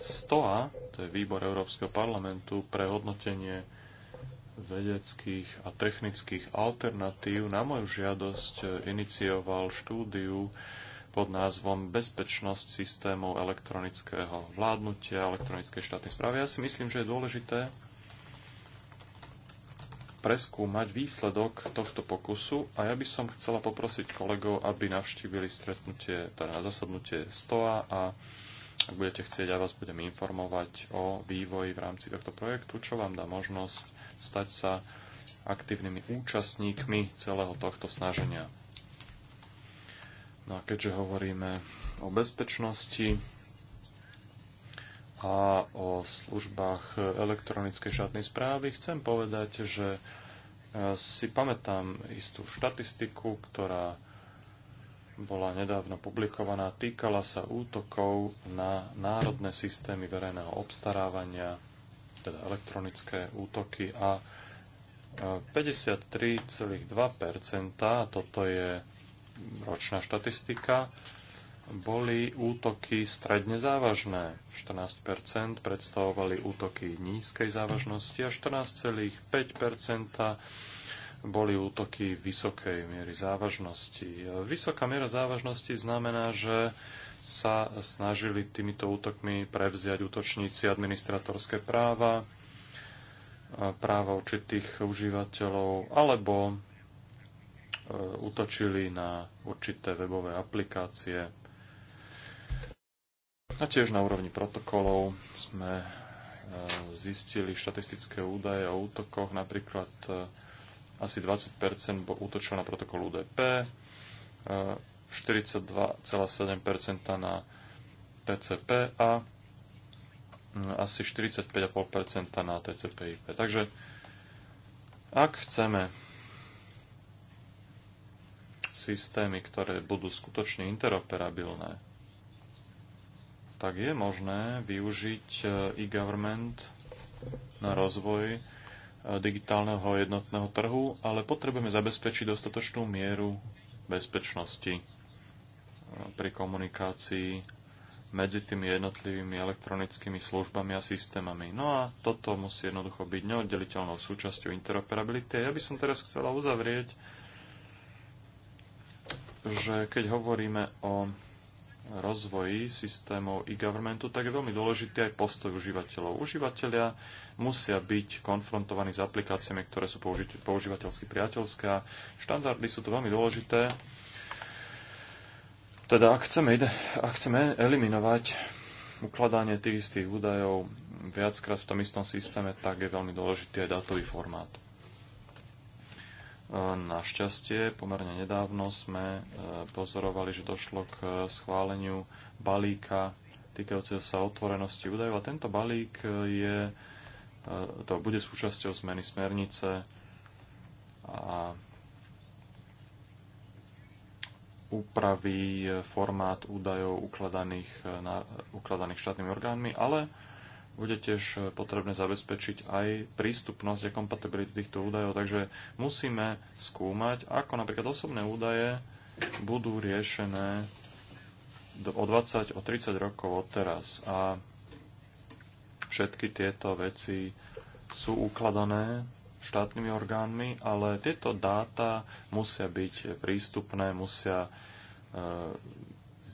STOA, to je výbor Európskeho parlamentu pre hodnotenie vedeckých a technických alternatív, na moju žiadosť inicioval štúdiu pod názvom Bezpečnosť systémov elektronického vládnutia, elektronickej štátnej správy. Ja si myslím, že je dôležité preskúmať výsledok tohto pokusu a ja by som chcela poprosiť kolegov, aby navštívili stretnutie, teda zasadnutie STOA a ak budete chcieť, ja vás budem informovať o vývoji v rámci tohto projektu, čo vám dá možnosť stať sa aktívnymi účastníkmi celého tohto snaženia. No a keďže hovoríme o bezpečnosti, a o službách elektronickej štátnej správy, chcem povedať, že e, si pamätám istú štatistiku, ktorá bola nedávno publikovaná, týkala sa útokov na národné systémy verejného obstarávania, teda elektronické útoky a 53,2%, e, toto je ročná štatistika, boli útoky stredne závažné. 14 predstavovali útoky nízkej závažnosti a 14,5 boli útoky vysokej miery závažnosti. Vysoká miera závažnosti znamená, že sa snažili týmito útokmi prevziať útočníci administratorské práva, práva určitých užívateľov alebo e, útočili na určité webové aplikácie a tiež na úrovni protokolov sme e, zistili štatistické údaje o útokoch, napríklad e, asi 20 útočilo na protokol UDP, 42,7 e, na TCP a asi 45,5 na TCPIP. Takže ak chceme systémy, ktoré budú skutočne interoperabilné, tak je možné využiť e, e-government na rozvoj e, digitálneho jednotného trhu, ale potrebujeme zabezpečiť dostatočnú mieru bezpečnosti e, pri komunikácii medzi tými jednotlivými elektronickými službami a systémami. No a toto musí jednoducho byť neoddeliteľnou súčasťou interoperability. Ja by som teraz chcela uzavrieť, že keď hovoríme o rozvoji systémov e-governmentu, tak je veľmi dôležitý aj postoj užívateľov. Užívateľia musia byť konfrontovaní s aplikáciami, ktoré sú používateľsky priateľské štandardy sú tu veľmi dôležité. Teda ak chceme, ak chceme eliminovať ukladanie tých istých údajov viackrát v tom istom systéme, tak je veľmi dôležitý aj dátový formát. Našťastie, pomerne nedávno sme e, pozorovali, že došlo k e, schváleniu balíka týkajúceho sa otvorenosti údajov a tento balík e, je, to bude súčasťou zmeny smernice a upraví formát údajov ukladaných, na, ukladaných štátnymi orgánmi, ale bude tiež e, potrebné zabezpečiť aj prístupnosť a kompatibilitu týchto údajov, takže musíme skúmať, ako napríklad osobné údaje budú riešené o 20, o 30 rokov od teraz. A všetky tieto veci sú ukladané štátnymi orgánmi, ale tieto dáta musia byť prístupné, musia e,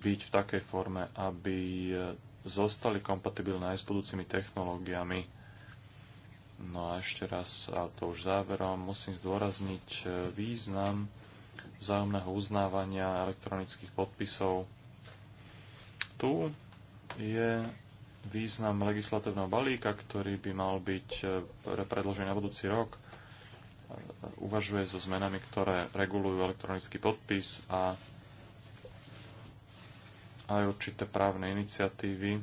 byť v takej forme, aby e, zostali kompatibilné aj s budúcimi technológiami. No a ešte raz, a to už záverom, musím zdôrazniť e, význam vzájomného uznávania elektronických podpisov. Tu je význam legislatívneho balíka, ktorý by mal byť e, predložený na budúci rok. E, uvažuje so zmenami, ktoré regulujú elektronický podpis a aj určité právne iniciatívy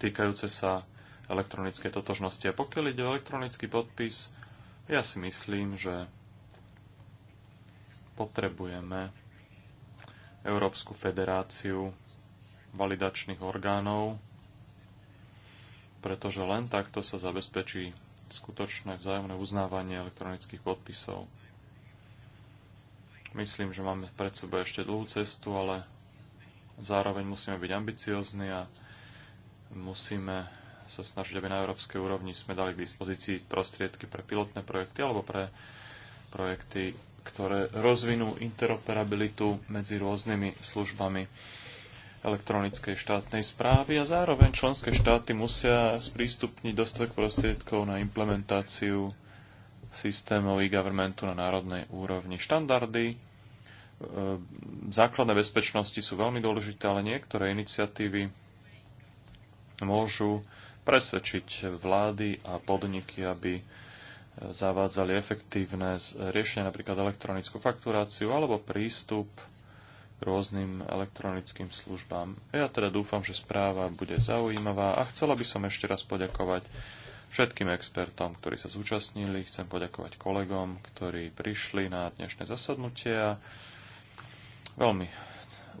týkajúce sa elektronickej totožnosti. A pokiaľ ide o elektronický podpis, ja si myslím, že potrebujeme Európsku federáciu validačných orgánov, pretože len takto sa zabezpečí skutočné vzájomné uznávanie elektronických podpisov. Myslím, že máme pred sebou ešte dlhú cestu, ale zároveň musíme byť ambiciozni a musíme sa snažiť, aby na európskej úrovni sme dali k dispozícii prostriedky pre pilotné projekty alebo pre projekty, ktoré rozvinú interoperabilitu medzi rôznymi službami elektronickej štátnej správy a zároveň členské štáty musia sprístupniť dostatok prostriedkov na implementáciu systémov e-governmentu na národnej úrovni. Štandardy e, základné bezpečnosti sú veľmi dôležité, ale niektoré iniciatívy môžu presvedčiť vlády a podniky, aby e, zavádzali efektívne riešenia, napríklad elektronickú fakturáciu alebo prístup k rôznym elektronickým službám. Ja teda dúfam, že správa bude zaujímavá a chcela by som ešte raz poďakovať všetkým expertom, ktorí sa zúčastnili. Chcem poďakovať kolegom, ktorí prišli na dnešné zasadnutie a veľmi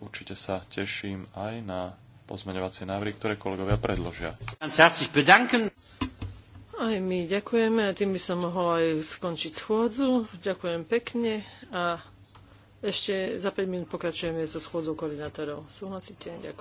určite sa teším aj na pozmeňovacie návrhy, ktoré kolegovia predložia. Aj my ďakujeme a tým by som mohol aj skončiť schôdzu. Ďakujem pekne a ešte za 5 minút pokračujeme so schôdzou koordinátorov. Súhlasíte? Ďakujem.